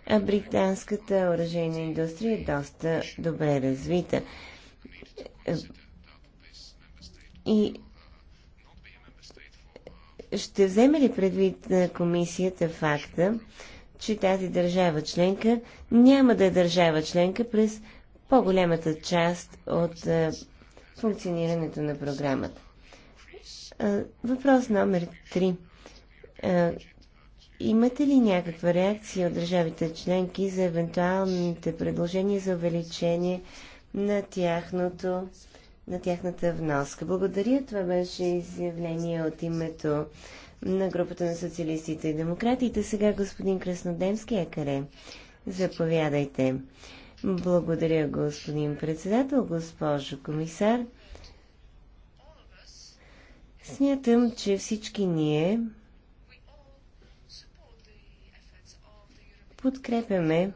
D: А британската оръжейна индустрия е доста добре развита. И ще вземе ли предвид на е, комисията факта, че тази държава членка няма да е държава членка през по-голямата част от а, е, функционирането на програмата? А, е, въпрос номер 3. А, имате ли някаква реакция от държавите членки за евентуалните предложения за увеличение на тяхното на тяхната вноска. Благодаря. Това беше изявление от името на групата на социалистите и демократите. Сега господин Краснодемски екаре. Заповядайте. Благодаря, господин председател, госпожо комисар. Смятам, че всички ние подкрепяме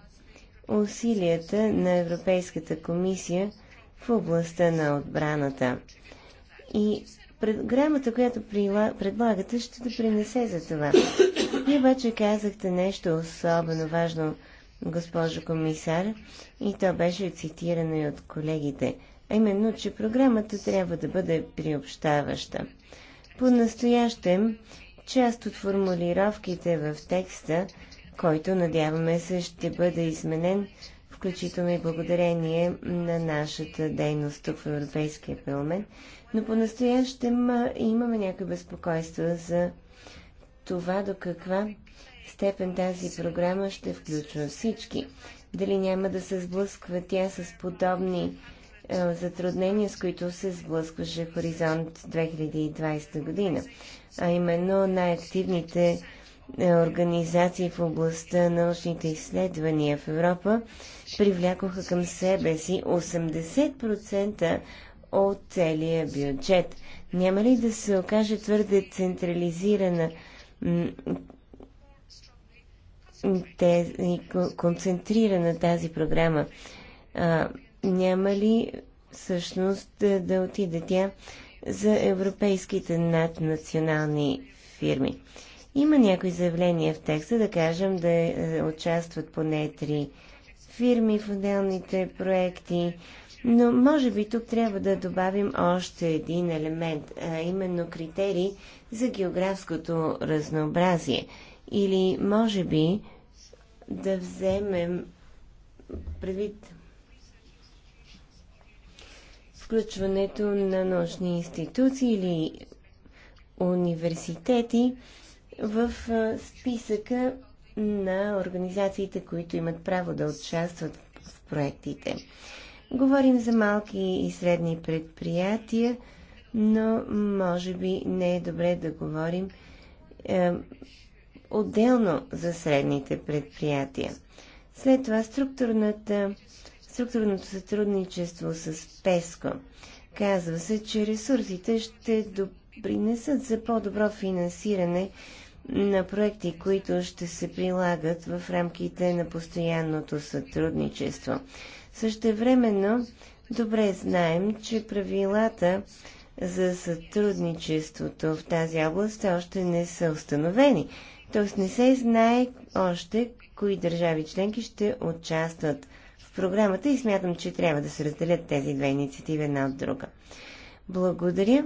D: усилията на Европейската комисия в областта на отбраната. И програмата, която предлагате, ще допринесе за това. Вие обаче казахте нещо особено важно, госпожо комисар, и то беше цитирано и от колегите, а именно, че програмата трябва да бъде приобщаваща. По-настоящем, част от формулировките в текста, който надяваме се ще бъде изменен, включително и благодарение на нашата дейност тук в Европейския парламент. Но по-настоящем имаме някои безпокойства за това до каква степен тази програма ще включва всички. Дали няма да се сблъсква тя с подобни е, затруднения, с които се сблъскваше Хоризонт 2020 година. А именно най-активните организации в областта на научните изследвания в Европа привлякоха към себе си 80% от целия бюджет. Няма ли да се окаже твърде централизирана и концентрирана тази програма? А, няма ли всъщност да, да отиде тя за европейските наднационални фирми? Има някои заявления в текста, да кажем, да е, участват поне три фирми в отделните проекти. Но може би тук трябва да добавим още един елемент, а именно критерии за географското разнообразие. Или може би да вземем предвид включването на научни институции или университети в списъка на организациите, които имат право да участват в проектите. Говорим за малки и средни предприятия, но може би не е добре да говорим е, отделно за средните предприятия. След това структурната, структурното сътрудничество с ПЕСКО. Казва се, че ресурсите ще допринесат за по-добро финансиране на проекти, които ще се прилагат в рамките на постоянното сътрудничество. Същевременно, добре знаем, че правилата за сътрудничеството в тази област още не са установени. Т.е. не се знае още кои държави членки ще участват в програмата и смятам, че трябва да се разделят тези две инициативи една от друга. Благодаря.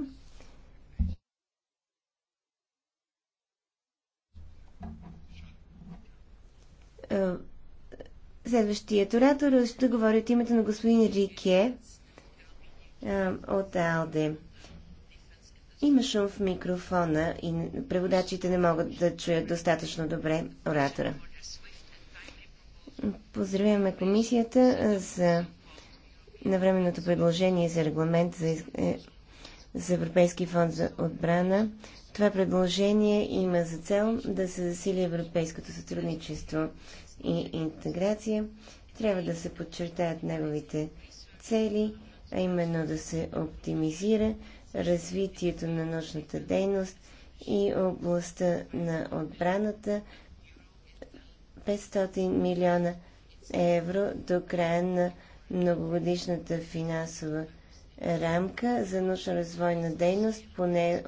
D: Е, следващият оратор ще говори от името на господин Рике е, от АЛДЕ. Има шум в микрофона и преводачите не могат да чуят достатъчно добре оратора. Поздравяваме комисията е, за навременното предложение за регламент за, за Европейски фонд за отбрана това предложение има за цел да се засили европейското сътрудничество и интеграция. Трябва да се подчертаят неговите цели, а именно да се оптимизира развитието на научната дейност и областта на отбраната 500 милиона евро до края на многогодишната финансова рамка за научно-развойна дейност, поне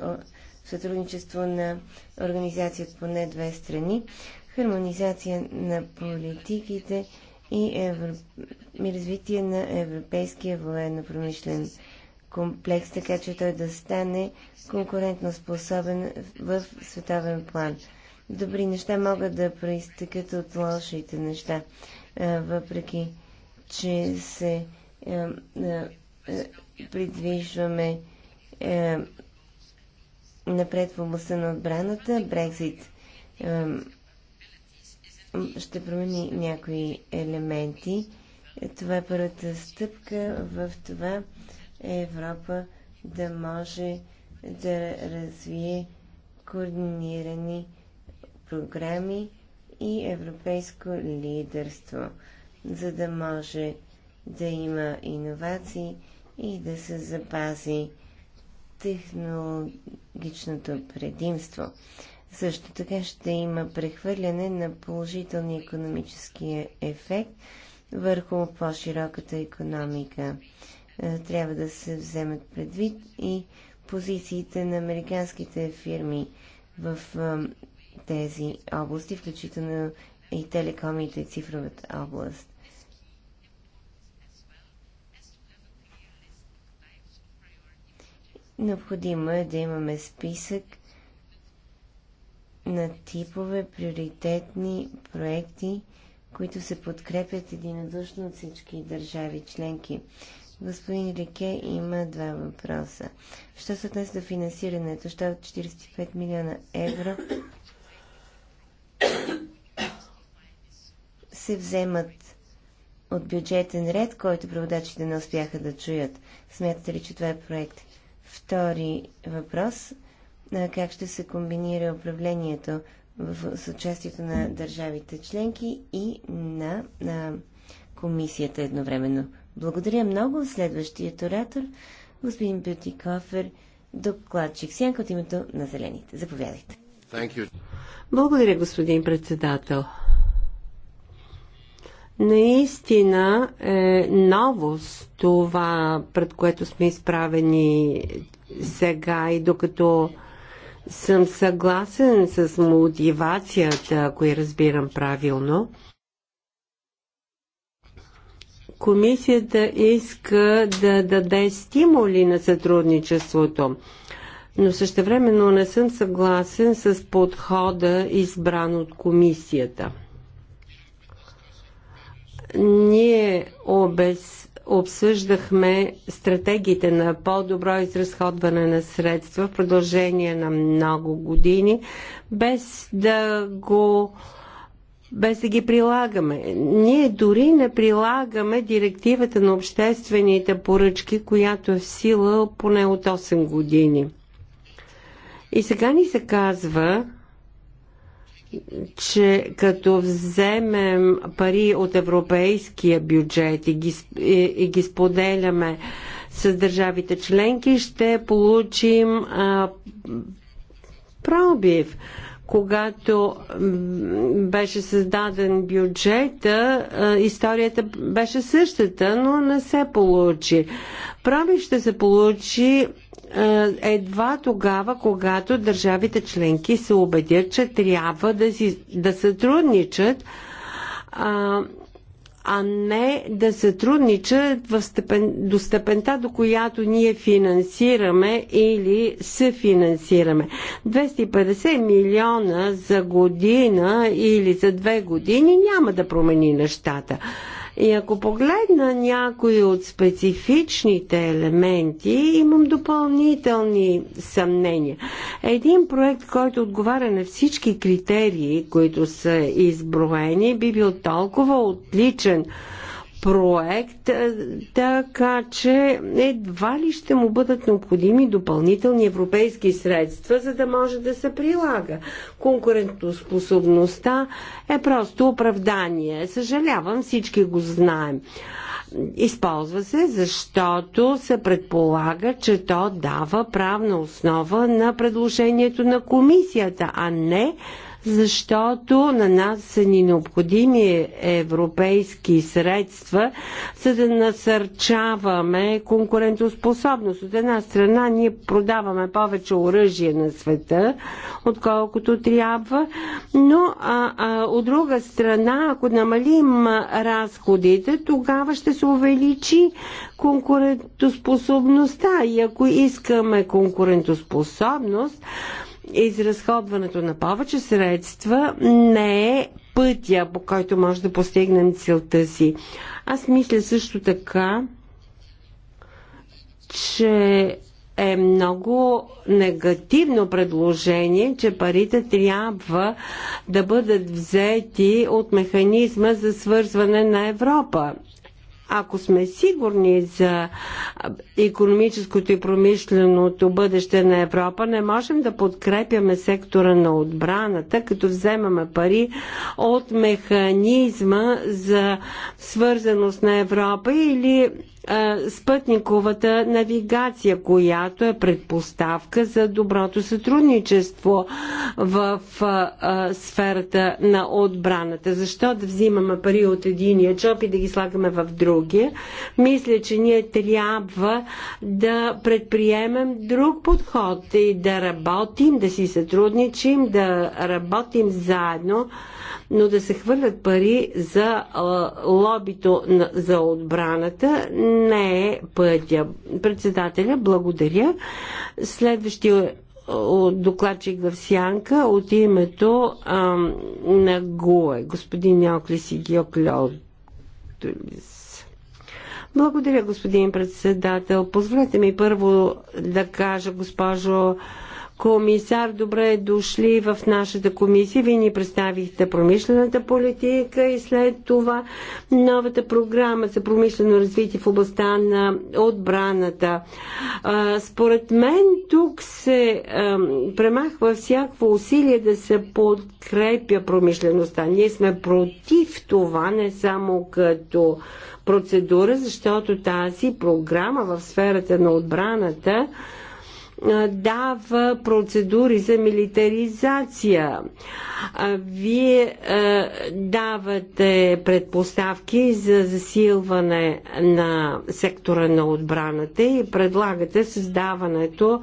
D: сътрудничество на организации от поне две страни, хармонизация на политиките и, евро... и развитие на европейския военно-промишлен комплекс, така че той да стане конкурентно способен в световен план. Добри неща могат да проистекат от лошите неща, въпреки че се придвижваме напред в областта на отбраната. Брекзит ще промени някои елементи. Това е първата стъпка в това Европа да може да развие координирани програми и европейско лидерство, за да може да има иновации и да се запази технологичното предимство. Също така ще има прехвърляне на положителния економически ефект върху по-широката економика. Е, трябва да се вземат предвид и позициите на американските фирми в е, тези области, включително и телекомите и цифровата област. Необходимо е да имаме списък на типове приоритетни проекти, които се подкрепят единодушно от всички държави членки. Господин Рике има два въпроса. Що се отнесе до финансирането? Що е от 45 милиона евро се вземат от бюджетен ред, който преводачите не успяха да чуят? Смятате ли, че това е проект? Втори въпрос как ще се комбинира управлението в, с участието на държавите членки и на, на комисията едновременно. Благодаря много. Следващият оратор, господин Кофер, докладчик Сянка от името на Зелените. Заповядайте.
A: Благодаря, господин председател. Наистина е новост това, пред което сме изправени сега и докато съм съгласен с мотивацията, ако я разбирам правилно. Комисията иска да даде стимули на сътрудничеството, но същевременно не съм съгласен с подхода избран от комисията – ние обез, обсъждахме стратегиите на по-добро изразходване на средства в продължение на много години, без да го без да ги прилагаме. Ние дори не прилагаме директивата на обществените поръчки, която е в сила поне от 8 години. И сега ни се казва, че като вземем пари от европейския бюджет и ги, и, и ги споделяме с държавите членки, ще получим а, пробив. Когато беше създаден бюджет, а, историята беше същата, но не се получи. Пробив ще се получи е, едва тогава, когато държавите членки се убедят, че трябва да, си, да сътрудничат, а, а не да сътрудничат в степен, до степента, до която ние финансираме или се финансираме. 250 милиона за година или за две години няма да промени нещата. И ако погледна някои от специфичните елементи, имам допълнителни съмнения. Един проект, който отговаря на всички критерии, които са изброени, би бил толкова отличен проект, така че едва ли ще му бъдат необходими допълнителни европейски средства, за да може да се прилага. Конкурентоспособността е просто оправдание. Съжалявам, всички го знаем. Използва се, защото се предполага, че то дава правна основа на предложението на комисията, а не защото на нас са ни необходими европейски средства, за да насърчаваме конкурентоспособност. От една страна ние продаваме повече оръжие на света, отколкото трябва, но а, а, от друга страна, ако намалим разходите, тогава ще се увеличи конкурентоспособността. И ако искаме конкурентоспособност, изразходването на повече средства не е пътя, по който може да постигнем целта си. Аз мисля също така, че е много негативно предложение, че парите трябва да бъдат взети от механизма за свързване на Европа. Ако сме сигурни за економическото и промишленото бъдеще на Европа, не можем да подкрепяме сектора на отбраната, като вземаме пари от механизма за свързаност на Европа или спътниковата навигация, която е предпоставка за доброто сътрудничество в сферата на отбраната. Защо да взимаме пари от единия чоп и да ги слагаме в другия? Мисля, че ние трябва да предприемем друг подход и да работим, да си сътрудничим, да работим заедно но да се хвърлят пари за лобито за отбраната не е пътя. Председателя, благодаря. Следващия докладчик в Сянка от името а, на ГУЕ, господин Неоклис и Геоклеотлис. Благодаря, господин председател. Позволете ми първо да кажа, госпожо Комисар, добре дошли в нашата комисия. Вие ни представихте промишлената политика и след това новата програма за промишлено развитие в областта на отбраната. Според мен тук се премахва всяко усилие да се подкрепя промишлеността. Ние сме против това, не само като процедура, защото тази програма в сферата на отбраната дава процедури за милитаризация. Вие давате предпоставки за засилване на сектора на отбраната и предлагате създаването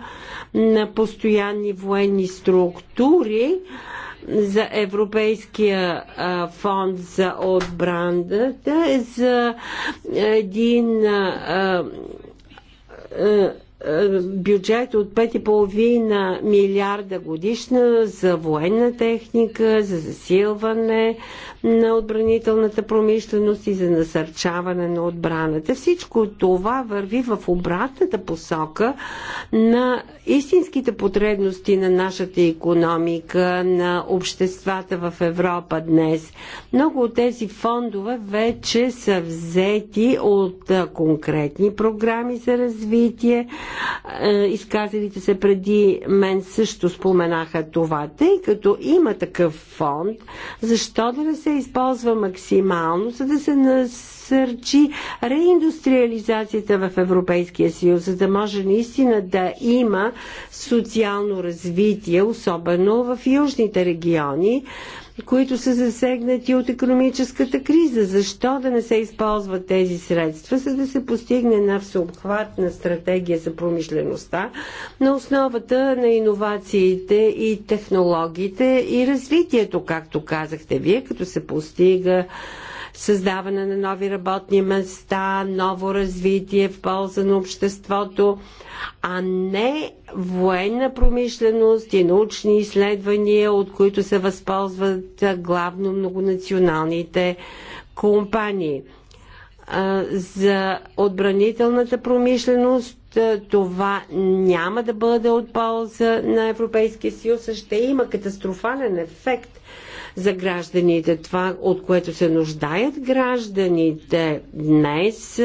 A: на постоянни военни структури за Европейския фонд за отбраната, за един е, бюджет от 5,5 милиарда годишна за военна техника, за засилване, на отбранителната промишленост и за насърчаване на отбраната. Всичко това върви в обратната посока на истинските потребности на нашата економика, на обществата в Европа днес. Много от тези фондове вече са взети от конкретни програми за развитие. Изказалите се преди мен също споменаха това. Тъй като има такъв фонд, защо да не се използва максимално, за да се насърчи реиндустриализацията в Европейския съюз, за да може наистина да има социално развитие, особено в южните региони които са засегнати от економическата криза. Защо да не се използват тези средства, за да се постигне една всеобхватна стратегия за промишлеността на основата на иновациите и технологиите и развитието, както казахте вие, като се постига създаване на нови работни места, ново развитие в полза на обществото, а не военна промишленост и научни изследвания, от които се възползват главно многонационалните компании. За отбранителната промишленост това няма да бъде от полза на Европейския съюз, ще има катастрофален ефект за гражданите. Това, от което се нуждаят гражданите днес,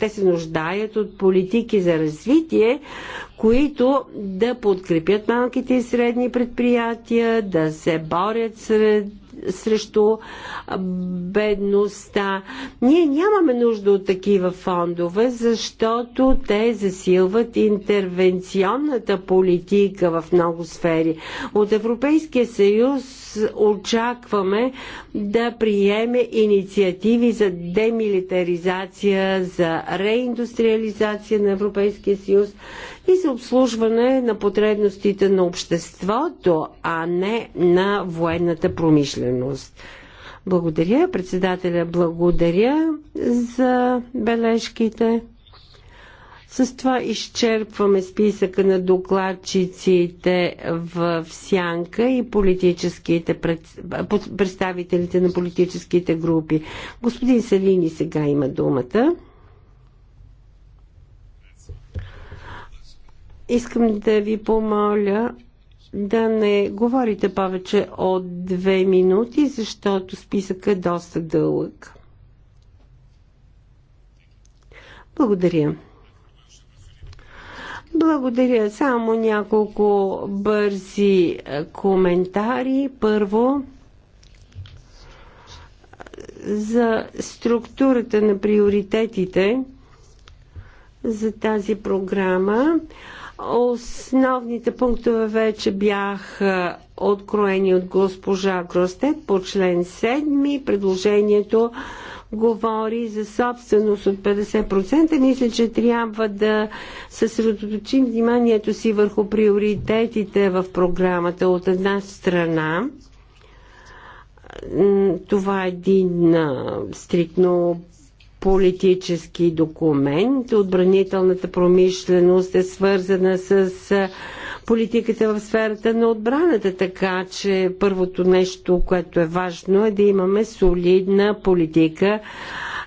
A: те се нуждаят от политики за развитие, които да подкрепят малките и средни предприятия, да се борят сред срещу бедността. Ние нямаме нужда от такива фондове, защото те засилват интервенционната политика в много сфери. От Европейския съюз очакваме да приеме инициативи за демилитаризация, за реиндустриализация на Европейския съюз и за обслужване на потребностите на обществото, а не на военната промишленост. Благодаря, председателя, благодаря за бележките. С това изчерпваме списъка на докладчиците в сянка и политическите представителите на политическите групи. Господин Салини, сега има думата. Искам да ви помоля да не говорите повече от две минути, защото списък е доста дълъг. Благодаря. Благодаря. Само няколко бързи е, коментари. Първо, за структурата на приоритетите за тази програма. Основните пунктове вече бяха откроени от госпожа Гростет по член 7. Предложението говори за собственост от 50%. Мисля, че трябва да съсредоточим вниманието си върху приоритетите в програмата от една страна това е един стрикно политически документ. Отбранителната промишленост е свързана с политиката в сферата на отбраната, така че първото нещо, което е важно е да имаме солидна политика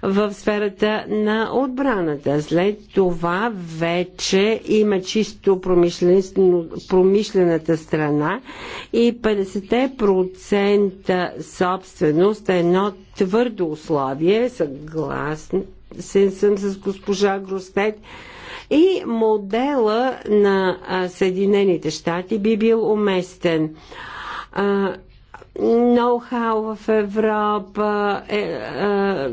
A: в сферата на отбраната. След това вече има чисто промишлената страна и 50% собственост е едно твърдо условие, съгласен съм с госпожа Гростет, и модела на Съединените щати би бил уместен ноу-хау в Европа, е, е,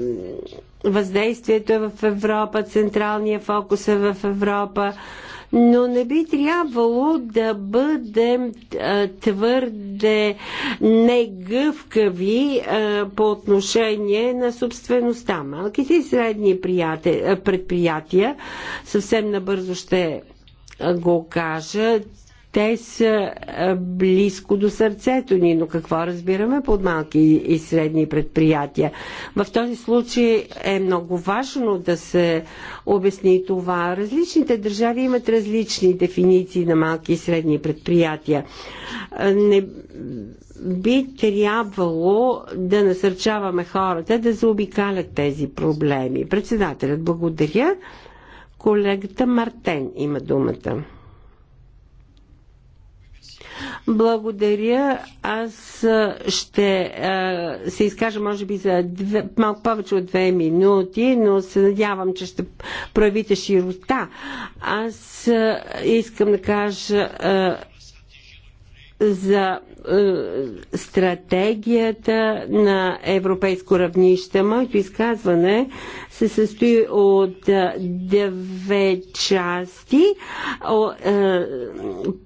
A: въздействието е в Европа, централния фокус е в Европа, но не би трябвало да бъдем е, твърде негъвкави е, по отношение на собствеността. Малките и средни предприятия, съвсем набързо ще го кажа, те са близко до сърцето ни, но какво разбираме под малки и средни предприятия? В този случай е много важно да се обясни това. Различните държави имат различни дефиниции на малки и средни предприятия. Не би трябвало да насърчаваме хората да заобикалят тези проблеми. Председателят, благодаря. Колегата Мартен има думата. Благодаря. Аз ще а, се изкажа, може би, за две, малко повече от две минути, но се надявам, че ще проявите широта. Аз а, искам да кажа. А, за е, стратегията на европейско равнище. Моето изказване се състои от е, две части. О, е,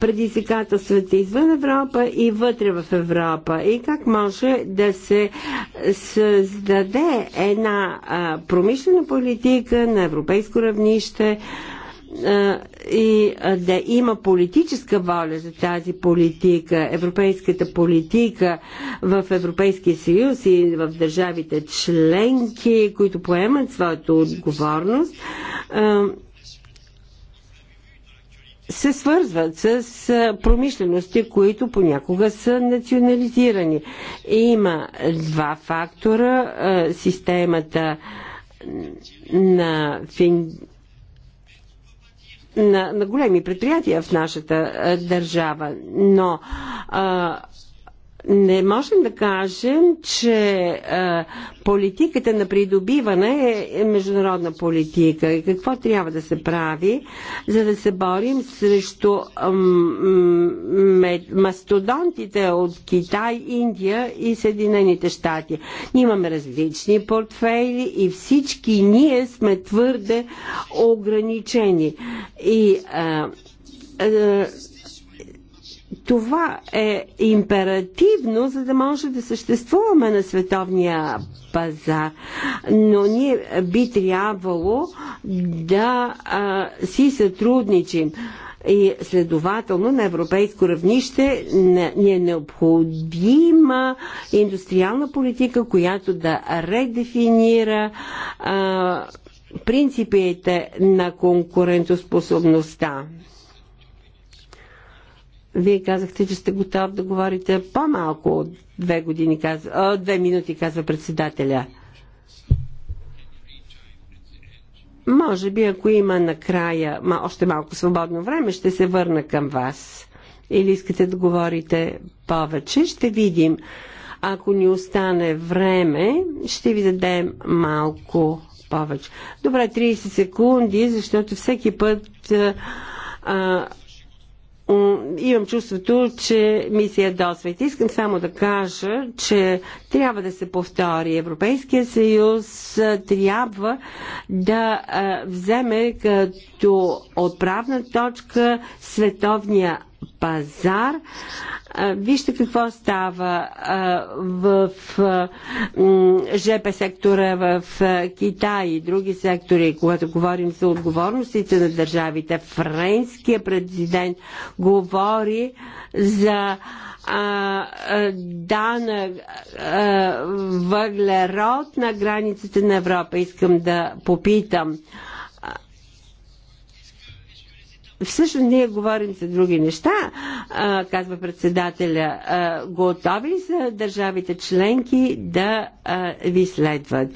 A: предизвикателствата извън Европа и вътре в Европа. И как може да се създаде една е, промишлена политика на европейско равнище, и да има политическа воля за тази политика, европейската политика в Европейския съюз и в държавите членки, които поемат своята отговорност, се свързват с промишлености, които понякога са национализирани. Има два фактора. Системата на фин на, на големи предприятия в нашата държава. Но а, не можем да кажем, че а, политиката на придобиване е, е международна политика и какво трябва да се прави, за да се борим срещу мастодонтите от Китай, Индия и Съединените щати. Ние имаме различни портфейли и всички ние сме твърде ограничени. И а, това е императивно, за да може да съществуваме на световния пазар. Но ние би трябвало да а, си сътрудничим. И следователно на европейско равнище ни е необходима индустриална политика, която да редефинира а, принципите на конкурентоспособността. Вие казахте, че сте готов да говорите по-малко от две, години, казва, две минути, казва председателя. Може би, ако има накрая ма, още малко свободно време, ще се върна към вас. Или искате да говорите повече, ще видим. Ако ни остане време, ще ви дадем малко повече. Добре, 30 секунди, защото всеки път а, имам чувството, че ми се ядосвайте. Искам само да кажа, че трябва да се повтори. Европейския съюз трябва да вземе като отправна точка световния пазар. Вижте какво става в ЖП сектора в Китай и други сектори, когато говорим за отговорностите на държавите. френския президент говори за дана въглерод на границите на Европа. Искам да попитам. Всъщност ние говорим за други неща, казва председателя. Готови са държавите членки да ви следват.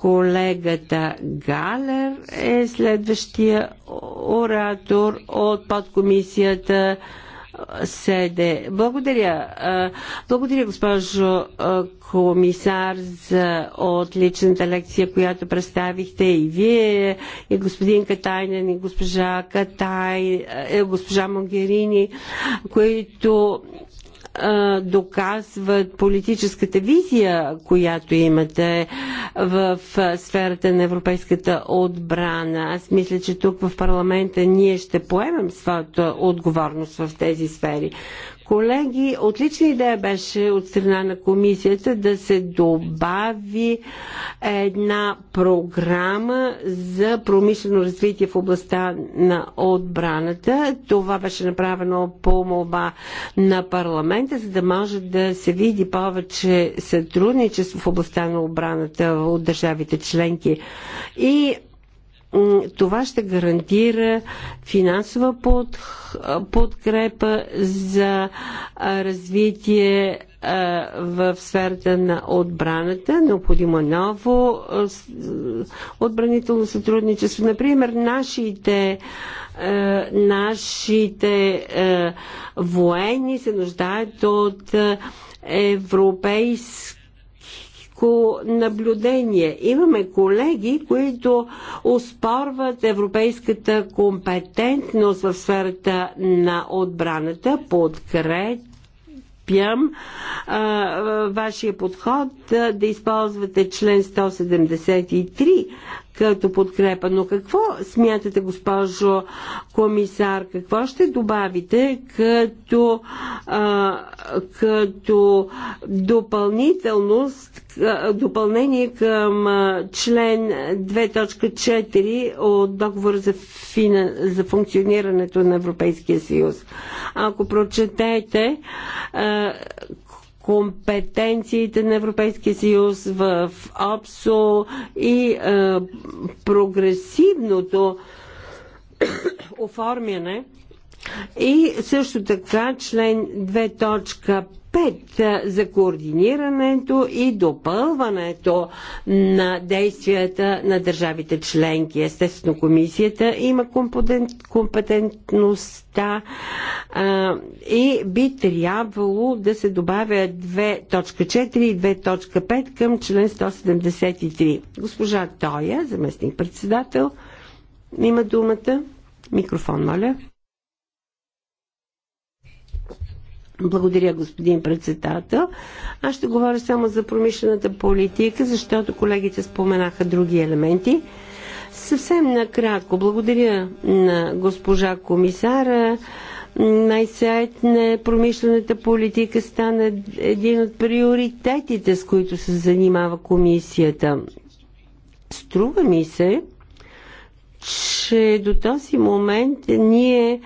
A: Колегата Галер е следващия оратор от подкомисията седе. Благодаря. Благодаря, госпожо комисар, за отличната лекция, която представихте и вие, и господин Катайнен, и госпожа Катай, и госпожа Могерини, които доказват политическата визия, която имате в сферата на европейската отбрана. Аз мисля, че тук в парламента ние ще поемем своята отговорност в тези сфери. Колеги, отлична идея беше от страна на комисията да се добави една програма за промишлено развитие в областта на отбраната. Това беше направено по молба на парламента, за да може да се види повече сътрудничество в областта на отбраната от държавите членки. И това ще гарантира финансова под, подкрепа за развитие в сферата на отбраната. Необходимо е ново отбранително сътрудничество. Например, нашите нашите военни се нуждаят от европейски пряко наблюдение. Имаме колеги, които успорват европейската компетентност в сферата на отбраната, подкрет подкрепям вашия подход да използвате член 173 като подкрепа. Но какво смятате, госпожо комисар, какво ще добавите като, а, като допълнителност, допълнение към член 2.4 от Договор за, фина, за функционирането на Европейския съюз? Ако прочетете а, компетенциите на Европейския съюз в ОПСО и е, прогресивното оформяне и също така член 2.5 5 за координирането и допълването на действията на държавите членки. Естествено, комисията има компетентността а, и би трябвало да се добавя 2.4 и 2.5 към член 173. Госпожа Тоя, заместник председател, има думата. Микрофон, моля. Благодаря, господин председател. Аз ще говоря само за промишлената политика, защото колегите споменаха други елементи. Съвсем накратко, благодаря на госпожа комисара. Най-сетне промишлената политика стана един от приоритетите, с които се занимава комисията. Струва ми се, че до този момент ние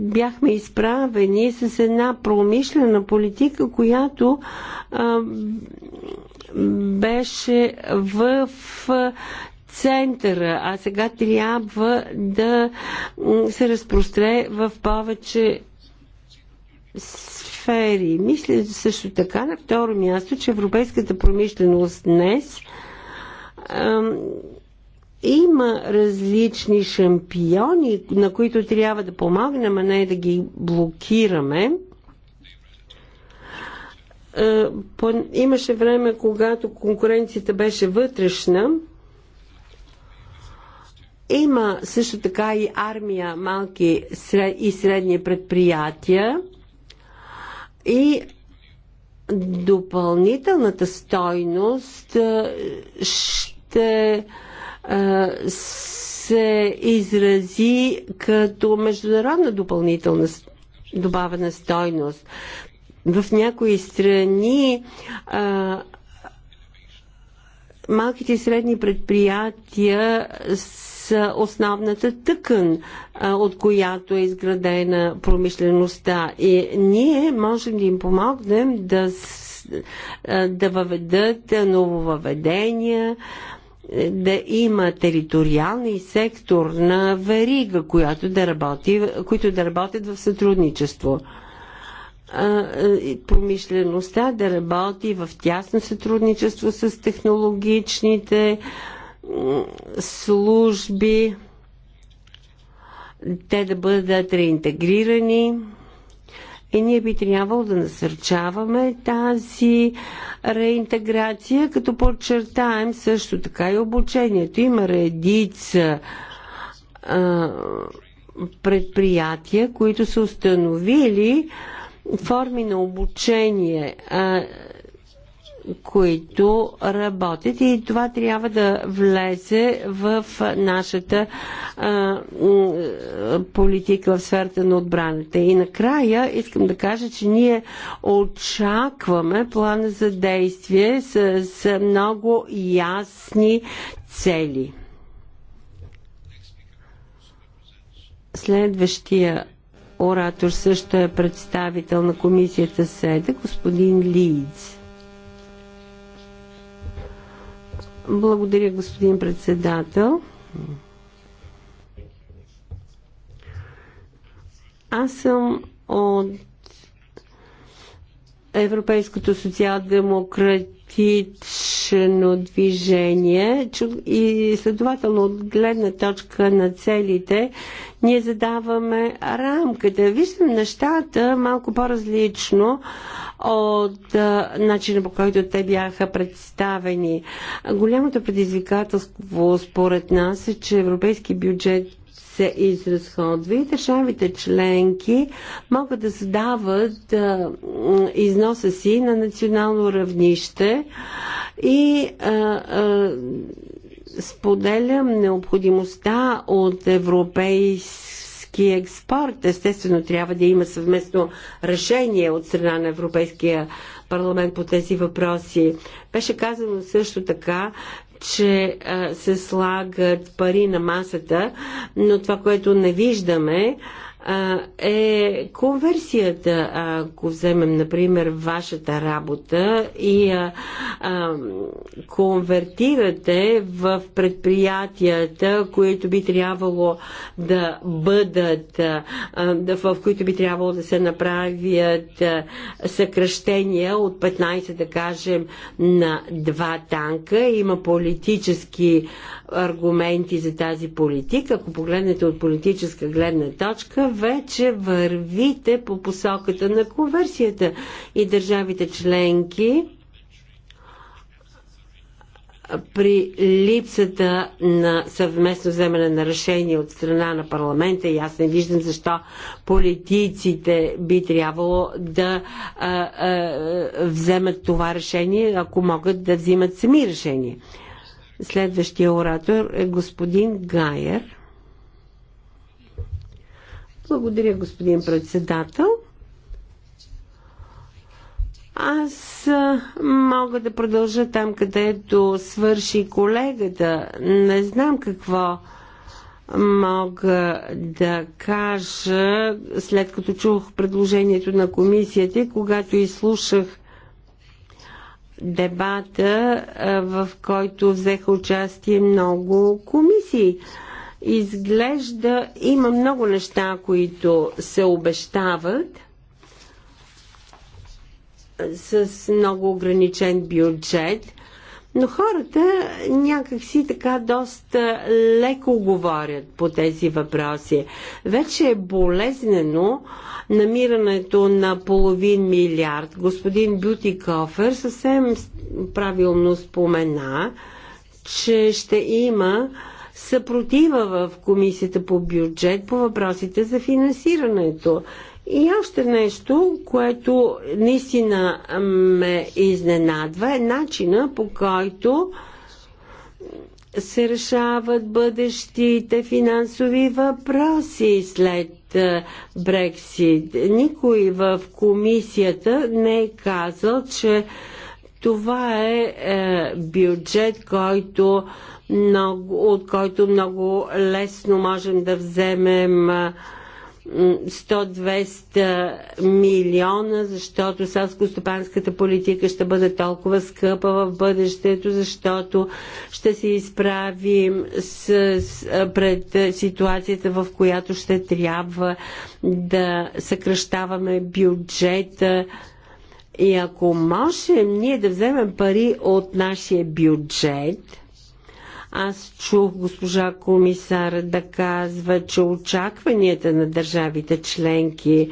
A: бяхме изправени с една промишлена политика, която а, беше в центъра, а сега трябва да се разпростре в повече сфери. Мисля също така на второ място, че европейската промишленост днес има различни шампиони, на които трябва да помогнем, а не да ги блокираме е, имаше време, когато конкуренцията беше вътрешна. Има също така и армия малки и средни предприятия и допълнителната стойност е, ще се изрази като международна допълнителна добавена стойност. В някои страни а, малките и средни предприятия са основната тъкън, а, от която е изградена промишлеността. И ние можем да им помогнем да, да въведат нововъведения, да има териториални сектор на верига, която да работи, които да работят в сътрудничество. Промишлеността да работи в тясно сътрудничество с технологичните служби, те да бъдат реинтегрирани и ние би трябвало да насърчаваме тази реинтеграция, като подчертаем също така и обучението. Има редица а, предприятия, които са установили форми на обучение. А, които работят и това трябва да влезе в нашата а, политика в сферата на отбраната. И накрая искам да кажа, че ние очакваме плана за действие с, с много ясни цели. Следващия оратор също е представител на комисията СЕДА, господин Лидс. Благодаря, господин председател. Аз съм от Европейското социал-демократ демократично движение и следователно от гледна точка на целите ние задаваме рамката. Виждам нещата малко по-различно от начина по който те бяха представени. Голямото предизвикателство според нас е, че европейски бюджет се изразходва и държавите членки могат да задават а, износа си на национално равнище и а, а, споделям необходимостта от европейски европейски експорт. Естествено, трябва да има съвместно решение от страна на Европейския парламент по тези въпроси. Беше казано също така, че се слагат пари на масата, но това, което не виждаме, е конверсията. Ако вземем, например, вашата работа и а, а, конвертирате в предприятията, които би трябвало да бъдат, а, в които би трябвало да се направят съкръщения от 15, да кажем, на два танка. Има политически аргументи за тази политика. Ако погледнете от политическа гледна точка, вече вървите по посоката на конверсията и държавите членки при липсата на съвместно вземане на решение от страна на парламента и аз не виждам защо политиците би трябвало да а, а, вземат това решение, ако могат да взимат сами решение. Следващия оратор е господин Гайер. Благодаря, господин председател. Аз мога да продължа там, където свърши колегата. Не знам какво мога да кажа, след като чух предложението на комисията, когато изслушах дебата, в който взеха участие много комисии. Изглежда има много неща, които се обещават с много ограничен бюджет – но хората някакси така доста леко говорят по тези въпроси. Вече е болезнено намирането на половин милиард. Господин Кофер съвсем правилно спомена, че ще има съпротива в Комисията по бюджет по въпросите за финансирането. И още нещо, което наистина ме изненадва, е начина по който се решават бъдещите финансови въпроси след е, Брексит. Никой в комисията не е казал, че това е, е бюджет, който много, от който много лесно можем да вземем 100-200 е, милиона, защото селско-стопанската политика ще бъде толкова скъпа в бъдещето, защото ще се изправим с, с, е, пред ситуацията, в която ще трябва да съкръщаваме бюджета и ако можем ние да вземем пари от нашия бюджет, аз чух госпожа комисар да казва, че очакванията на държавите членки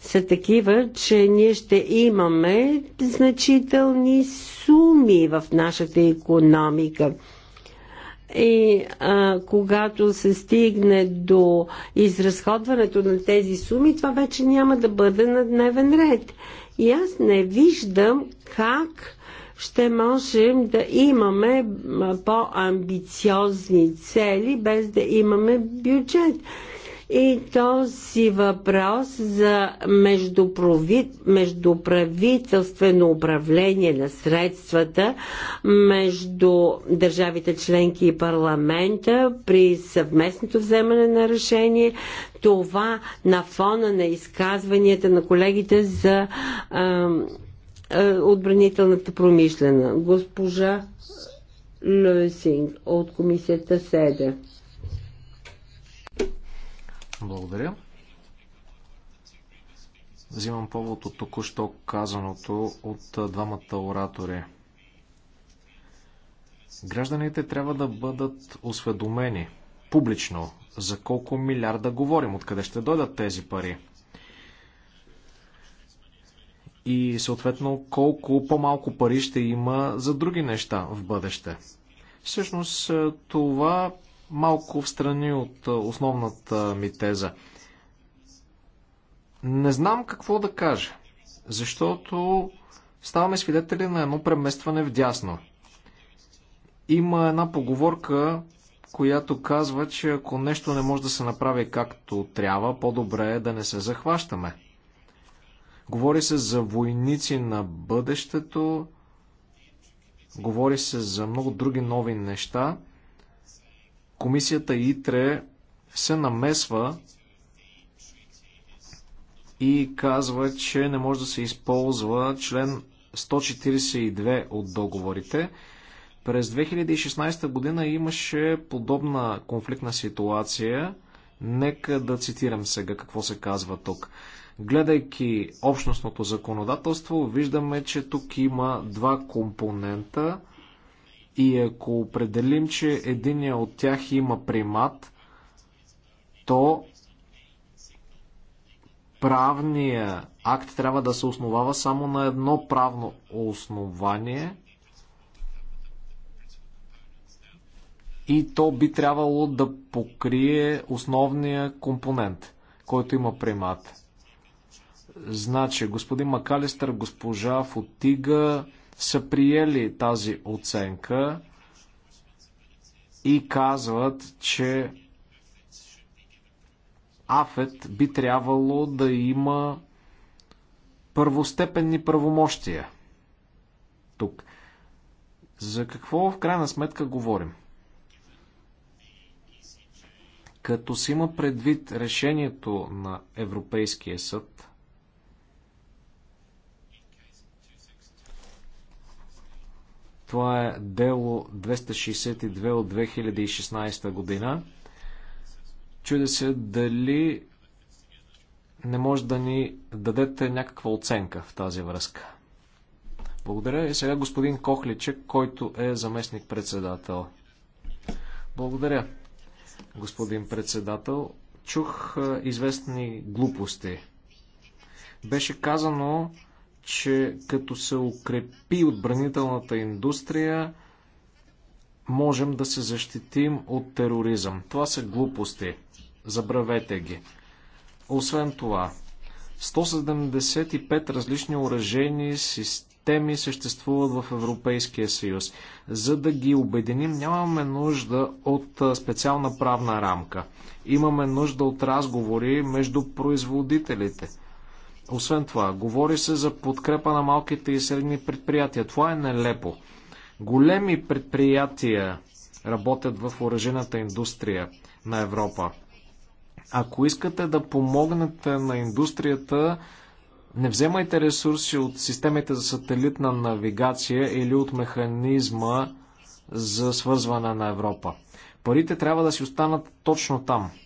A: са такива, че ние ще имаме значителни суми в нашата економика. И а, когато се стигне до изразходването на тези суми, това вече няма да бъде на дневен ред. И аз не виждам как ще можем да имаме по-амбициозни цели, без да имаме бюджет. И този въпрос за междуправителствено управление на средствата между държавите членки и парламента при съвместното вземане на решение, това на фона на изказванията на колегите за а, а, отбранителната промишлена. Госпожа Лесинг от комисията 7.
B: Благодаря. Взимам повод от току-що казаното от двамата оратори. Гражданите трябва да бъдат осведомени публично за колко милиарда говорим, откъде ще дойдат тези пари. И съответно колко по-малко пари ще има за други неща в бъдеще. Всъщност това малко в страни от основната ми теза. Не знам какво да кажа, защото ставаме свидетели на едно преместване в дясно. Има една поговорка, която казва, че ако нещо не може да се направи както трябва, по-добре е да не се захващаме. Говори се за войници на бъдещето, говори се за много други нови неща – комисията ИТРЕ се намесва и казва, че не може да се използва член 142 от договорите. През 2016 година имаше подобна конфликтна ситуация. Нека да цитирам сега какво се казва тук. Гледайки общностното законодателство, виждаме, че тук има два компонента – и ако определим, че един от тях има примат, то правния акт трябва да се основава само на едно правно основание и то би трябвало да покрие основния компонент, който има примат. Значи, господин Макалистър, госпожа Фотига, са приели тази оценка и казват, че Афет би трябвало да има първостепенни правомощия. Тук. За какво в крайна сметка говорим? Като си има предвид решението на Европейския съд, Това е дело 262 от 2016 година. Чудя се дали не може да ни дадете някаква оценка в тази връзка. Благодаря. И сега господин Кохличек, който е заместник председател. Благодаря, господин председател. Чух известни глупости. Беше казано, че като се укрепи отбранителната индустрия, можем да се защитим от тероризъм. Това са глупости. Забравете ги. Освен това, 175 различни оръжени системи съществуват в Европейския съюз. За да ги обединим, нямаме нужда от специална правна рамка. Имаме нужда от разговори между производителите – освен това, говори се за подкрепа на малките и средни предприятия. Това е нелепо. Големи предприятия работят в оръжената индустрия на Европа. Ако искате да помогнете на индустрията, не вземайте ресурси от системите за сателитна навигация или от механизма за свързване на Европа. Парите трябва да си останат точно там –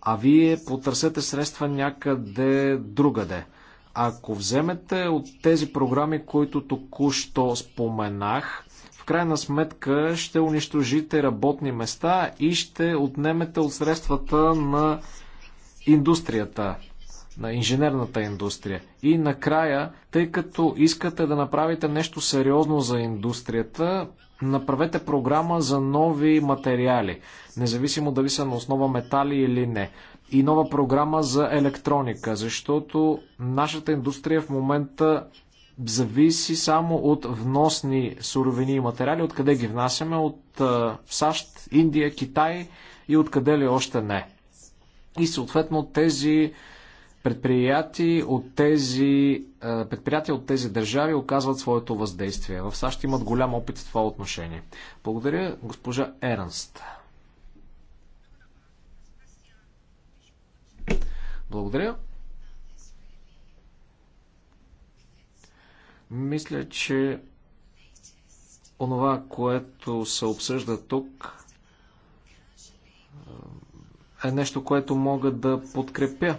B: а вие потърсете средства някъде другаде. Ако вземете от тези програми, които току-що споменах, в крайна сметка ще унищожите работни места и ще отнемете от средствата на индустрията, на инженерната индустрия. И накрая, тъй като искате да направите нещо сериозно за индустрията, направете програма за нови материали, независимо дали са на основа метали или не. И нова програма за електроника, защото нашата индустрия в момента зависи само от вносни суровини и материали, откъде ги внасяме, от САЩ, Индия, Китай и откъде ли още не. И съответно тези предприятия от тези, предприятия от тези държави оказват своето въздействие. В САЩ имат голям опит в това отношение. Благодаря, госпожа Ернст. Благодаря. Мисля, че онова, което се обсъжда тук, е нещо, което мога да подкрепя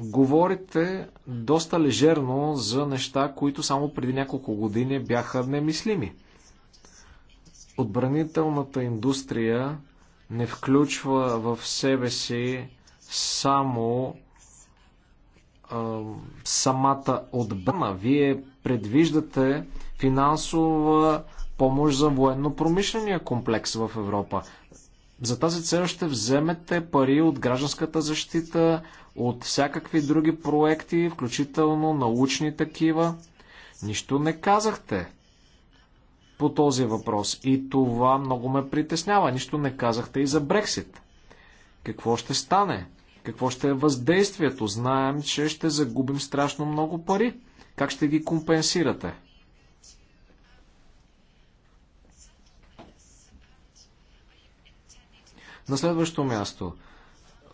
B: говорите доста лежерно за неща, които само преди няколко години бяха немислими. Отбранителната индустрия не включва в себе си само а, самата отбрана. Вие предвиждате финансова помощ за военно-промишления комплекс в Европа. За тази цел ще вземете пари от гражданската защита, от всякакви други проекти, включително научни такива. Нищо не казахте по този въпрос и това много ме притеснява. Нищо не казахте и за Брексит. Какво ще стане? Какво ще е въздействието? Знаем, че ще загубим страшно много пари. Как ще ги компенсирате? На следващо място.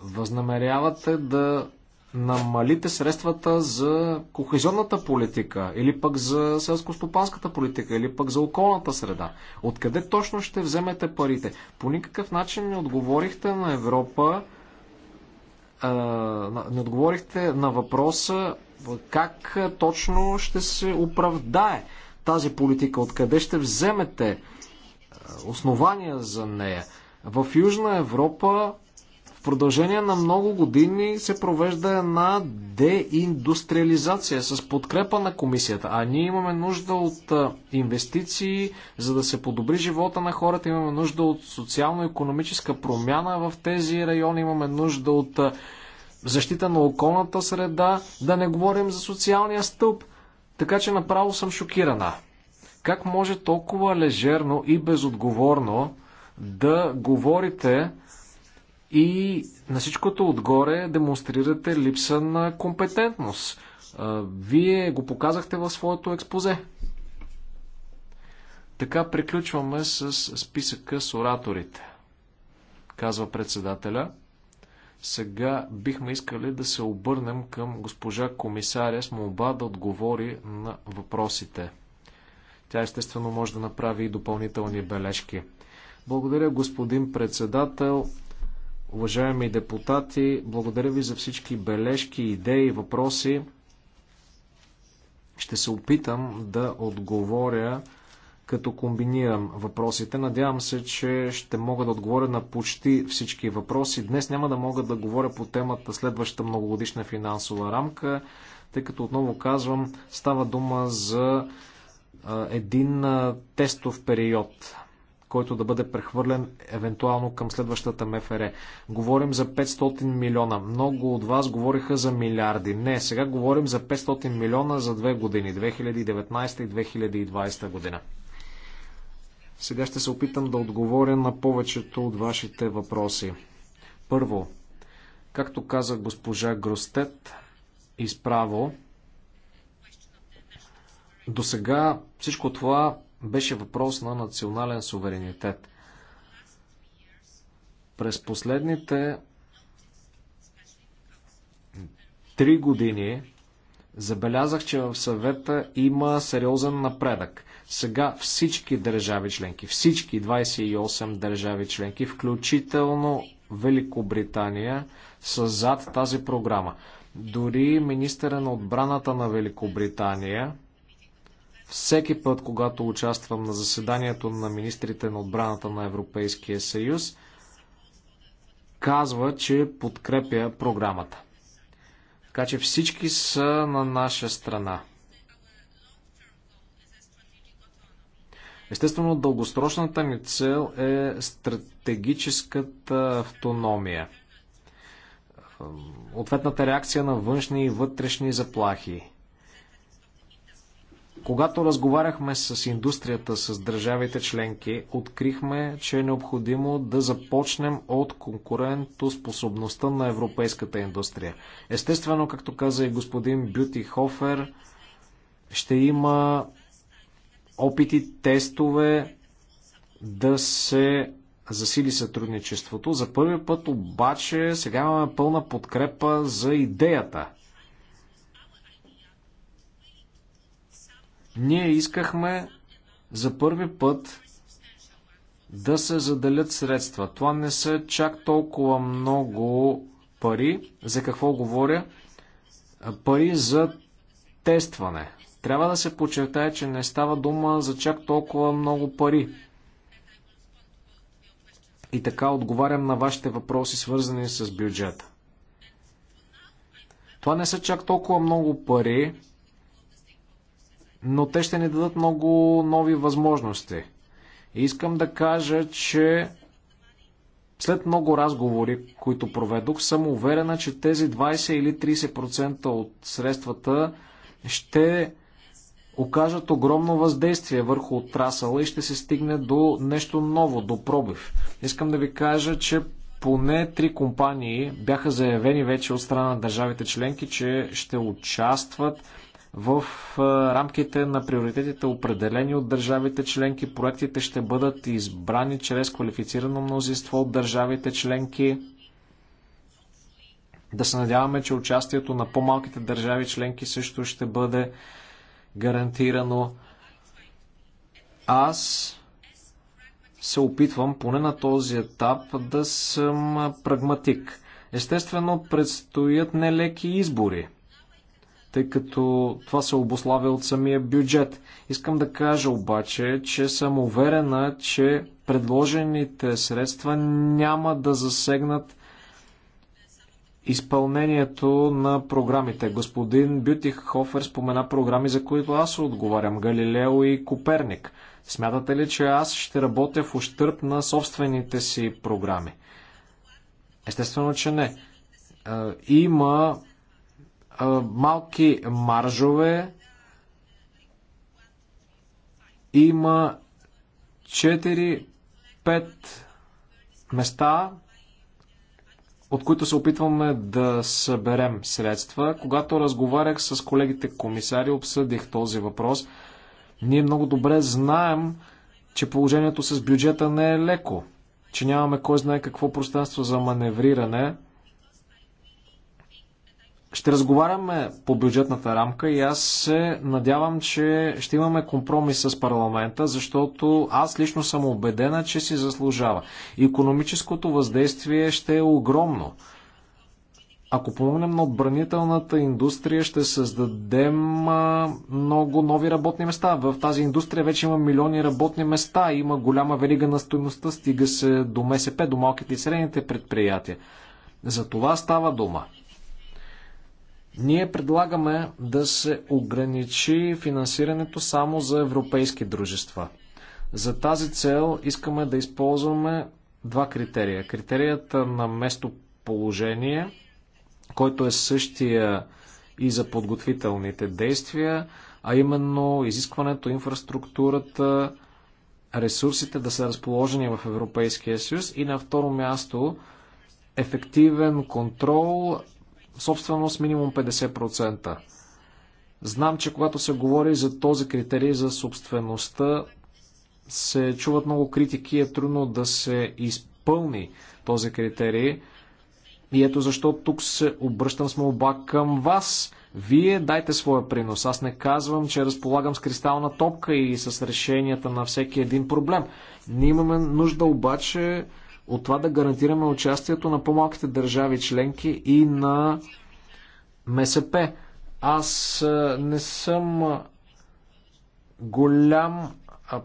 B: Възнамерявате да намалите средствата за кохезионната политика или пък за селскостопанската политика или пък за околната среда. Откъде точно ще вземете парите? По никакъв начин не отговорихте на Европа, не отговорихте на въпроса как точно ще се оправдае тази политика, откъде ще вземете основания за нея. В Южна Европа в продължение на много години се провежда една деиндустриализация с подкрепа на комисията, а ние имаме нужда от инвестиции, за да се подобри живота на хората, имаме нужда от социално-економическа промяна в тези райони, имаме нужда от защита на околната среда, да не говорим за социалния стълб. Така че направо съм шокирана. Как може толкова лежерно и безотговорно да говорите и на всичкото отгоре демонстрирате липса на компетентност. Вие го показахте в своето експозе. Така приключваме с списъка с ораторите, казва председателя. Сега бихме искали да се обърнем към госпожа комисаря с молба да отговори на въпросите. Тя естествено може да направи и допълнителни бележки. Благодаря, господин председател. Уважаеми депутати, благодаря ви за всички бележки, идеи, въпроси. Ще се опитам да отговоря като комбинирам въпросите. Надявам се, че ще мога да отговоря на почти всички въпроси. Днес няма да мога да говоря по темата следващата многогодишна финансова рамка, тъй като отново казвам, става дума за един тестов период който да бъде прехвърлен евентуално към следващата МФР. Говорим за 500 милиона. Много от вас говориха за милиарди. Не, сега говорим за 500 милиона за две години, 2019 и 2020 година. Сега ще се опитам да отговоря на повечето от вашите въпроси. Първо, както каза госпожа Гростет, изправо, до сега всичко това беше въпрос на национален суверенитет. През последните три години забелязах, че в съвета има сериозен напредък. Сега всички държави членки, всички 28 държави членки, включително Великобритания, са зад тази програма. Дори министъра на отбраната на Великобритания всеки път, когато участвам на заседанието на министрите на отбраната на Европейския съюз, казва, че подкрепя програмата. Така че всички са на наша страна. Естествено, дългосрочната ни цел е стратегическата автономия. Ответната реакция на външни и вътрешни заплахи. Когато разговаряхме с индустрията, с държавите членки, открихме, че е необходимо да започнем от конкурентоспособността на европейската индустрия. Естествено, както каза и господин Бюти Хофер, ще има опити, тестове да се засили сътрудничеството. За първи път обаче сега имаме пълна подкрепа за идеята – Ние искахме за първи път да се заделят средства. Това не са чак толкова много пари. За какво говоря? Пари за тестване. Трябва да се подчертая, че не става дума за чак толкова много пари. И така отговарям на вашите въпроси, свързани с бюджета. Това не са чак толкова много пари, но те ще ни дадат много нови възможности. И искам да кажа, че след много разговори, които проведох, съм уверена, че тези 20 или 30% от средствата ще окажат огромно въздействие върху отрасъла и ще се стигне до нещо ново, до пробив. Искам да ви кажа, че поне три компании бяха заявени вече от страна на държавите членки, че ще участват в рамките на приоритетите определени от държавите членки. Проектите ще бъдат избрани чрез квалифицирано мнозинство от държавите членки. Да се надяваме, че участието на по-малките държави членки също ще бъде гарантирано. Аз се опитвам, поне на този етап, да съм прагматик. Естествено, предстоят нелеки избори – тъй като това се обославя от самия бюджет. Искам да кажа обаче, че съм уверена, че предложените средства няма да засегнат изпълнението на програмите. Господин Хофер спомена програми, за които аз отговарям. Галилео и Коперник. Смятате ли, че аз ще работя в ущърп на собствените си програми? Естествено, че не. Е, има малки маржове. Има 4-5 места, от които се опитваме да съберем средства. Когато разговарях с колегите комисари, обсъдих този въпрос. Ние много добре знаем, че положението с бюджета не е леко, че нямаме кой знае какво пространство за маневриране – ще разговаряме по бюджетната рамка и аз се надявам, че ще имаме компромис с парламента, защото аз лично съм убедена, че си заслужава. Економическото въздействие ще е огромно. Ако помогнем на отбранителната индустрия, ще създадем много нови работни места. В тази индустрия вече има милиони работни места, има голяма верига на стоеността, стига се до МСП, до малките и средните предприятия. За това става дума. Ние предлагаме да се ограничи финансирането само за европейски дружества. За тази цел искаме да използваме два критерия. Критерията на местоположение, който е същия и за подготвителните действия, а именно изискването, инфраструктурата, ресурсите да са разположени в Европейския съюз и на второ място ефективен контрол собственост минимум 50%. Знам, че когато се говори за този критерий за собствеността, се чуват много критики и е трудно да се изпълни този критерий. И ето защо тук се обръщам с молба към вас. Вие дайте своя принос. Аз не казвам, че разполагам с кристална топка и с решенията на всеки един проблем. Ние имаме нужда обаче от това да гарантираме участието на по-малките държави членки и на МСП. Аз е, не съм е, голям е,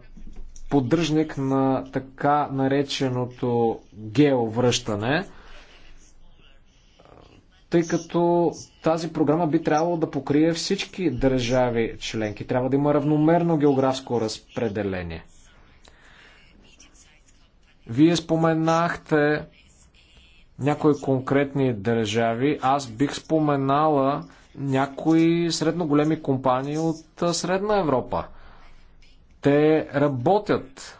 B: поддръжник на така нареченото геовръщане, тъй като тази програма би трябвало да покрие всички държави членки. Трябва да има равномерно географско разпределение. Вие споменахте някои конкретни държави. Аз бих споменала някои средно големи компании от Средна Европа. Те работят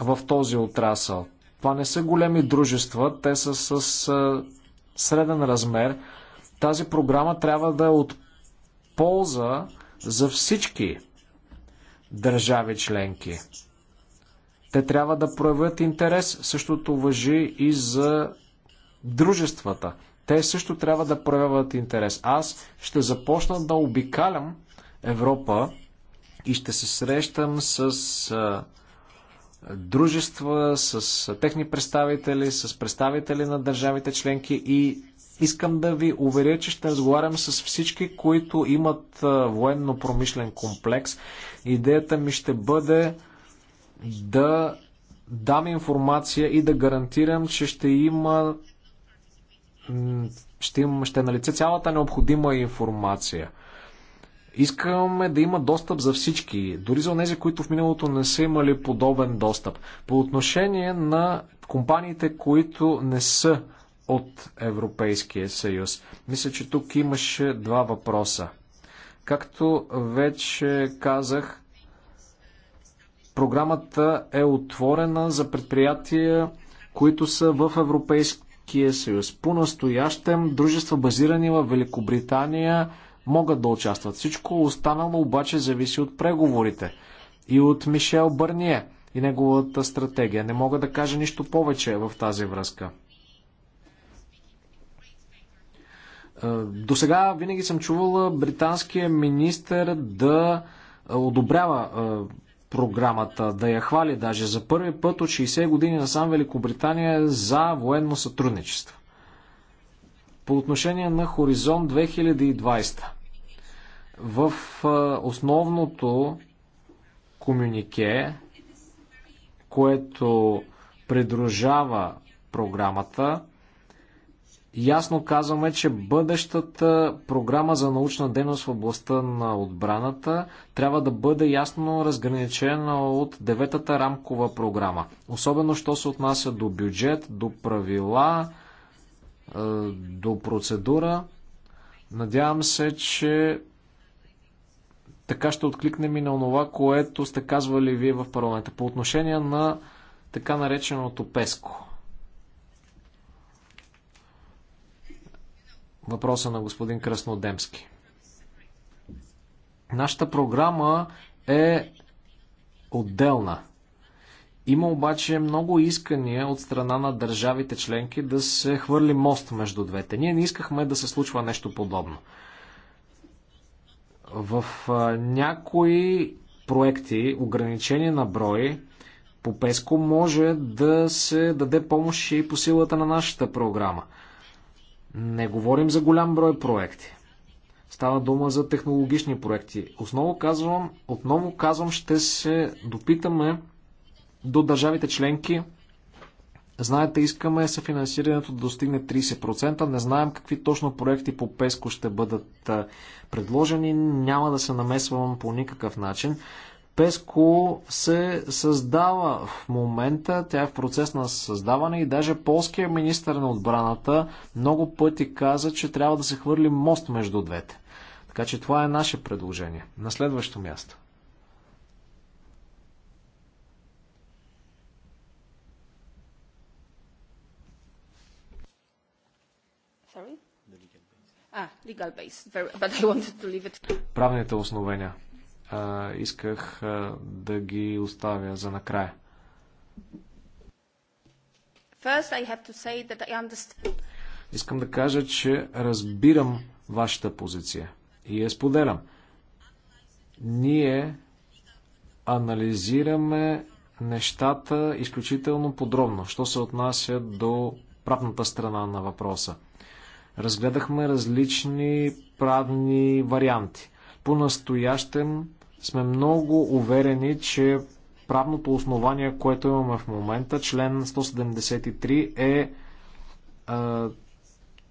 B: в този отрасъл. Това не са големи дружества, те са с среден размер. Тази програма трябва да е от полза за всички държави членки. Те трябва да проявят интерес. Същото въжи и за дружествата. Те също трябва да проявяват интерес. Аз ще започна да обикалям Европа и ще се срещам с дружества, с техни представители, с представители на държавите членки и искам да ви уверя, че ще разговарям с всички, които имат военно-промишлен комплекс. Идеята ми ще бъде да дам информация и да гарантирам, че ще има ще, им, ще е на лице цялата необходима информация. Искаме да има достъп за всички, дори за тези, които в миналото не са имали подобен достъп. По отношение на компаниите, които не са от Европейския съюз. Мисля, че тук имаше два въпроса. Както вече казах, Програмата е отворена за предприятия, които са в Европейския съюз. По-настоящем дружества базирани в Великобритания могат да участват. Всичко останало обаче зависи от преговорите и от Мишел Бърние и неговата стратегия. Не мога да кажа нищо повече в тази връзка. Е, До сега винаги съм чувала британския министр да одобрява е, програмата, да я хвали даже за първи път от 60 години на сам Великобритания за военно сътрудничество. По отношение на Хоризонт 2020, в основното комюнике, което придружава програмата, ясно казваме, че бъдещата програма за научна дейност в областта на отбраната трябва да бъде ясно разграничена от деветата рамкова програма. Особено, що се отнася до бюджет, до правила, е, до процедура. Надявам се, че така ще откликнем и на това, което сте казвали вие в парламента по отношение на така нареченото ПЕСКО. въпроса на господин Краснодемски. Нашата програма е отделна. Има обаче много искания от страна на държавите членки да се хвърли мост между двете. Ние не искахме да се случва нещо подобно. В някои проекти, ограничение на брой, по ПЕСКО може да се даде помощ и по силата на нашата програма – не говорим за голям брой проекти. Става дума за технологични проекти. Основно казвам, отново казвам, ще се допитаме до държавите членки. Знаете, искаме съфинансирането да достигне 30%. Не знаем какви точно проекти по ПЕСКО ще бъдат предложени. Няма да се намесвам по никакъв начин. ПЕСКО се създава в момента, тя е в процес на създаване и даже полския министр на отбраната много пъти каза, че трябва да се хвърли мост между двете. Така че това е наше предложение. На следващо място.
C: Ah,
A: Правните
B: основания а, исках а, да ги оставя за накрая. Искам да кажа, че разбирам вашата позиция и я споделям. Ние анализираме нещата изключително подробно, що се отнася до правната страна на въпроса. Разгледахме различни правни варианти. По-настоящем сме много уверени, че правното основание, което имаме в момента, член 173 е, е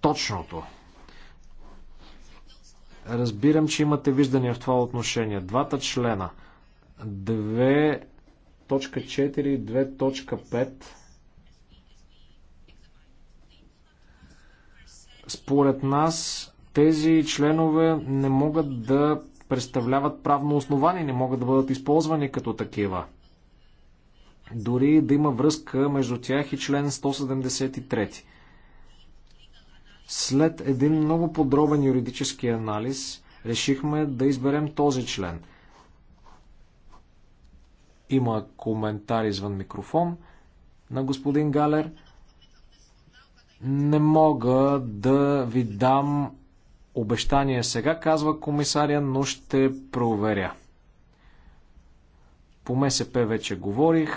B: точното. Разбирам, че имате виждания в това отношение. Двата члена 2.4 и 2.5 според нас тези членове не могат да представляват правно основание, не могат да бъдат използвани като такива. Дори да има връзка между тях и член 173. След един много подробен юридически анализ, решихме да изберем този член. Има коментар извън микрофон на господин Галер. Не мога да ви дам обещание сега, казва комисаря, но ще проверя. По МСП вече говорих.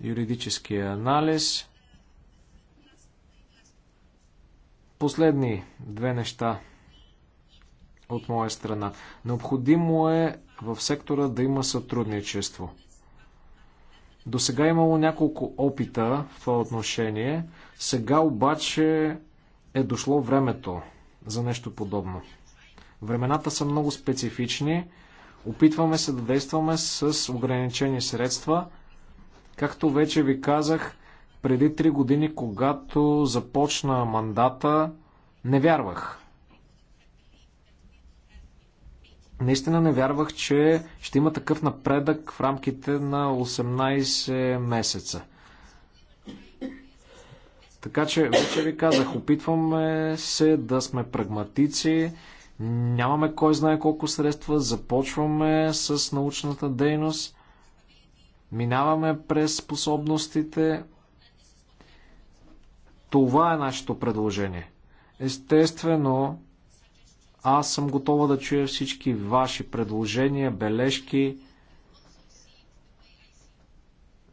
B: Юридическия анализ. Последни две неща от моя страна. Необходимо е в сектора да има сътрудничество – до сега е имало няколко опита в това отношение, сега обаче е дошло времето за нещо подобно. Времената са много специфични, опитваме се да действаме с ограничени средства. Както вече ви казах, преди три години, когато започна мандата, не вярвах Наистина не вярвах, че ще има такъв напредък в рамките на 18 месеца. Така че, вече ви казах, опитваме се да сме прагматици, нямаме кой знае колко средства, започваме с научната дейност, минаваме през способностите. Това е нашето предложение. Естествено, аз съм готова да чуя всички ваши предложения, бележки.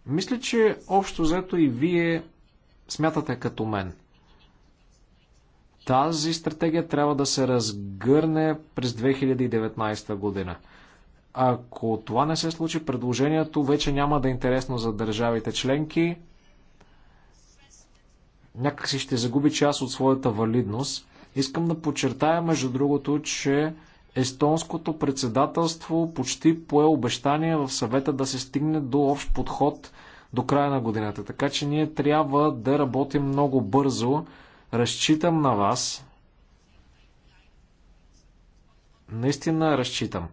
B: Мисля, че общо взето и вие смятате като мен. Тази стратегия трябва да се разгърне през 2019 година. Ако това не се случи, предложението вече няма да е интересно за държавите членки. Някакси ще загуби част от своята валидност. Искам да подчертая, между другото, че естонското председателство почти пое обещание в съвета да се стигне до общ подход до края на годината. Така че ние трябва да работим много бързо. Разчитам на вас. Наистина разчитам.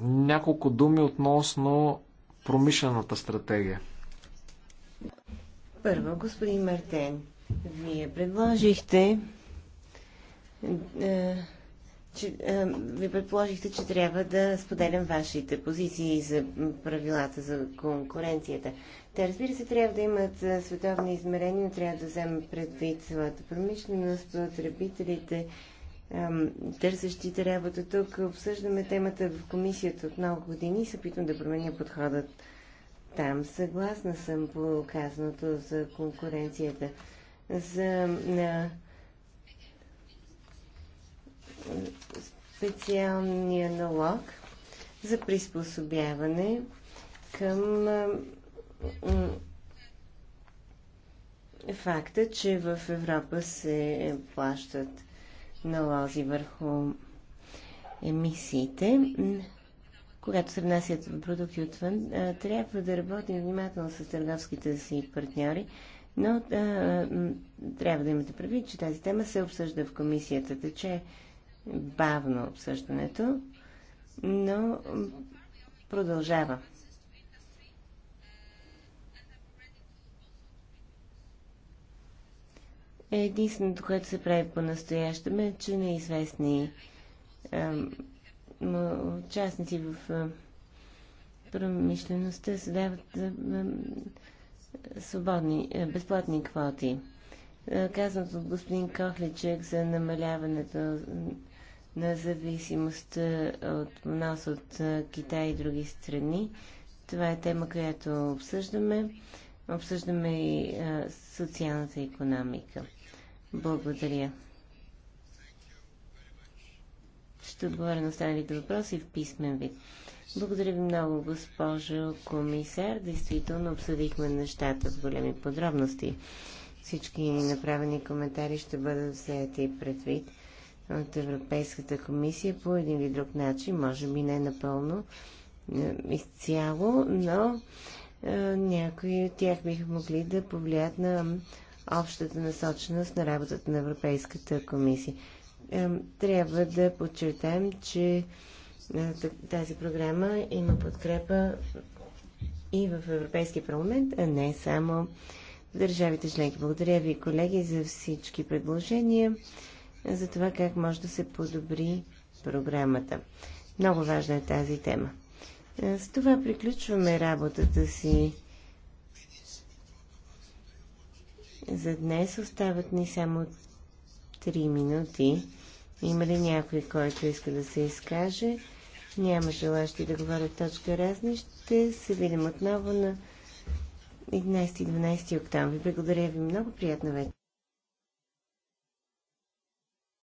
B: Няколко думи относно промишлената стратегия.
D: Първо, господин Мартен, вие предложихте, е, че, е, ви предположихте, че трябва да споделям вашите позиции за правилата за конкуренцията. Те, разбира се, трябва да имат е, световни измерения, но трябва да вземат предвид своята промишленост, потребителите, търсещите работа. Тук обсъждаме темата в комисията от много години и се опитвам да променя подходът там. Съгласна съм по казаното за конкуренцията за на специалния налог за приспособяване към факта, че в Европа се плащат налози върху емисиите. Когато се внасят продукти отвън, трябва да работим внимателно с търговските си партньори, но да, трябва да имате предвид, че тази тема се обсъжда в комисията. Тече бавно обсъждането, но продължава. Единственото, което се прави по-настоящем е, че неизвестни а, участници в а, промишлеността се дават а, свободни, е, безплатни квоти. Е, казаното от господин Кохличек за намаляването на зависимост от нас от е, Китай и други страни. Това е тема, която обсъждаме. Обсъждаме и социалната економика. Благодаря. Ще отговоря на останалите въпроси в писмен вид. Благодаря ви много, госпожо комисар. Действително обсъдихме нещата с големи подробности. Всички направени коментари ще бъдат взети предвид от Европейската комисия по един или друг начин, може би не напълно, е, изцяло, но е, някои от тях биха могли да повлият на общата насоченост на работата на Европейската комисия. Е, трябва да подчертаем, че е, тази програма има подкрепа и в Европейския парламент, а не само в държавите членки. Благодаря ви, колеги, за всички предложения за това как може да се подобри програмата. Много важна е тази тема. Е, с това приключваме работата си. За днес остават ни само 3 минути. Има ли някой, който иска да се изкаже? Няма желащи да говорят точка разни. Ще се видим отново на 11-12 октомври. Благодаря ви много. Приятна вечер.